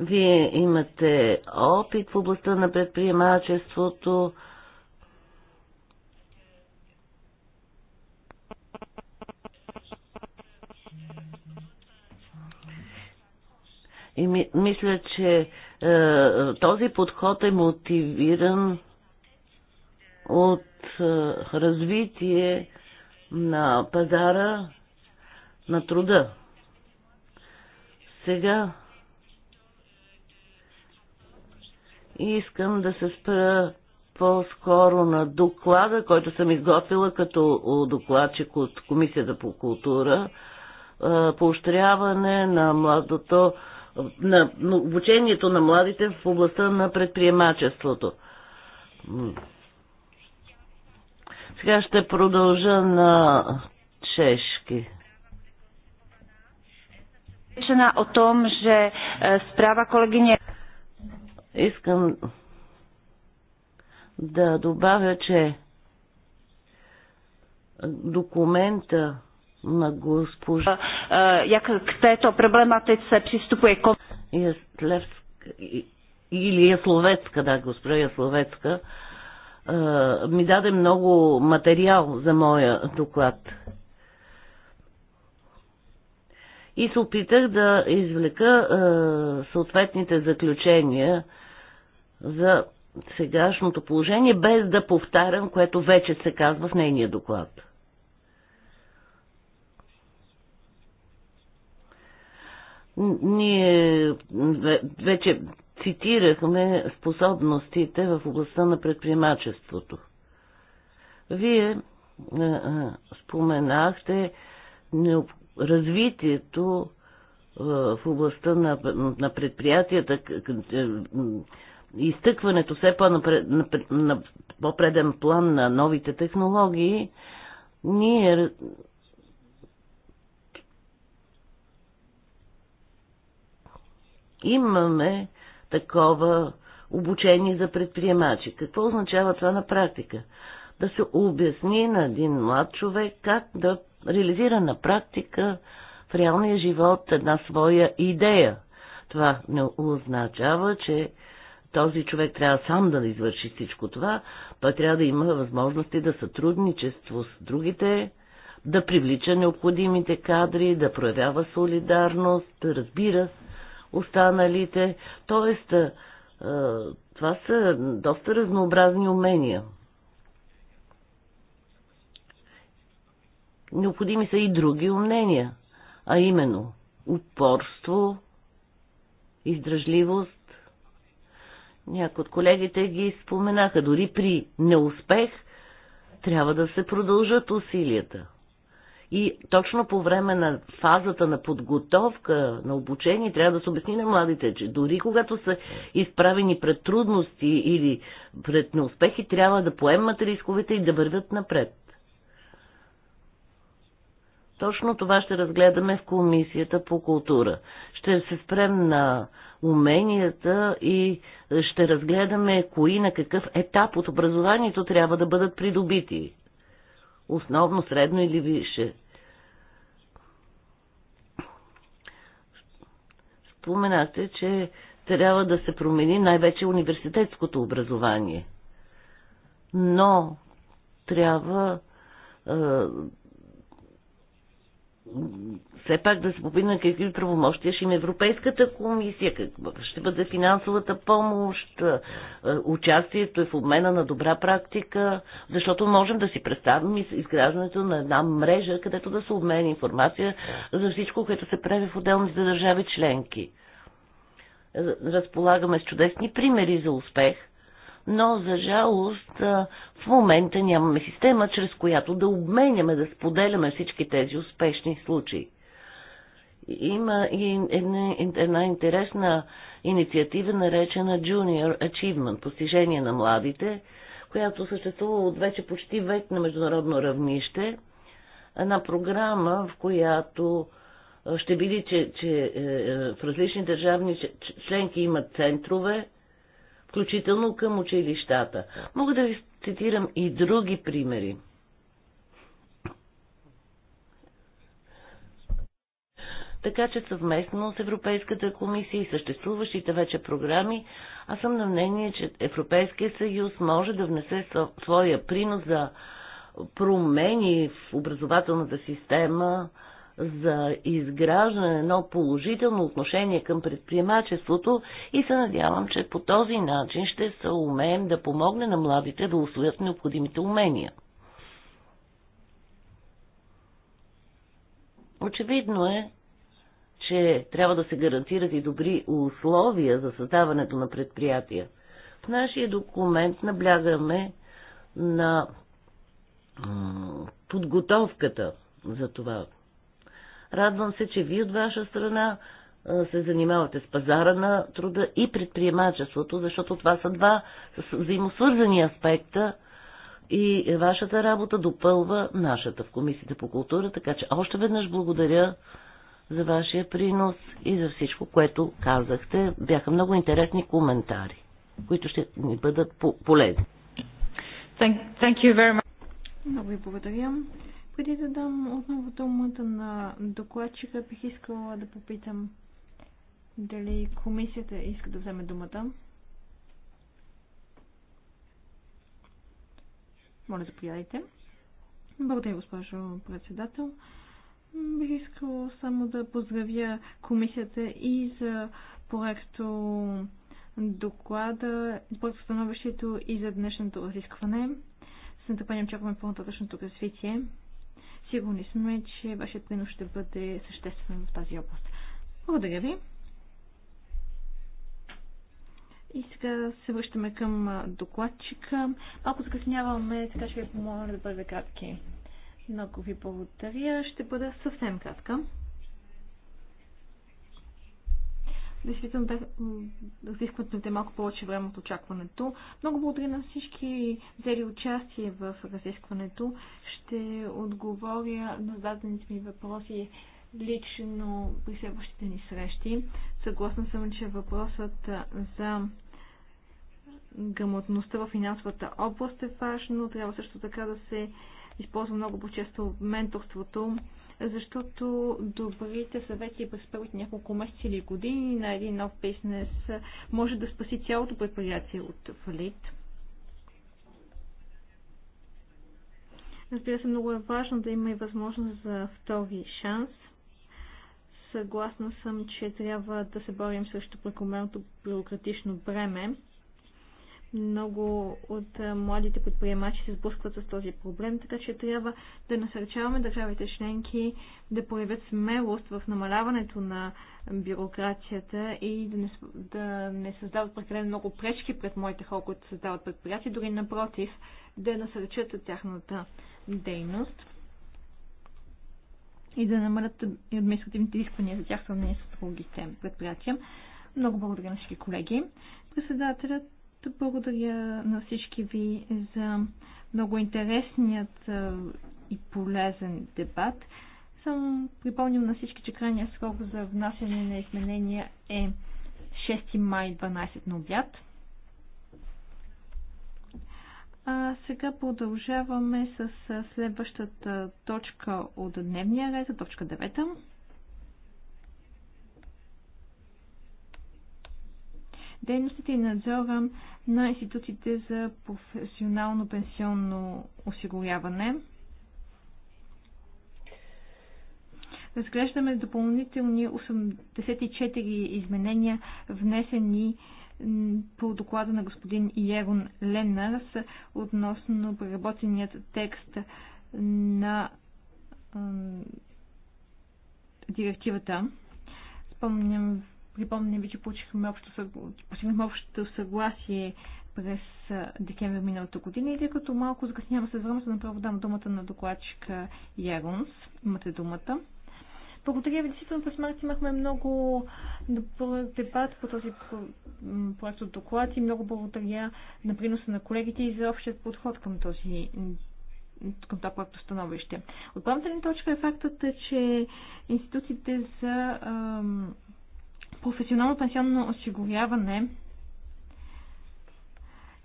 Вие имате опит в областта на предприемачеството. И ми, мисля, че е, този подход е мотивиран от развитие на пазара на труда. Сега искам да се спра по-скоро на доклада, който съм изготвила като докладчик от Комисията по култура, поощряване на младото, на обучението на младите в областта на предприемачеството. Сега ще продължа на чешки. о том, че е, справа колегиня... Е- Искам да добавя, че документа на госпожа... Jak е, k се problematice přistupuje... Яслевска... Или Ясловецка, да, госпожа Ясловецка ми даде много материал за моя доклад. И се опитах да извлека съответните заключения за сегашното положение, без да повтарям, което вече се казва в нейния доклад. Ние вече цитирахме способностите в областта на предприемачеството. Вие а, а, споменахте необ... развитието а, в областта на, на предприятията, е, изтъкването все по-на по-преден план на новите технологии, ние имаме такова обучение за предприемачи. Какво означава това на практика? Да се обясни на един млад човек как да реализира на практика в реалния живот една своя идея. Това не означава, че този човек трябва сам да извърши всичко това, той трябва да има възможности да сътрудничество с другите, да привлича необходимите кадри, да проявява солидарност, разбира останалите. Тоест, това са доста разнообразни умения. Необходими са и други умения, а именно упорство, издръжливост. Някои от колегите ги споменаха. Дори при неуспех трябва да се продължат усилията. И точно по време на фазата на подготовка, на обучение, трябва да се обясни на младите, че дори когато са изправени пред трудности или пред неуспехи, трябва да поемат рисковете и да вървят напред. Точно това ще разгледаме в Комисията по култура. Ще се спрем на уменията и ще разгледаме кои на какъв етап от образованието трябва да бъдат придобити. Основно, средно или висше. споменахте, че трябва да се промени най-вече университетското образование. Но трябва е, все пак да се попитаме какви правомощия ще има Европейската комисия, какво ще бъде финансовата помощ, е, е, участието е в обмена на добра практика, защото можем да си представим изграждането на една мрежа, където да се обмени информация за всичко, което се прави в отделните държави членки. Разполагаме с чудесни примери за успех – но за жалост е, в момента нямаме система, чрез която да обменяме, да споделяме всички тези успешни случаи. Има и една, една интересна инициатива, наречена Junior Achievement, постижение на младите, която съществува от вече почти век на международно равнище. Една програма, в която ще види, че, че е, в различни държавни членки имат центрове, включително към училищата. Мога да ви цитирам и други примери. Така че съвместно с Европейската комисия и съществуващите вече програми, аз съм на мнение, че Европейския съюз може да внесе своя принос за промени в образователната система, за изграждане на едно положително отношение към предприемачеството и се надявам, че по този начин ще се умеем да помогне на младите да освоят необходимите умения. Очевидно е, че трябва да се гарантират и добри условия за създаването на предприятия. В нашия документ наблягаме на подготовката за това. Радвам се, че вие от ваша страна се занимавате с пазара на труда и предприемачеството, защото това са два взаимосвързани аспекта и вашата работа допълва нашата в Комисията по култура, така че още веднъж благодаря за вашия принос и за всичко, което казахте. Бяха много интересни коментари, които ще ни бъдат полезни. Thank, thank you very much. Много ви благодаря. Преди да дам отново думата на докладчика, бих искала да попитам дали комисията иска да вземе думата. Моля, заповядайте. Благодаря, госпожо председател. Бих искал само да поздравя комисията и за проекто доклада, проекто становището и за днешното разискване. С нетърпение очакваме по-нататъчното развитие. Сигурни сме, че вашият принос ще бъде съществен в тази област. Благодаря ви. И сега се връщаме към докладчика. Ако закъсняваме, така ще ви помоля да бъде кратки. Много ви благодаря. Ще бъда съвсем кратка. Действително, да, разискването е малко повече време от очакването. Много благодаря на всички взели участие в разискването. Ще отговоря на зададените ми въпроси лично при следващите ни срещи. Съгласна съм, че въпросът за грамотността в финансовата област е важно. Трябва също така да се използвам много по-често менторството, защото добрите съвети през първите няколко месеца или години на един нов бизнес може да спаси цялото предприятие от фалит. Разбира се, много е важно да има и възможност за втори шанс. Съгласна съм, че трябва да се борим срещу прекомерното бюрократично бреме. Много от младите предприемачи се сблъскват с този проблем, така че трябва да насърчаваме държавите членки да проявят смелост в намаляването на бюрокрацията и да не, да не създават прекалено много пречки пред моите хора, които създават предприятия, дори напротив, да насърчат от тяхната дейност и да намалят административните изисквания за тях сравнение с другите предприятия. Много благодаря на всички колеги. Председателят благодаря на всички ви за много интересният и полезен дебат. Съм припомням на всички, че крайният срок за внасяне на изменения е 6 май 12 на обяд. А сега продължаваме с следващата точка от дневния ред, точка 9. Дейностите и надзора на институциите за професионално пенсионно осигуряване. Разглеждаме допълнителни 84 изменения, внесени по доклада на господин Иерон Ленарс относно преработеният текст на директивата. Спомням Припомням ви, че получихме общо, постигнахме общото съгласие през декември миналата година и тъй като малко закъснявам с времето, направо дам думата на докладчика Ярунс. Имате думата. Благодаря ви. Действително през март имахме много добър дебат по този проект от доклад и много благодаря на приноса на колегите и за общият подход към този към това проекто становище. Отправната ни точка е фактът, че институциите за ам, професионално пенсионно осигуряване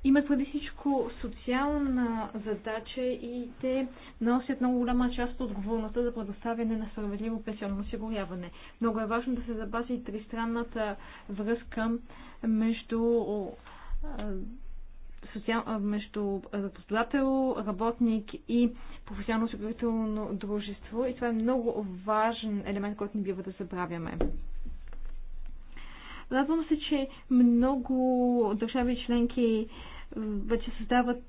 имат преди всичко социална задача и те носят много голяма част от отговорността за предоставяне на справедливо пенсионно осигуряване. Много е важно да се запази и тристранната връзка между между работодател, работник и професионално осигурително дружество и това е много важен елемент, който не бива да забравяме. Радвам се, че много държави членки вече създават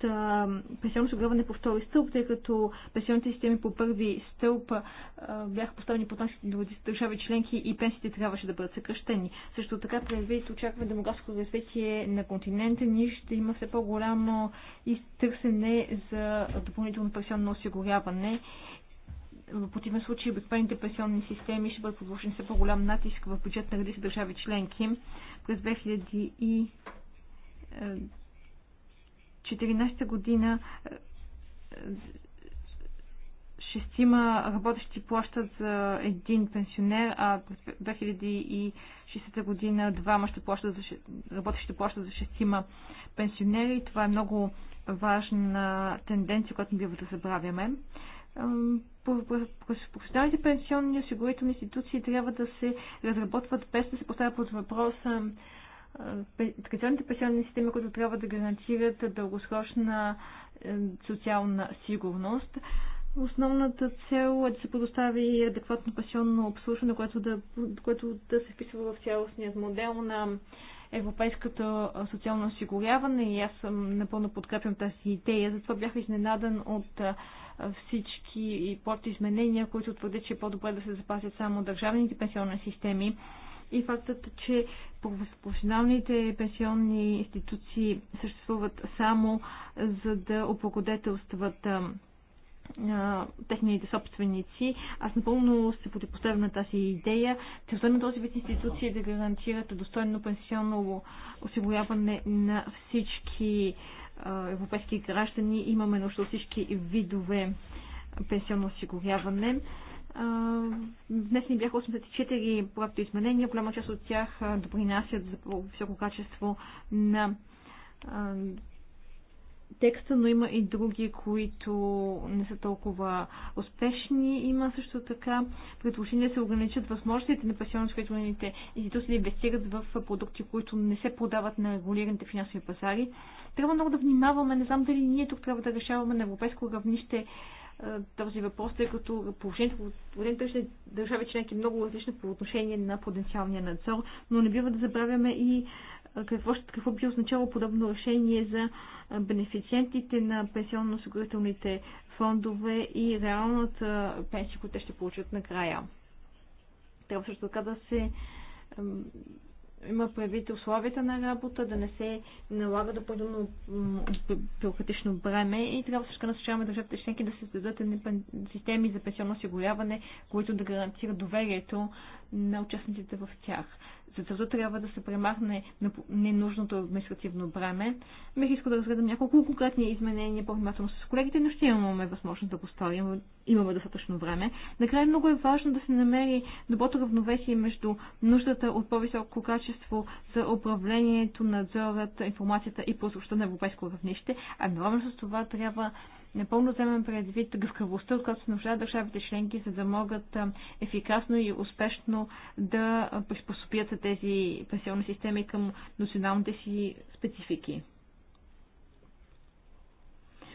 пенсионно осигуряване по втори стълб, тъй като пенсионните системи по първи стълб а, бяха поставени по нашите държави членки и пенсиите трябваше да бъдат съкръщени. Също така, предвид очаква демографско развитие на континента, ние ще има все по-голямо изтърсене за допълнително пенсионно осигуряване в противен случай обикновените пенсионни системи ще бъдат подложени все по-голям натиск в бюджет на редица държави членки. През 2014 година е, е, шестима работещи плащат за един пенсионер, а през 2060 година двама ще плащат за, работещи плащат за шестима пенсионери. Това е много важна тенденция, която не бива да забравяме професионалните пенсионни осигурителни институции трябва да се разработват без да се поставя под въпрос традиционните пенсионни системи, които трябва да гарантират дългосрочна е, социална сигурност. Основната цел е да се предостави адекватно пенсионно обслужване, което да, което да се вписва в цялостният модел на европейското социално осигуряване и аз съм напълно подкрепям тази идея. Затова бях изненадан от всички изменения, които твърдят, че е по-добре да се запазят само държавните пенсионни системи и фактът, че професионалните пенсионни институции съществуват само за да облагодетелстват техните собственици. Аз напълно се противопоставям на тази идея. Целта на този вид институции е да гарантират достойно пенсионно осигуряване на всички европейски граждани имаме нужда от всички видове пенсионно осигуряване. Днес ни бяха 84 проекто изменения. Голяма част от тях допринасят за високо качество на текста, но има и други, които не са толкова успешни. Има също така предложение да се ограничат възможностите на пенсионно-осигурителните институции да инвестират в продукти, които не се продават на регулираните финансови пазари. Трябва много да внимаваме, не знам дали ние тук трябва да решаваме на европейско равнище е, този въпрос, тъй като положението в отделните държави членки е много различно по отношение на потенциалния надзор, но не бива да забравяме и какво, какво би означало подобно решение за бенефициентите на пенсионно-осигурителните фондове и реалната пенсия, която те ще получат накрая. Трябва също така да се има предвид условията на работа, да не се налага допълнително бюрократично бреме и трябва също насочаваме държавите членки да се създадат системи за пенсионно осигуряване, които да гарантират доверието на участниците в тях. За целта трябва да се премахне ненужното административно бреме. Бих искал да разгледам няколко конкретни изменения по-внимателно с колегите, но ще имаме възможност да го сторим. Имаме достатъчно време. Накрая много е важно да се намери доброто равновесие между нуждата от по-високо качество за управлението, надзорът, информацията и прозрачността на европейско равнище, а едновременно с това трябва напълно вземем предвид гъвкавостта, от която се нуждаят държавите членки, за да могат ефикасно и успешно да приспособят тези пенсионни системи към националните си специфики.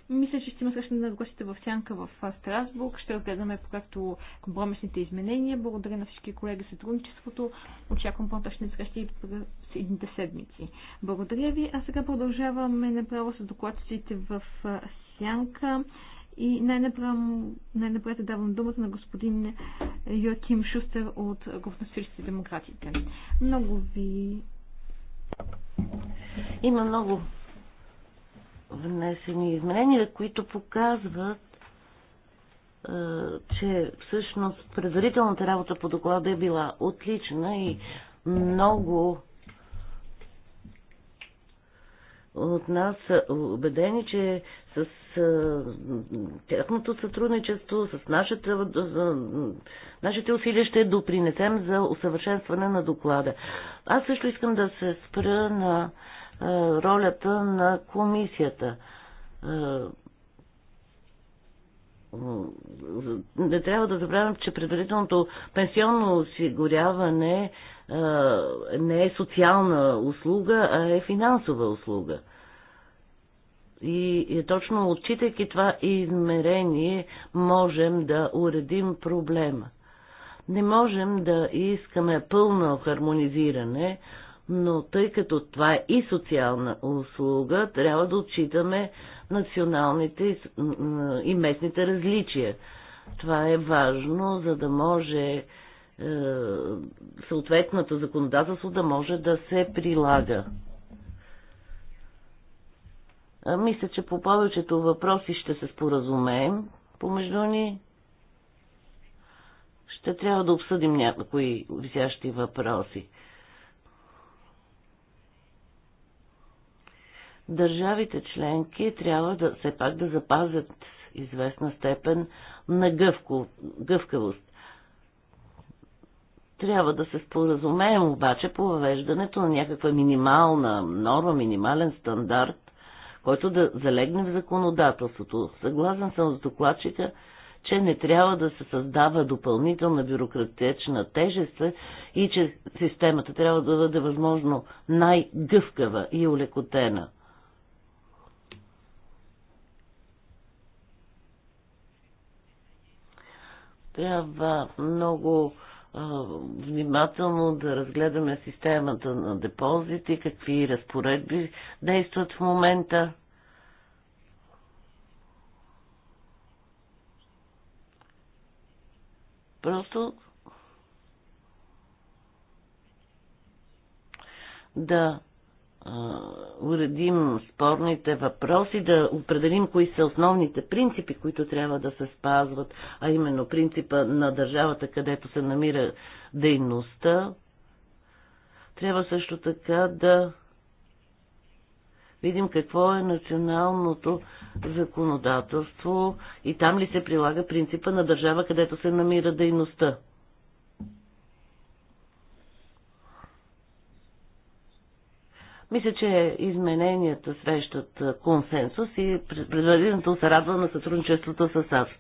Мисля, че ще има срещане на гостите в Сянка в Страсбург. Ще разгледаме както компромисните изменения. Благодаря на всички колеги за сътрудничеството. Очаквам по-нататъчни срещи през едните седмици. Благодаря ви. А сега продължаваме направо с докладците в сянка. И най-напред най давам думата на господин Йоаким Шустер от Група демократите. Много ви... Има много внесени изменения, които показват, че всъщност предварителната работа по доклада е била отлична и много от нас са убедени, че с тяхното сътрудничество, с нашата, нашите усилия ще допринесем за усъвършенстване на доклада. Аз също искам да се спра на ролята на комисията не трябва да забравям, че предварителното пенсионно осигуряване не е социална услуга, а е финансова услуга. И, точно отчитайки това измерение, можем да уредим проблема. Не можем да искаме пълно хармонизиране, но тъй като това е и социална услуга, трябва да отчитаме националните и местните различия. Това е важно, за да може е, съответното законодателство да може да се прилага. Мисля, че по повечето въпроси ще се споразумеем помежду ни. Ще трябва да обсъдим някои висящи въпроси. държавите членки трябва да все пак да запазят известна степен на гъвко, гъвкавост. Трябва да се споразумеем обаче по въвеждането на някаква минимална норма, минимален стандарт, който да залегне в законодателството. Съгласен съм с докладчика, че не трябва да се създава допълнителна бюрократична тежест и че системата трябва да бъде възможно най-гъвкава и улекотена. Трябва много внимателно да разгледаме системата на депозити, какви разпоредби действат в момента. Просто да уредим спорните въпроси, да определим кои са основните принципи, които трябва да се спазват, а именно принципа на държавата, където се намира дейността. Трябва също така да видим какво е националното законодателство и там ли се прилага принципа на държава, където се намира дейността. Мисля, че измененията срещат консенсус и предварително се радва на сътрудничеството с САЩ.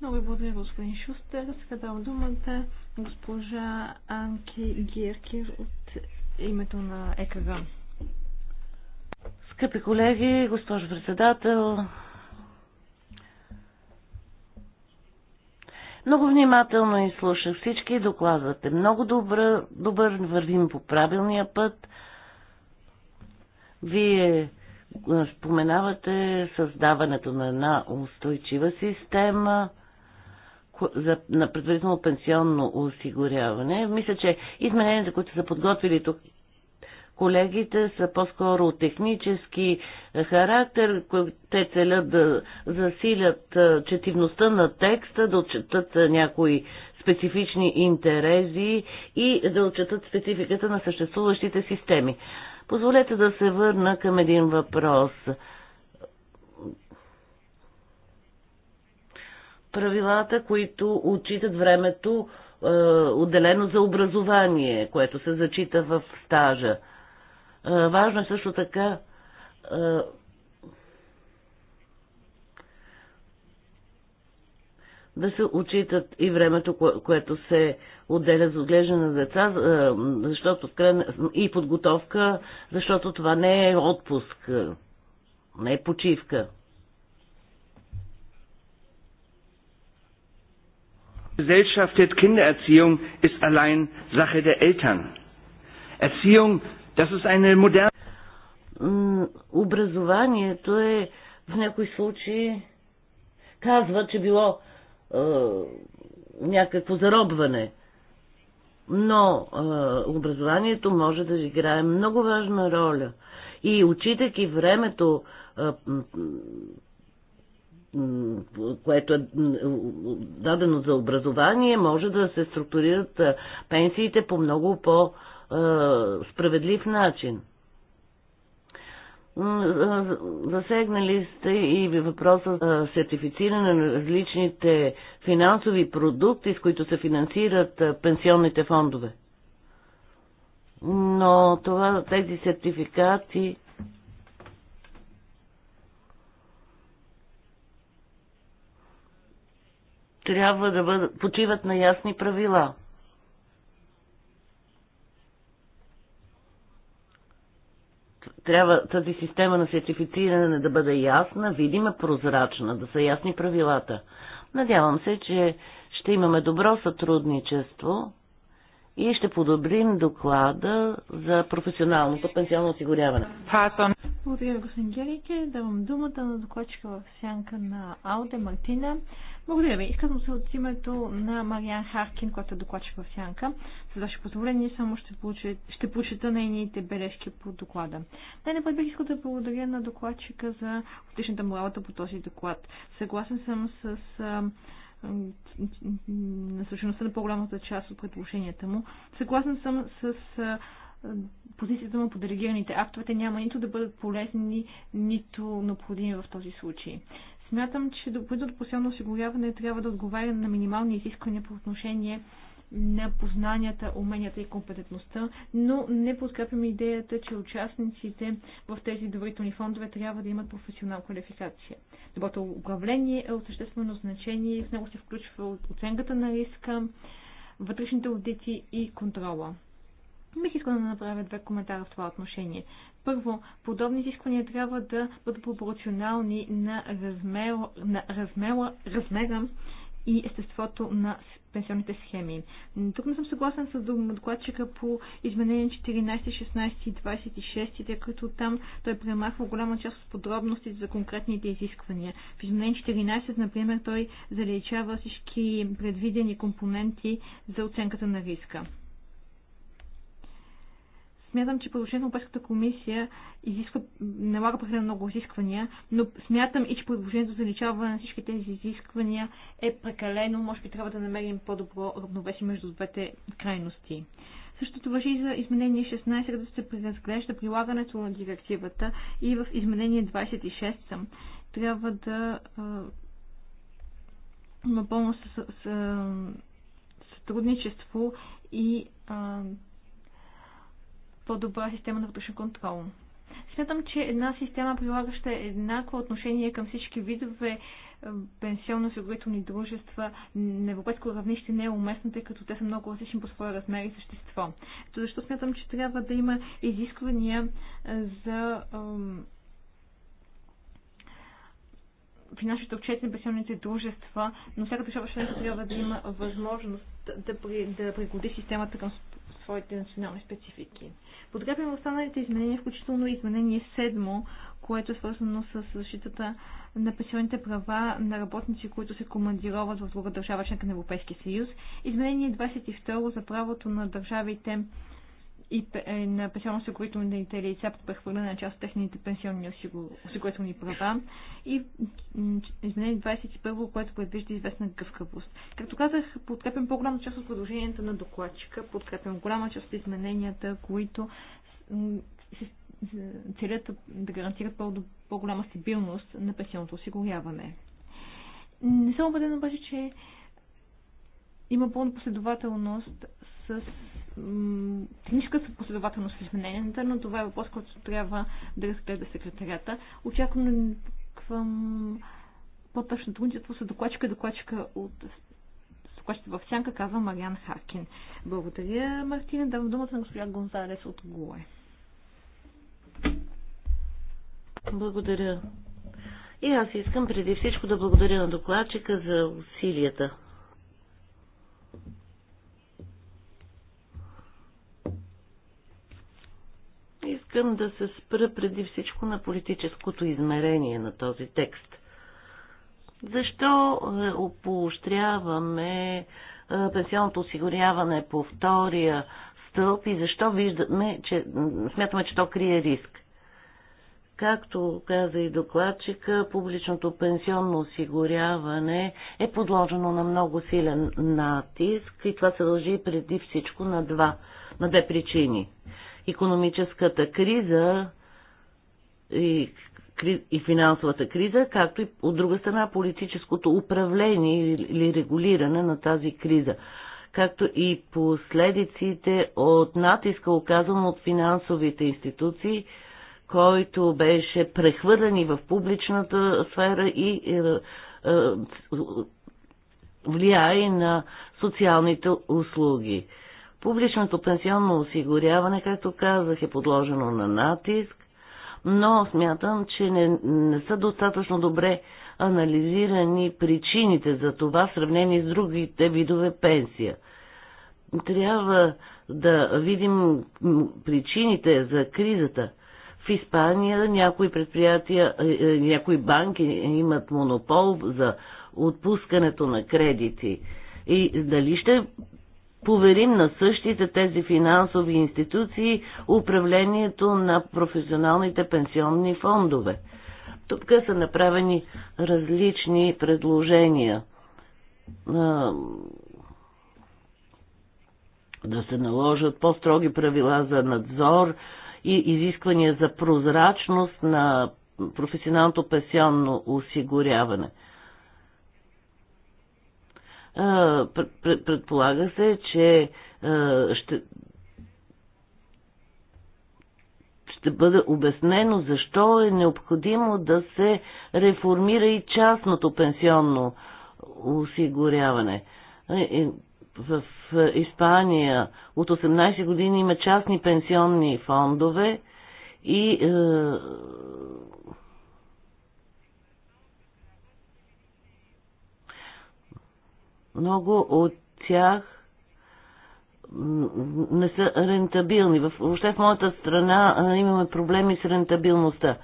Много ви благодаря, господин Шустер. Сега давам думата госпожа Анки Гиркир от името на ЕКГ. Скъпи колеги, госпожо председател, Много внимателно изслушах всички, докладвате много добър, добър, вървим по правилния път. Вие споменавате създаването на една устойчива система за, на предварително пенсионно осигуряване. Мисля, че измененията, които са подготвили тук колегите, са по-скоро технически характер, те целят да засилят четивността на текста, да отчетат някои специфични интереси и да отчетат спецификата на съществуващите системи. Позволете да се върна към един въпрос. Правилата, които отчитат времето е, отделено за образование, което се зачита в стажа. Е, важно е също така е, да се отчитат и времето, което се отделя за отглеждане на деца, е, защото в край... и подготовка, защото това не е отпуск, е, не е почивка. Gesellschaft wird Kindererziehung ist allein Sache der Eltern. Erziehung, das ist eine moderne. Образованието е в някои случаи казва, че било някакво заробване. Но а, образованието може да играе много важна роля. И отчитайки времето, а, което е дадено за образование, може да се структурират пенсиите по много по-справедлив начин. Засегнали сте и въпроса за сертифициране на различните финансови продукти, с които се финансират пенсионните фондове. Но това, тези сертификати трябва да бъдат, почиват на ясни правила. Трябва тази система на сертифициране да бъде ясна, видима, прозрачна, да са ясни правилата. Надявам се, че ще имаме добро сътрудничество и ще подобрим доклада за професионалното пенсионно осигуряване. Благодаря, господин Гелике. Давам думата на докладчика в сянка на Ауде Мартина. Благодаря ви. Изказвам се от името на Мариан Харкин, която е докладчик в Сянка. С ваше позволение само ще, получи, ще прочета нейните бележки по доклада. Най-напред бих искал да благодаря на докладчика за отличната му работа по този доклад. Съгласен съм с насочеността на по-голямата част от предложенията му. Съгласен съм с позицията му по делегираните актовете няма нито да бъдат полезни, нито необходими в този случай. Смятам, че допълнителното посилно осигуряване трябва да отговаря на минимални изисквания по отношение на познанията, уменията и компетентността, но не подкрепям идеята, че участниците в тези доверителни фондове трябва да имат професионална квалификация. Доброто управление е от съществено значение, в него се включва оценката на риска, вътрешните аудити и контрола. Бих искала да направя две коментара в това отношение. Първо, подобни изисквания трябва да бъдат пропорционални на, размер, на размера, размера и естеството на пенсионните схеми. Тук не съм съгласен с докладчика по изменение 14, 16 и 26, тъй като там той премахва голяма част от подробностите за конкретните изисквания. В изменение 14, например, той заличава всички предвидени компоненти за оценката на риска. Смятам, че предложението на Европейската комисия изисква, налага прекалено много изисквания, но смятам и, че предложението за личаване на всички тези изисквания е прекалено. Може би трябва да намерим по-добро равновесие между двете крайности. Същото въжи и за изменение 16, като се преразглежда прилагането на директивата и в изменение 26 трябва да има пълно сътрудничество и а, по-добра система на вътрешен контрол. Смятам, че една система, прилагаща еднакво отношение към всички видове е, пенсионно-осигурителни дружества на европейско равнище не е уместно, тъй като те са много различни по своя размер и същество. То защо смятам, че трябва да има изисквания е, за финансовите отчети на пенсионните дружества, но всяка държава членка трябва да има възможност да, при, да пригоди системата към своите национални специфики. Подкрепям останалите изменения, включително изменение 7, което е свързано с защитата на пенсионните права на работници, които се командироват в друга държава, членка на Европейския съюз. Изменение 22 за правото на държавите и е, на пенсионно-осигурителните лица по прехвърляне на част от техните пенсионни осигурителни права и изменение 21, което предвижда известна гъвкавост. Както казах, подкрепям по-голяма част от предложенията на докладчика, подкрепям голяма част от измененията, които целят да гарантират по-голяма стабилност на пенсионното осигуряване. Не съм убедена обаче, че има пълна последователност с техническа последователност в измененията, но това е въпрос, който трябва да разгледа секретарята. Очаквам по-точно сътрудничество с докладчика, докладчика от докладчика в сянка, казва Мариан Харкин. Благодаря, Мартина. Давам думата на госпожа Гонзалес от ГУЕ. Благодаря. И аз искам преди всичко да благодаря на докладчика за усилията искам да се спра преди всичко на политическото измерение на този текст. Защо е, поощряваме е, пенсионното осигуряване по втория стълб и защо виждаме, че, смятаме, че то крие риск? Както каза и докладчика, публичното пенсионно осигуряване е подложено на много силен натиск и това се дължи преди всичко на, два, на две причини економическата криза и, и финансовата криза, както и от друга страна политическото управление или регулиране на тази криза, както и последиците от натиска, оказан от финансовите институции, който беше прехвърлен и в публичната сфера и е, е, влияе на социалните услуги. Публичното пенсионно осигуряване, както казах, е подложено на натиск, но смятам, че не, не са достатъчно добре анализирани причините за това в сравнение с другите видове пенсия. Трябва да видим причините за кризата. В Испания някои предприятия, е, е, някои банки имат монопол за отпускането на кредити. И дали ще поверим на същите тези финансови институции управлението на професионалните пенсионни фондове. Тук са направени различни предложения. Да се наложат по-строги правила за надзор и изисквания за прозрачност на професионалното пенсионно осигуряване – предполага се, че ще, ще бъде обяснено защо е необходимо да се реформира и частното пенсионно осигуряване. В Испания от 18 години има частни пенсионни фондове и Много от тях не са рентабилни. Въобще в моята страна имаме проблеми с рентабилността.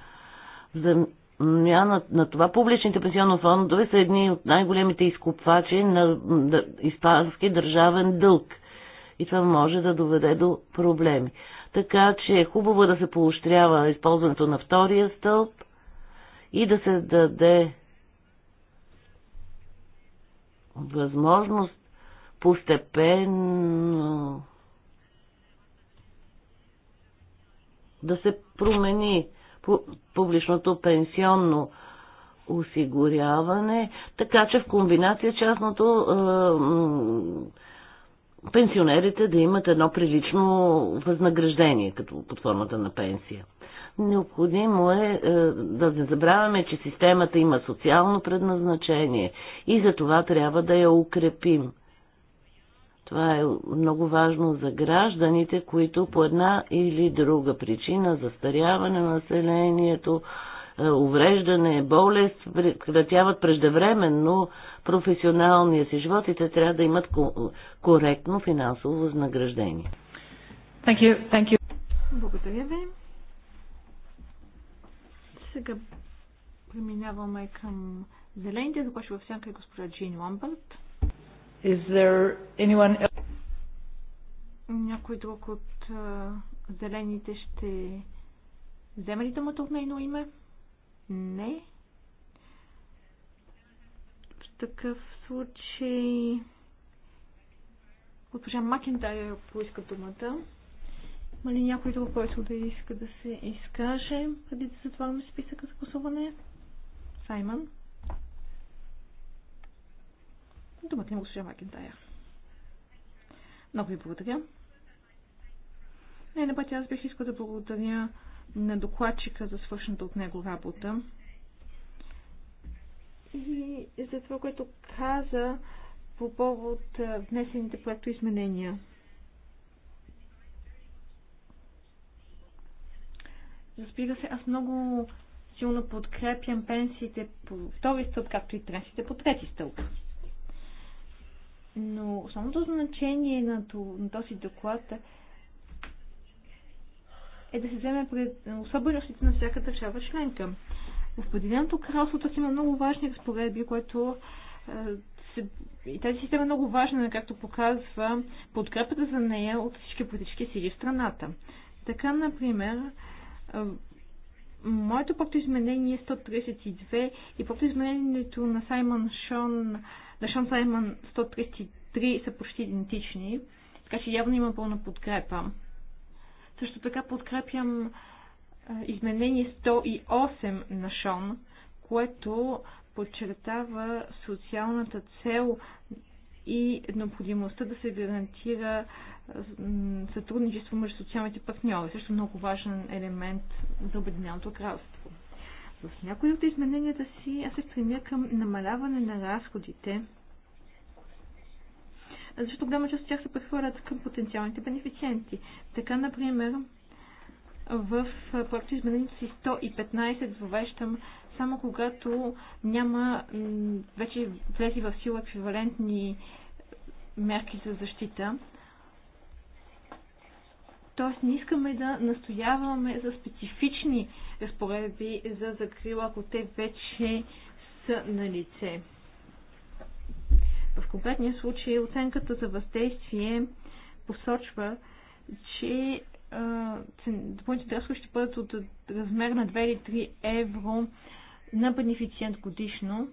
Замяна на това публичните пенсионно фондове са едни от най-големите изкупвачи на испански държавен дълг. И това може да доведе до проблеми. Така че е хубаво да се поощрява използването на втория стълб и да се даде възможност постепенно да се промени публичното пенсионно осигуряване, така че в комбинация частното пенсионерите да имат едно прилично възнаграждение като под формата на пенсия. Необходимо е, е да не забравяме, че системата има социално предназначение и за това трябва да я укрепим. Това е много важно за гражданите, които по една или друга причина, застаряване на населението, е, увреждане, болест, прекратяват преждевременно професионалния си живот и те трябва да имат коректно финансово възнаграждение. Thank you. Thank you. Благодаря ви. Сега преминаваме към зелените, започва в сянка и е госпожа Джин Ламбърт. Is there anyone else? Някой друг от uh, зелените ще вземе ли думата от нейно име? Не. В такъв случай госпожа Макентайр поиска думата. Има ли някой друг, който да иска да се изкаже, преди да затворим списъка за гласуване? Саймън. Думата на госпожа Макентая. Много ви благодаря. Не, на пътя аз бих искал да благодаря на докладчика за свършената от него работа. И за това, което каза по повод внесените проекто изменения. Разбира се, аз много силно подкрепям пенсиите по втори стълб, както и пенсиите по трети стълб. Но основното значение на, този доклад е да се вземе пред особеностите на всяка държава членка. В Поделеното кралство си има много важни разпоредби, което е, се, и тази система е много важна, както показва подкрепата за нея от всички политически сили в страната. Така, например, Моето пакто изменение е 132 и пакто изменението на Саймон Шон, на Шон Саймон 133 са почти идентични, така че явно има пълна подкрепа. Също така подкрепям изменение 108 на Шон, което подчертава социалната цел и необходимостта да се гарантира сътрудничество между социалните партньори, също много важен елемент за Обединеното кралство. В някои от измененията си аз се стремя към намаляване на разходите, защото голяма част от тях се прехвърлят към потенциалните бенефициенти. Така, например, в проекта изменението си 115 въвещам само когато няма вече влезли в сила еквивалентни мерки за защита. Тоест не искаме да настояваме за специфични разпоредби за закрила, ако те вече са на лице. В конкретния случай оценката за въздействие посочва, че допълнителните разходи ще бъдат от размер на 2 или 3 евро на бенефициент годишно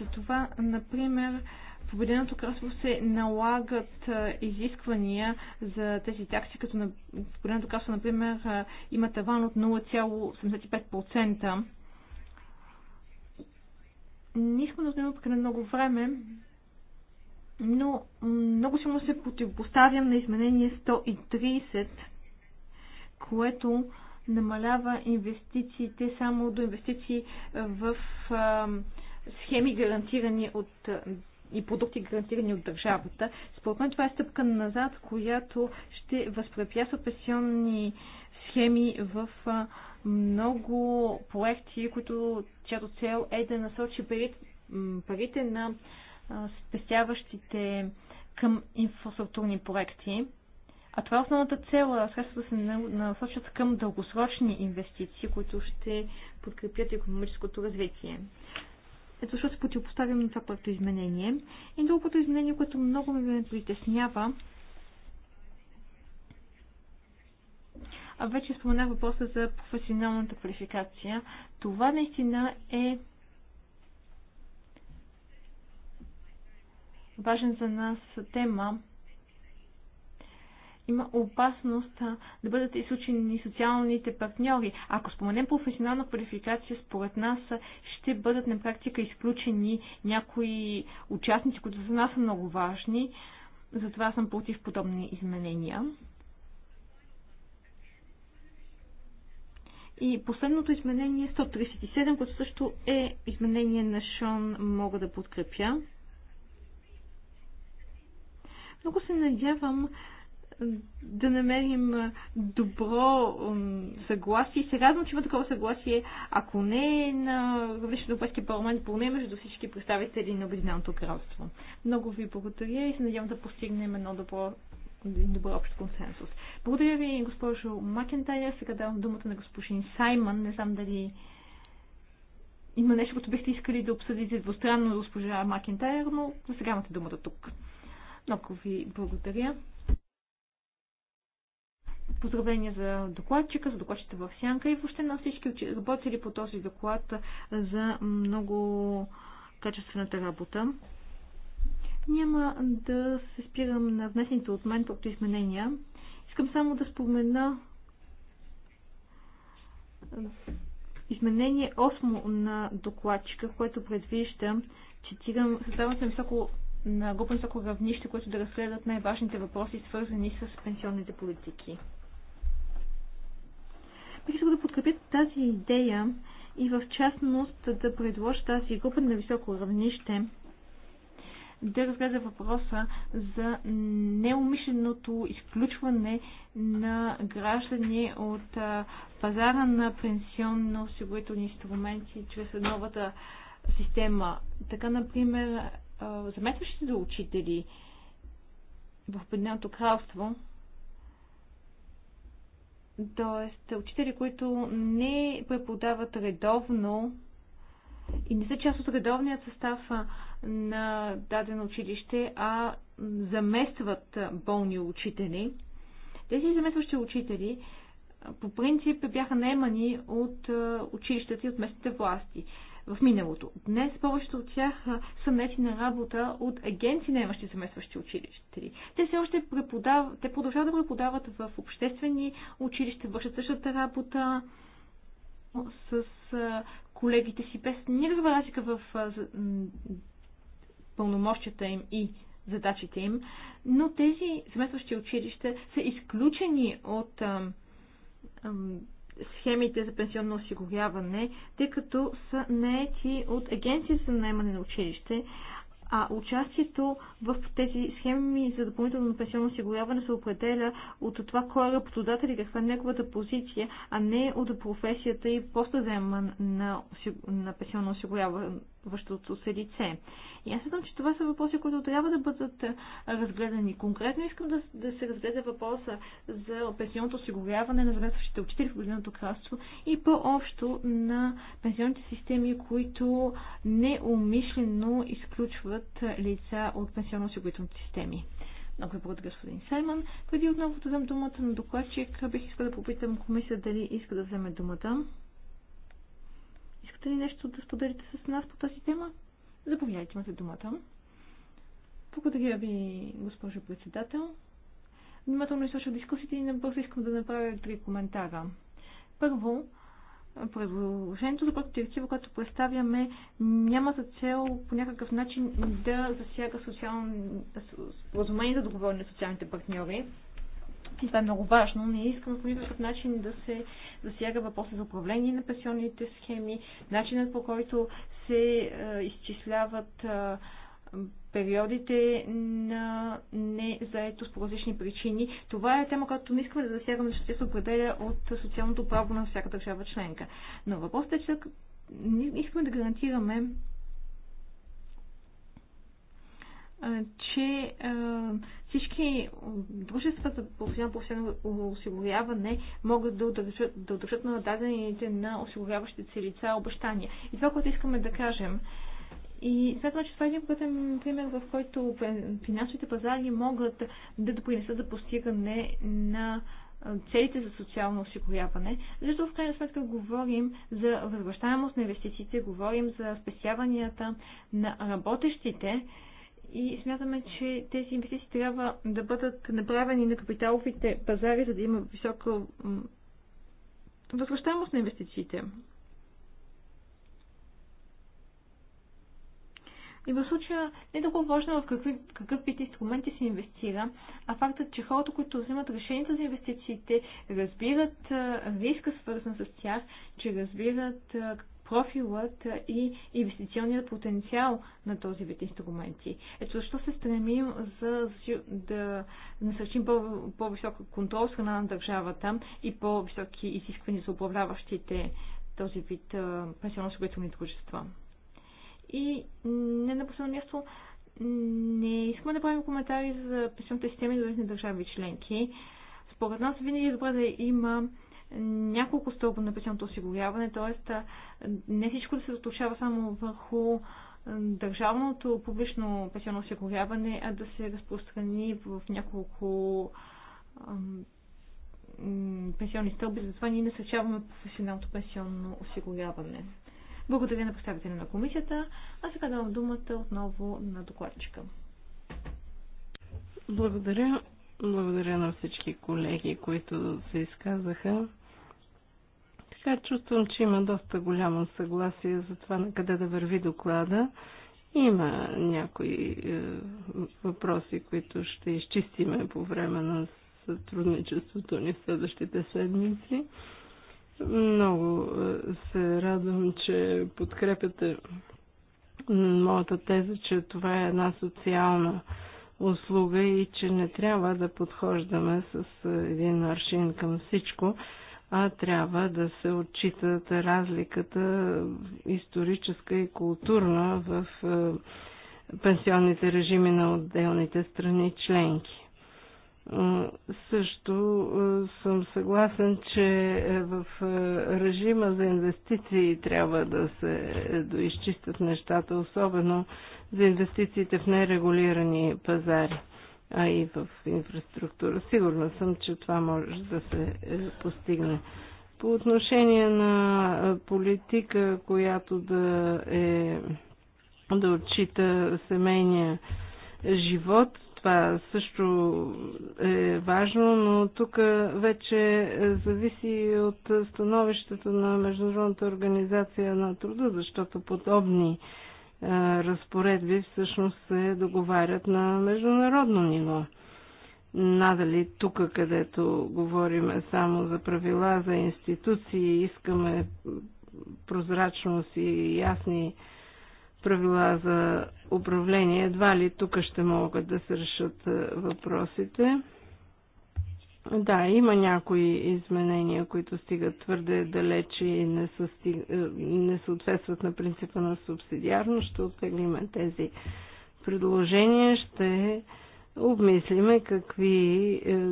Затова, например, в Обединеното кралство се налагат изисквания за тези такси, като на, в Обединеното кралство, например, има таван от 0,85%. Не искам да отнема на много време, но много силно се противопоставям на изменение 130 което намалява инвестициите само до инвестиции е, в е, схеми гарантирани от и продукти гарантирани от държавата. Според мен това е стъпка назад, която ще възпрепятства пенсионни схеми в е, много проекти, които чиято цел е да насочи парите, парите на спестяващите към инфраструктурни проекти. А това е основната цел. Средствата да се насочат към дългосрочни инвестиции, които ще подкрепят економическото развитие. Ето защото се противопоставям на това първото изменение. И другото изменение, което много ме притеснява, а вече споменах въпроса за професионалната квалификация. Това наистина е важен за нас тема, има опасност да бъдат изключени социалните партньори. Ако споменем професионална квалификация, според нас ще бъдат на практика изключени някои участници, които за нас са много важни. Затова съм против подобни изменения. И последното изменение 137, което също е изменение на Шон, мога да подкрепя. Много се надявам да намерим добро съгласие. Се радвам, че има такова съгласие, ако не е на равнище на Европейския парламент, поне между всички представители на Обединеното кралство. Много ви благодаря и се надявам да постигнем едно добро добър общ консенсус. Благодаря ви, госпожо Макентайя. Сега давам думата на господин Саймън. Не знам дали има нещо, което бихте искали да обсъдите двустранно госпожа Макентайр, но за сега имате думата тук. Много ви благодаря. Поздравления за докладчика, за докладчите в Сянка и въобще на всички работили по този доклад за много качествената работа. Няма да се спирам на внесените от мен както изменения. Искам само да спомена изменение 8 на докладчика, което предвижда, цитирам, създават се високо на група високо равнище, които да разгледат най-важните въпроси, свързани с пенсионните политики. Бих искал да подкрепя тази идея и в частност да предложа тази група на високо равнище да разгледа въпроса за неумишленото изключване на граждани от пазара на пенсионно-осигурителни инструменти чрез новата система. Така, например, заместващите учители в Обединеното кралство, т.е. учители, които не преподават редовно и не са част от редовният състав на дадено училище, а заместват болни учители. Тези заместващи учители по принцип бяха наемани от училищата и от местните власти в миналото. Днес повечето от тях са наети на работа от агенции, имащи заместващи училища. Те все още преподават, те продължават да преподават в обществени училища, вършат същата работа с колегите си без никаква разлика в пълномощията им и задачите им, но тези заместващи училища са изключени от схемите за пенсионно осигуряване, тъй като са наети от агенция за наемане на училище, а участието в тези схеми за допълнително пенсионно осигуряване се определя от това кой е работодател и каква е неговата позиция, а не от професията и поста заема на, на пенсионно осигуряване връщащото се лице. И аз съдам, че това са въпроси, които трябва да бъдат разгледани. Конкретно искам да, да се разгледа въпроса за пенсионното осигуряване на заместващите учители в Годиното кралство и по-общо на пенсионните системи, които неумишлено изключват лица от пенсионно-осигурителните системи. Много ви благодаря, господин Саймон. Преди отново да дам думата на докладчик, бих искала да попитам комисия дали иска да вземе думата. Искате ли нещо да споделите с нас по тази тема? Заповядайте, имате думата. Благодаря ви, госпожо председател. Внимателно изслушах дискусите и набързо искам да направя три коментара. Първо, предложението за който директива, което представяме, няма за цел по някакъв начин да засяга социално, споразумение за договорни на социалните партньори и това е много важно, не искам по никакъв начин да се засяга въпроса за управление на пенсионните схеми, начинът по който се е, изчисляват е, периодите на незаетост по различни причини. Това е тема, която не искаме да засягаме, защото тя се определя от социалното право на всяка държава членка. Но въпросът е, че ние искаме да гарантираме че всички дружества за професионално осигуряване могат да удържат, да удържат на дадените на осигуряващите се лица обещания. И това, което искаме да кажем, и смятам, че това е един пътен пример, в който финансовите пазари могат да допринесат за постигане на целите за социално осигуряване, защото в крайна сметка говорим за възвръщаемост на инвестициите, говорим за спестяванията на работещите и смятаме, че тези инвестиции трябва да бъдат направени на капиталовите пазари, за да има висока възвръщаемост на инвестициите. И в случая не е толкова важно в какви, какъв вид инструменти се инвестира, а фактът, че хората, които вземат решението за инвестициите, разбират риска свързан с тях, че разбират профилът и инвестиционният потенциал на този вид инструменти. Ето защо се стремим за, да насърчим по-висок по контрол страна на държавата и по-високи изисквания за управляващите този вид пенсионно-осигурителни дружества. И не на последно място, не искаме да правим коментари за пенсионните системи на държави членки. Според нас винаги е добре да има няколко стълба на пенсионното осигуряване, т.е. не всичко да се заточава само върху държавното публично пенсионно осигуряване, а да се разпространи в няколко пенсионни стълби, затова ние насърчаваме професионалното пенсионно осигуряване. Благодаря на представителя на комисията, а сега давам думата отново на докладчика. Благодаря. Благодаря на всички колеги, които се изказаха сега чувствам, че има доста голямо съгласие за това на къде да върви доклада. Има някои е, въпроси, които ще изчистиме по време на сътрудничеството ни в следващите седмици. Много е, се радвам, че подкрепяте моята теза, че това е една социална услуга и че не трябва да подхождаме с е, един аршин към всичко, а трябва да се отчитат разликата историческа и културна в пенсионните режими на отделните страни членки. Също съм съгласен, че е, в режима за инвестиции трябва да се е, доизчистят нещата, особено за инвестициите в нерегулирани пазари а и в инфраструктура. Сигурна съм, че това може да се е, постигне. По отношение на е, политика, която да, е, да отчита семейния живот, това също е важно, но тук вече е, зависи от становището на Международната организация на труда, защото подобни разпоредби всъщност се договарят на международно ниво. Надали тук, където говорим само за правила, за институции, искаме прозрачност и ясни правила за управление, едва ли тук ще могат да се решат въпросите. Да, има някои изменения, които стигат твърде далеч и не, състиг... Е, не съответстват на принципа на субсидиарност. Ще оттеглиме тези предложения. Ще обмислиме какви е,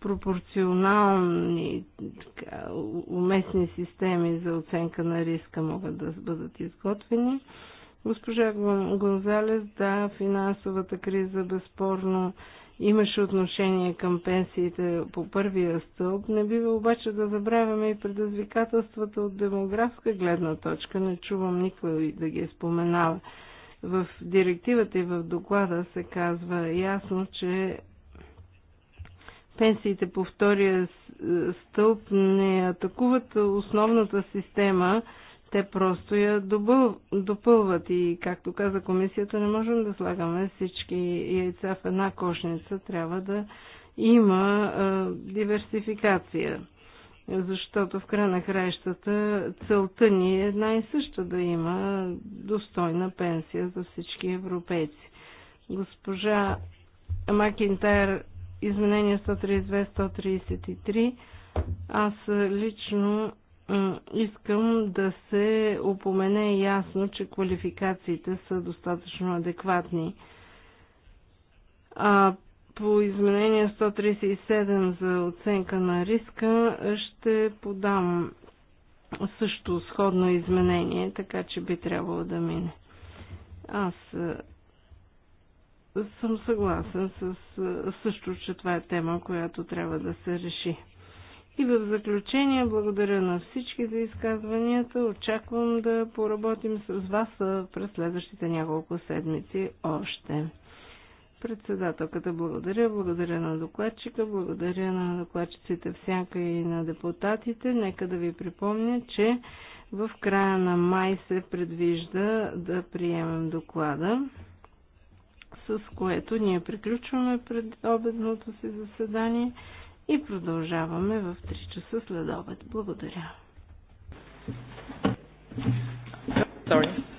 пропорционални, така, уместни системи за оценка на риска могат да бъдат изготвени. Госпожа Гонзалес, да, финансовата криза безспорно имаше отношение към пенсиите по първия стълб. Не бива обаче да забравяме и предизвикателствата от демографска гледна точка. Не чувам никой да ги е споменава. В директивата и в доклада се казва ясно, че пенсиите по втория стълб не атакуват основната система – те просто я добъл, допълват и, както каза комисията, не можем да слагаме всички яйца в една кошница. Трябва да има а, диверсификация, защото в края на краищата целта ни е една и съща да има достойна пенсия за всички европейци. Госпожа Макинтайр, изменение 132-133, аз лично искам да се упомене ясно, че квалификациите са достатъчно адекватни. А по изменение 137 за оценка на риска ще подам също сходно изменение, така че би трябвало да мине. Аз съм съгласен с също, че това е тема, която трябва да се реши. И в заключение благодаря на всички за изказванията. Очаквам да поработим с вас през следващите няколко седмици още. Председателката благодаря, благодаря на докладчика, благодаря на докладчиците всяка и на депутатите. Нека да ви припомня, че в края на май се предвижда да приемем доклада, с което ние приключваме пред обедното си заседание и продължаваме в 3 часа след обед. Благодаря. Sorry.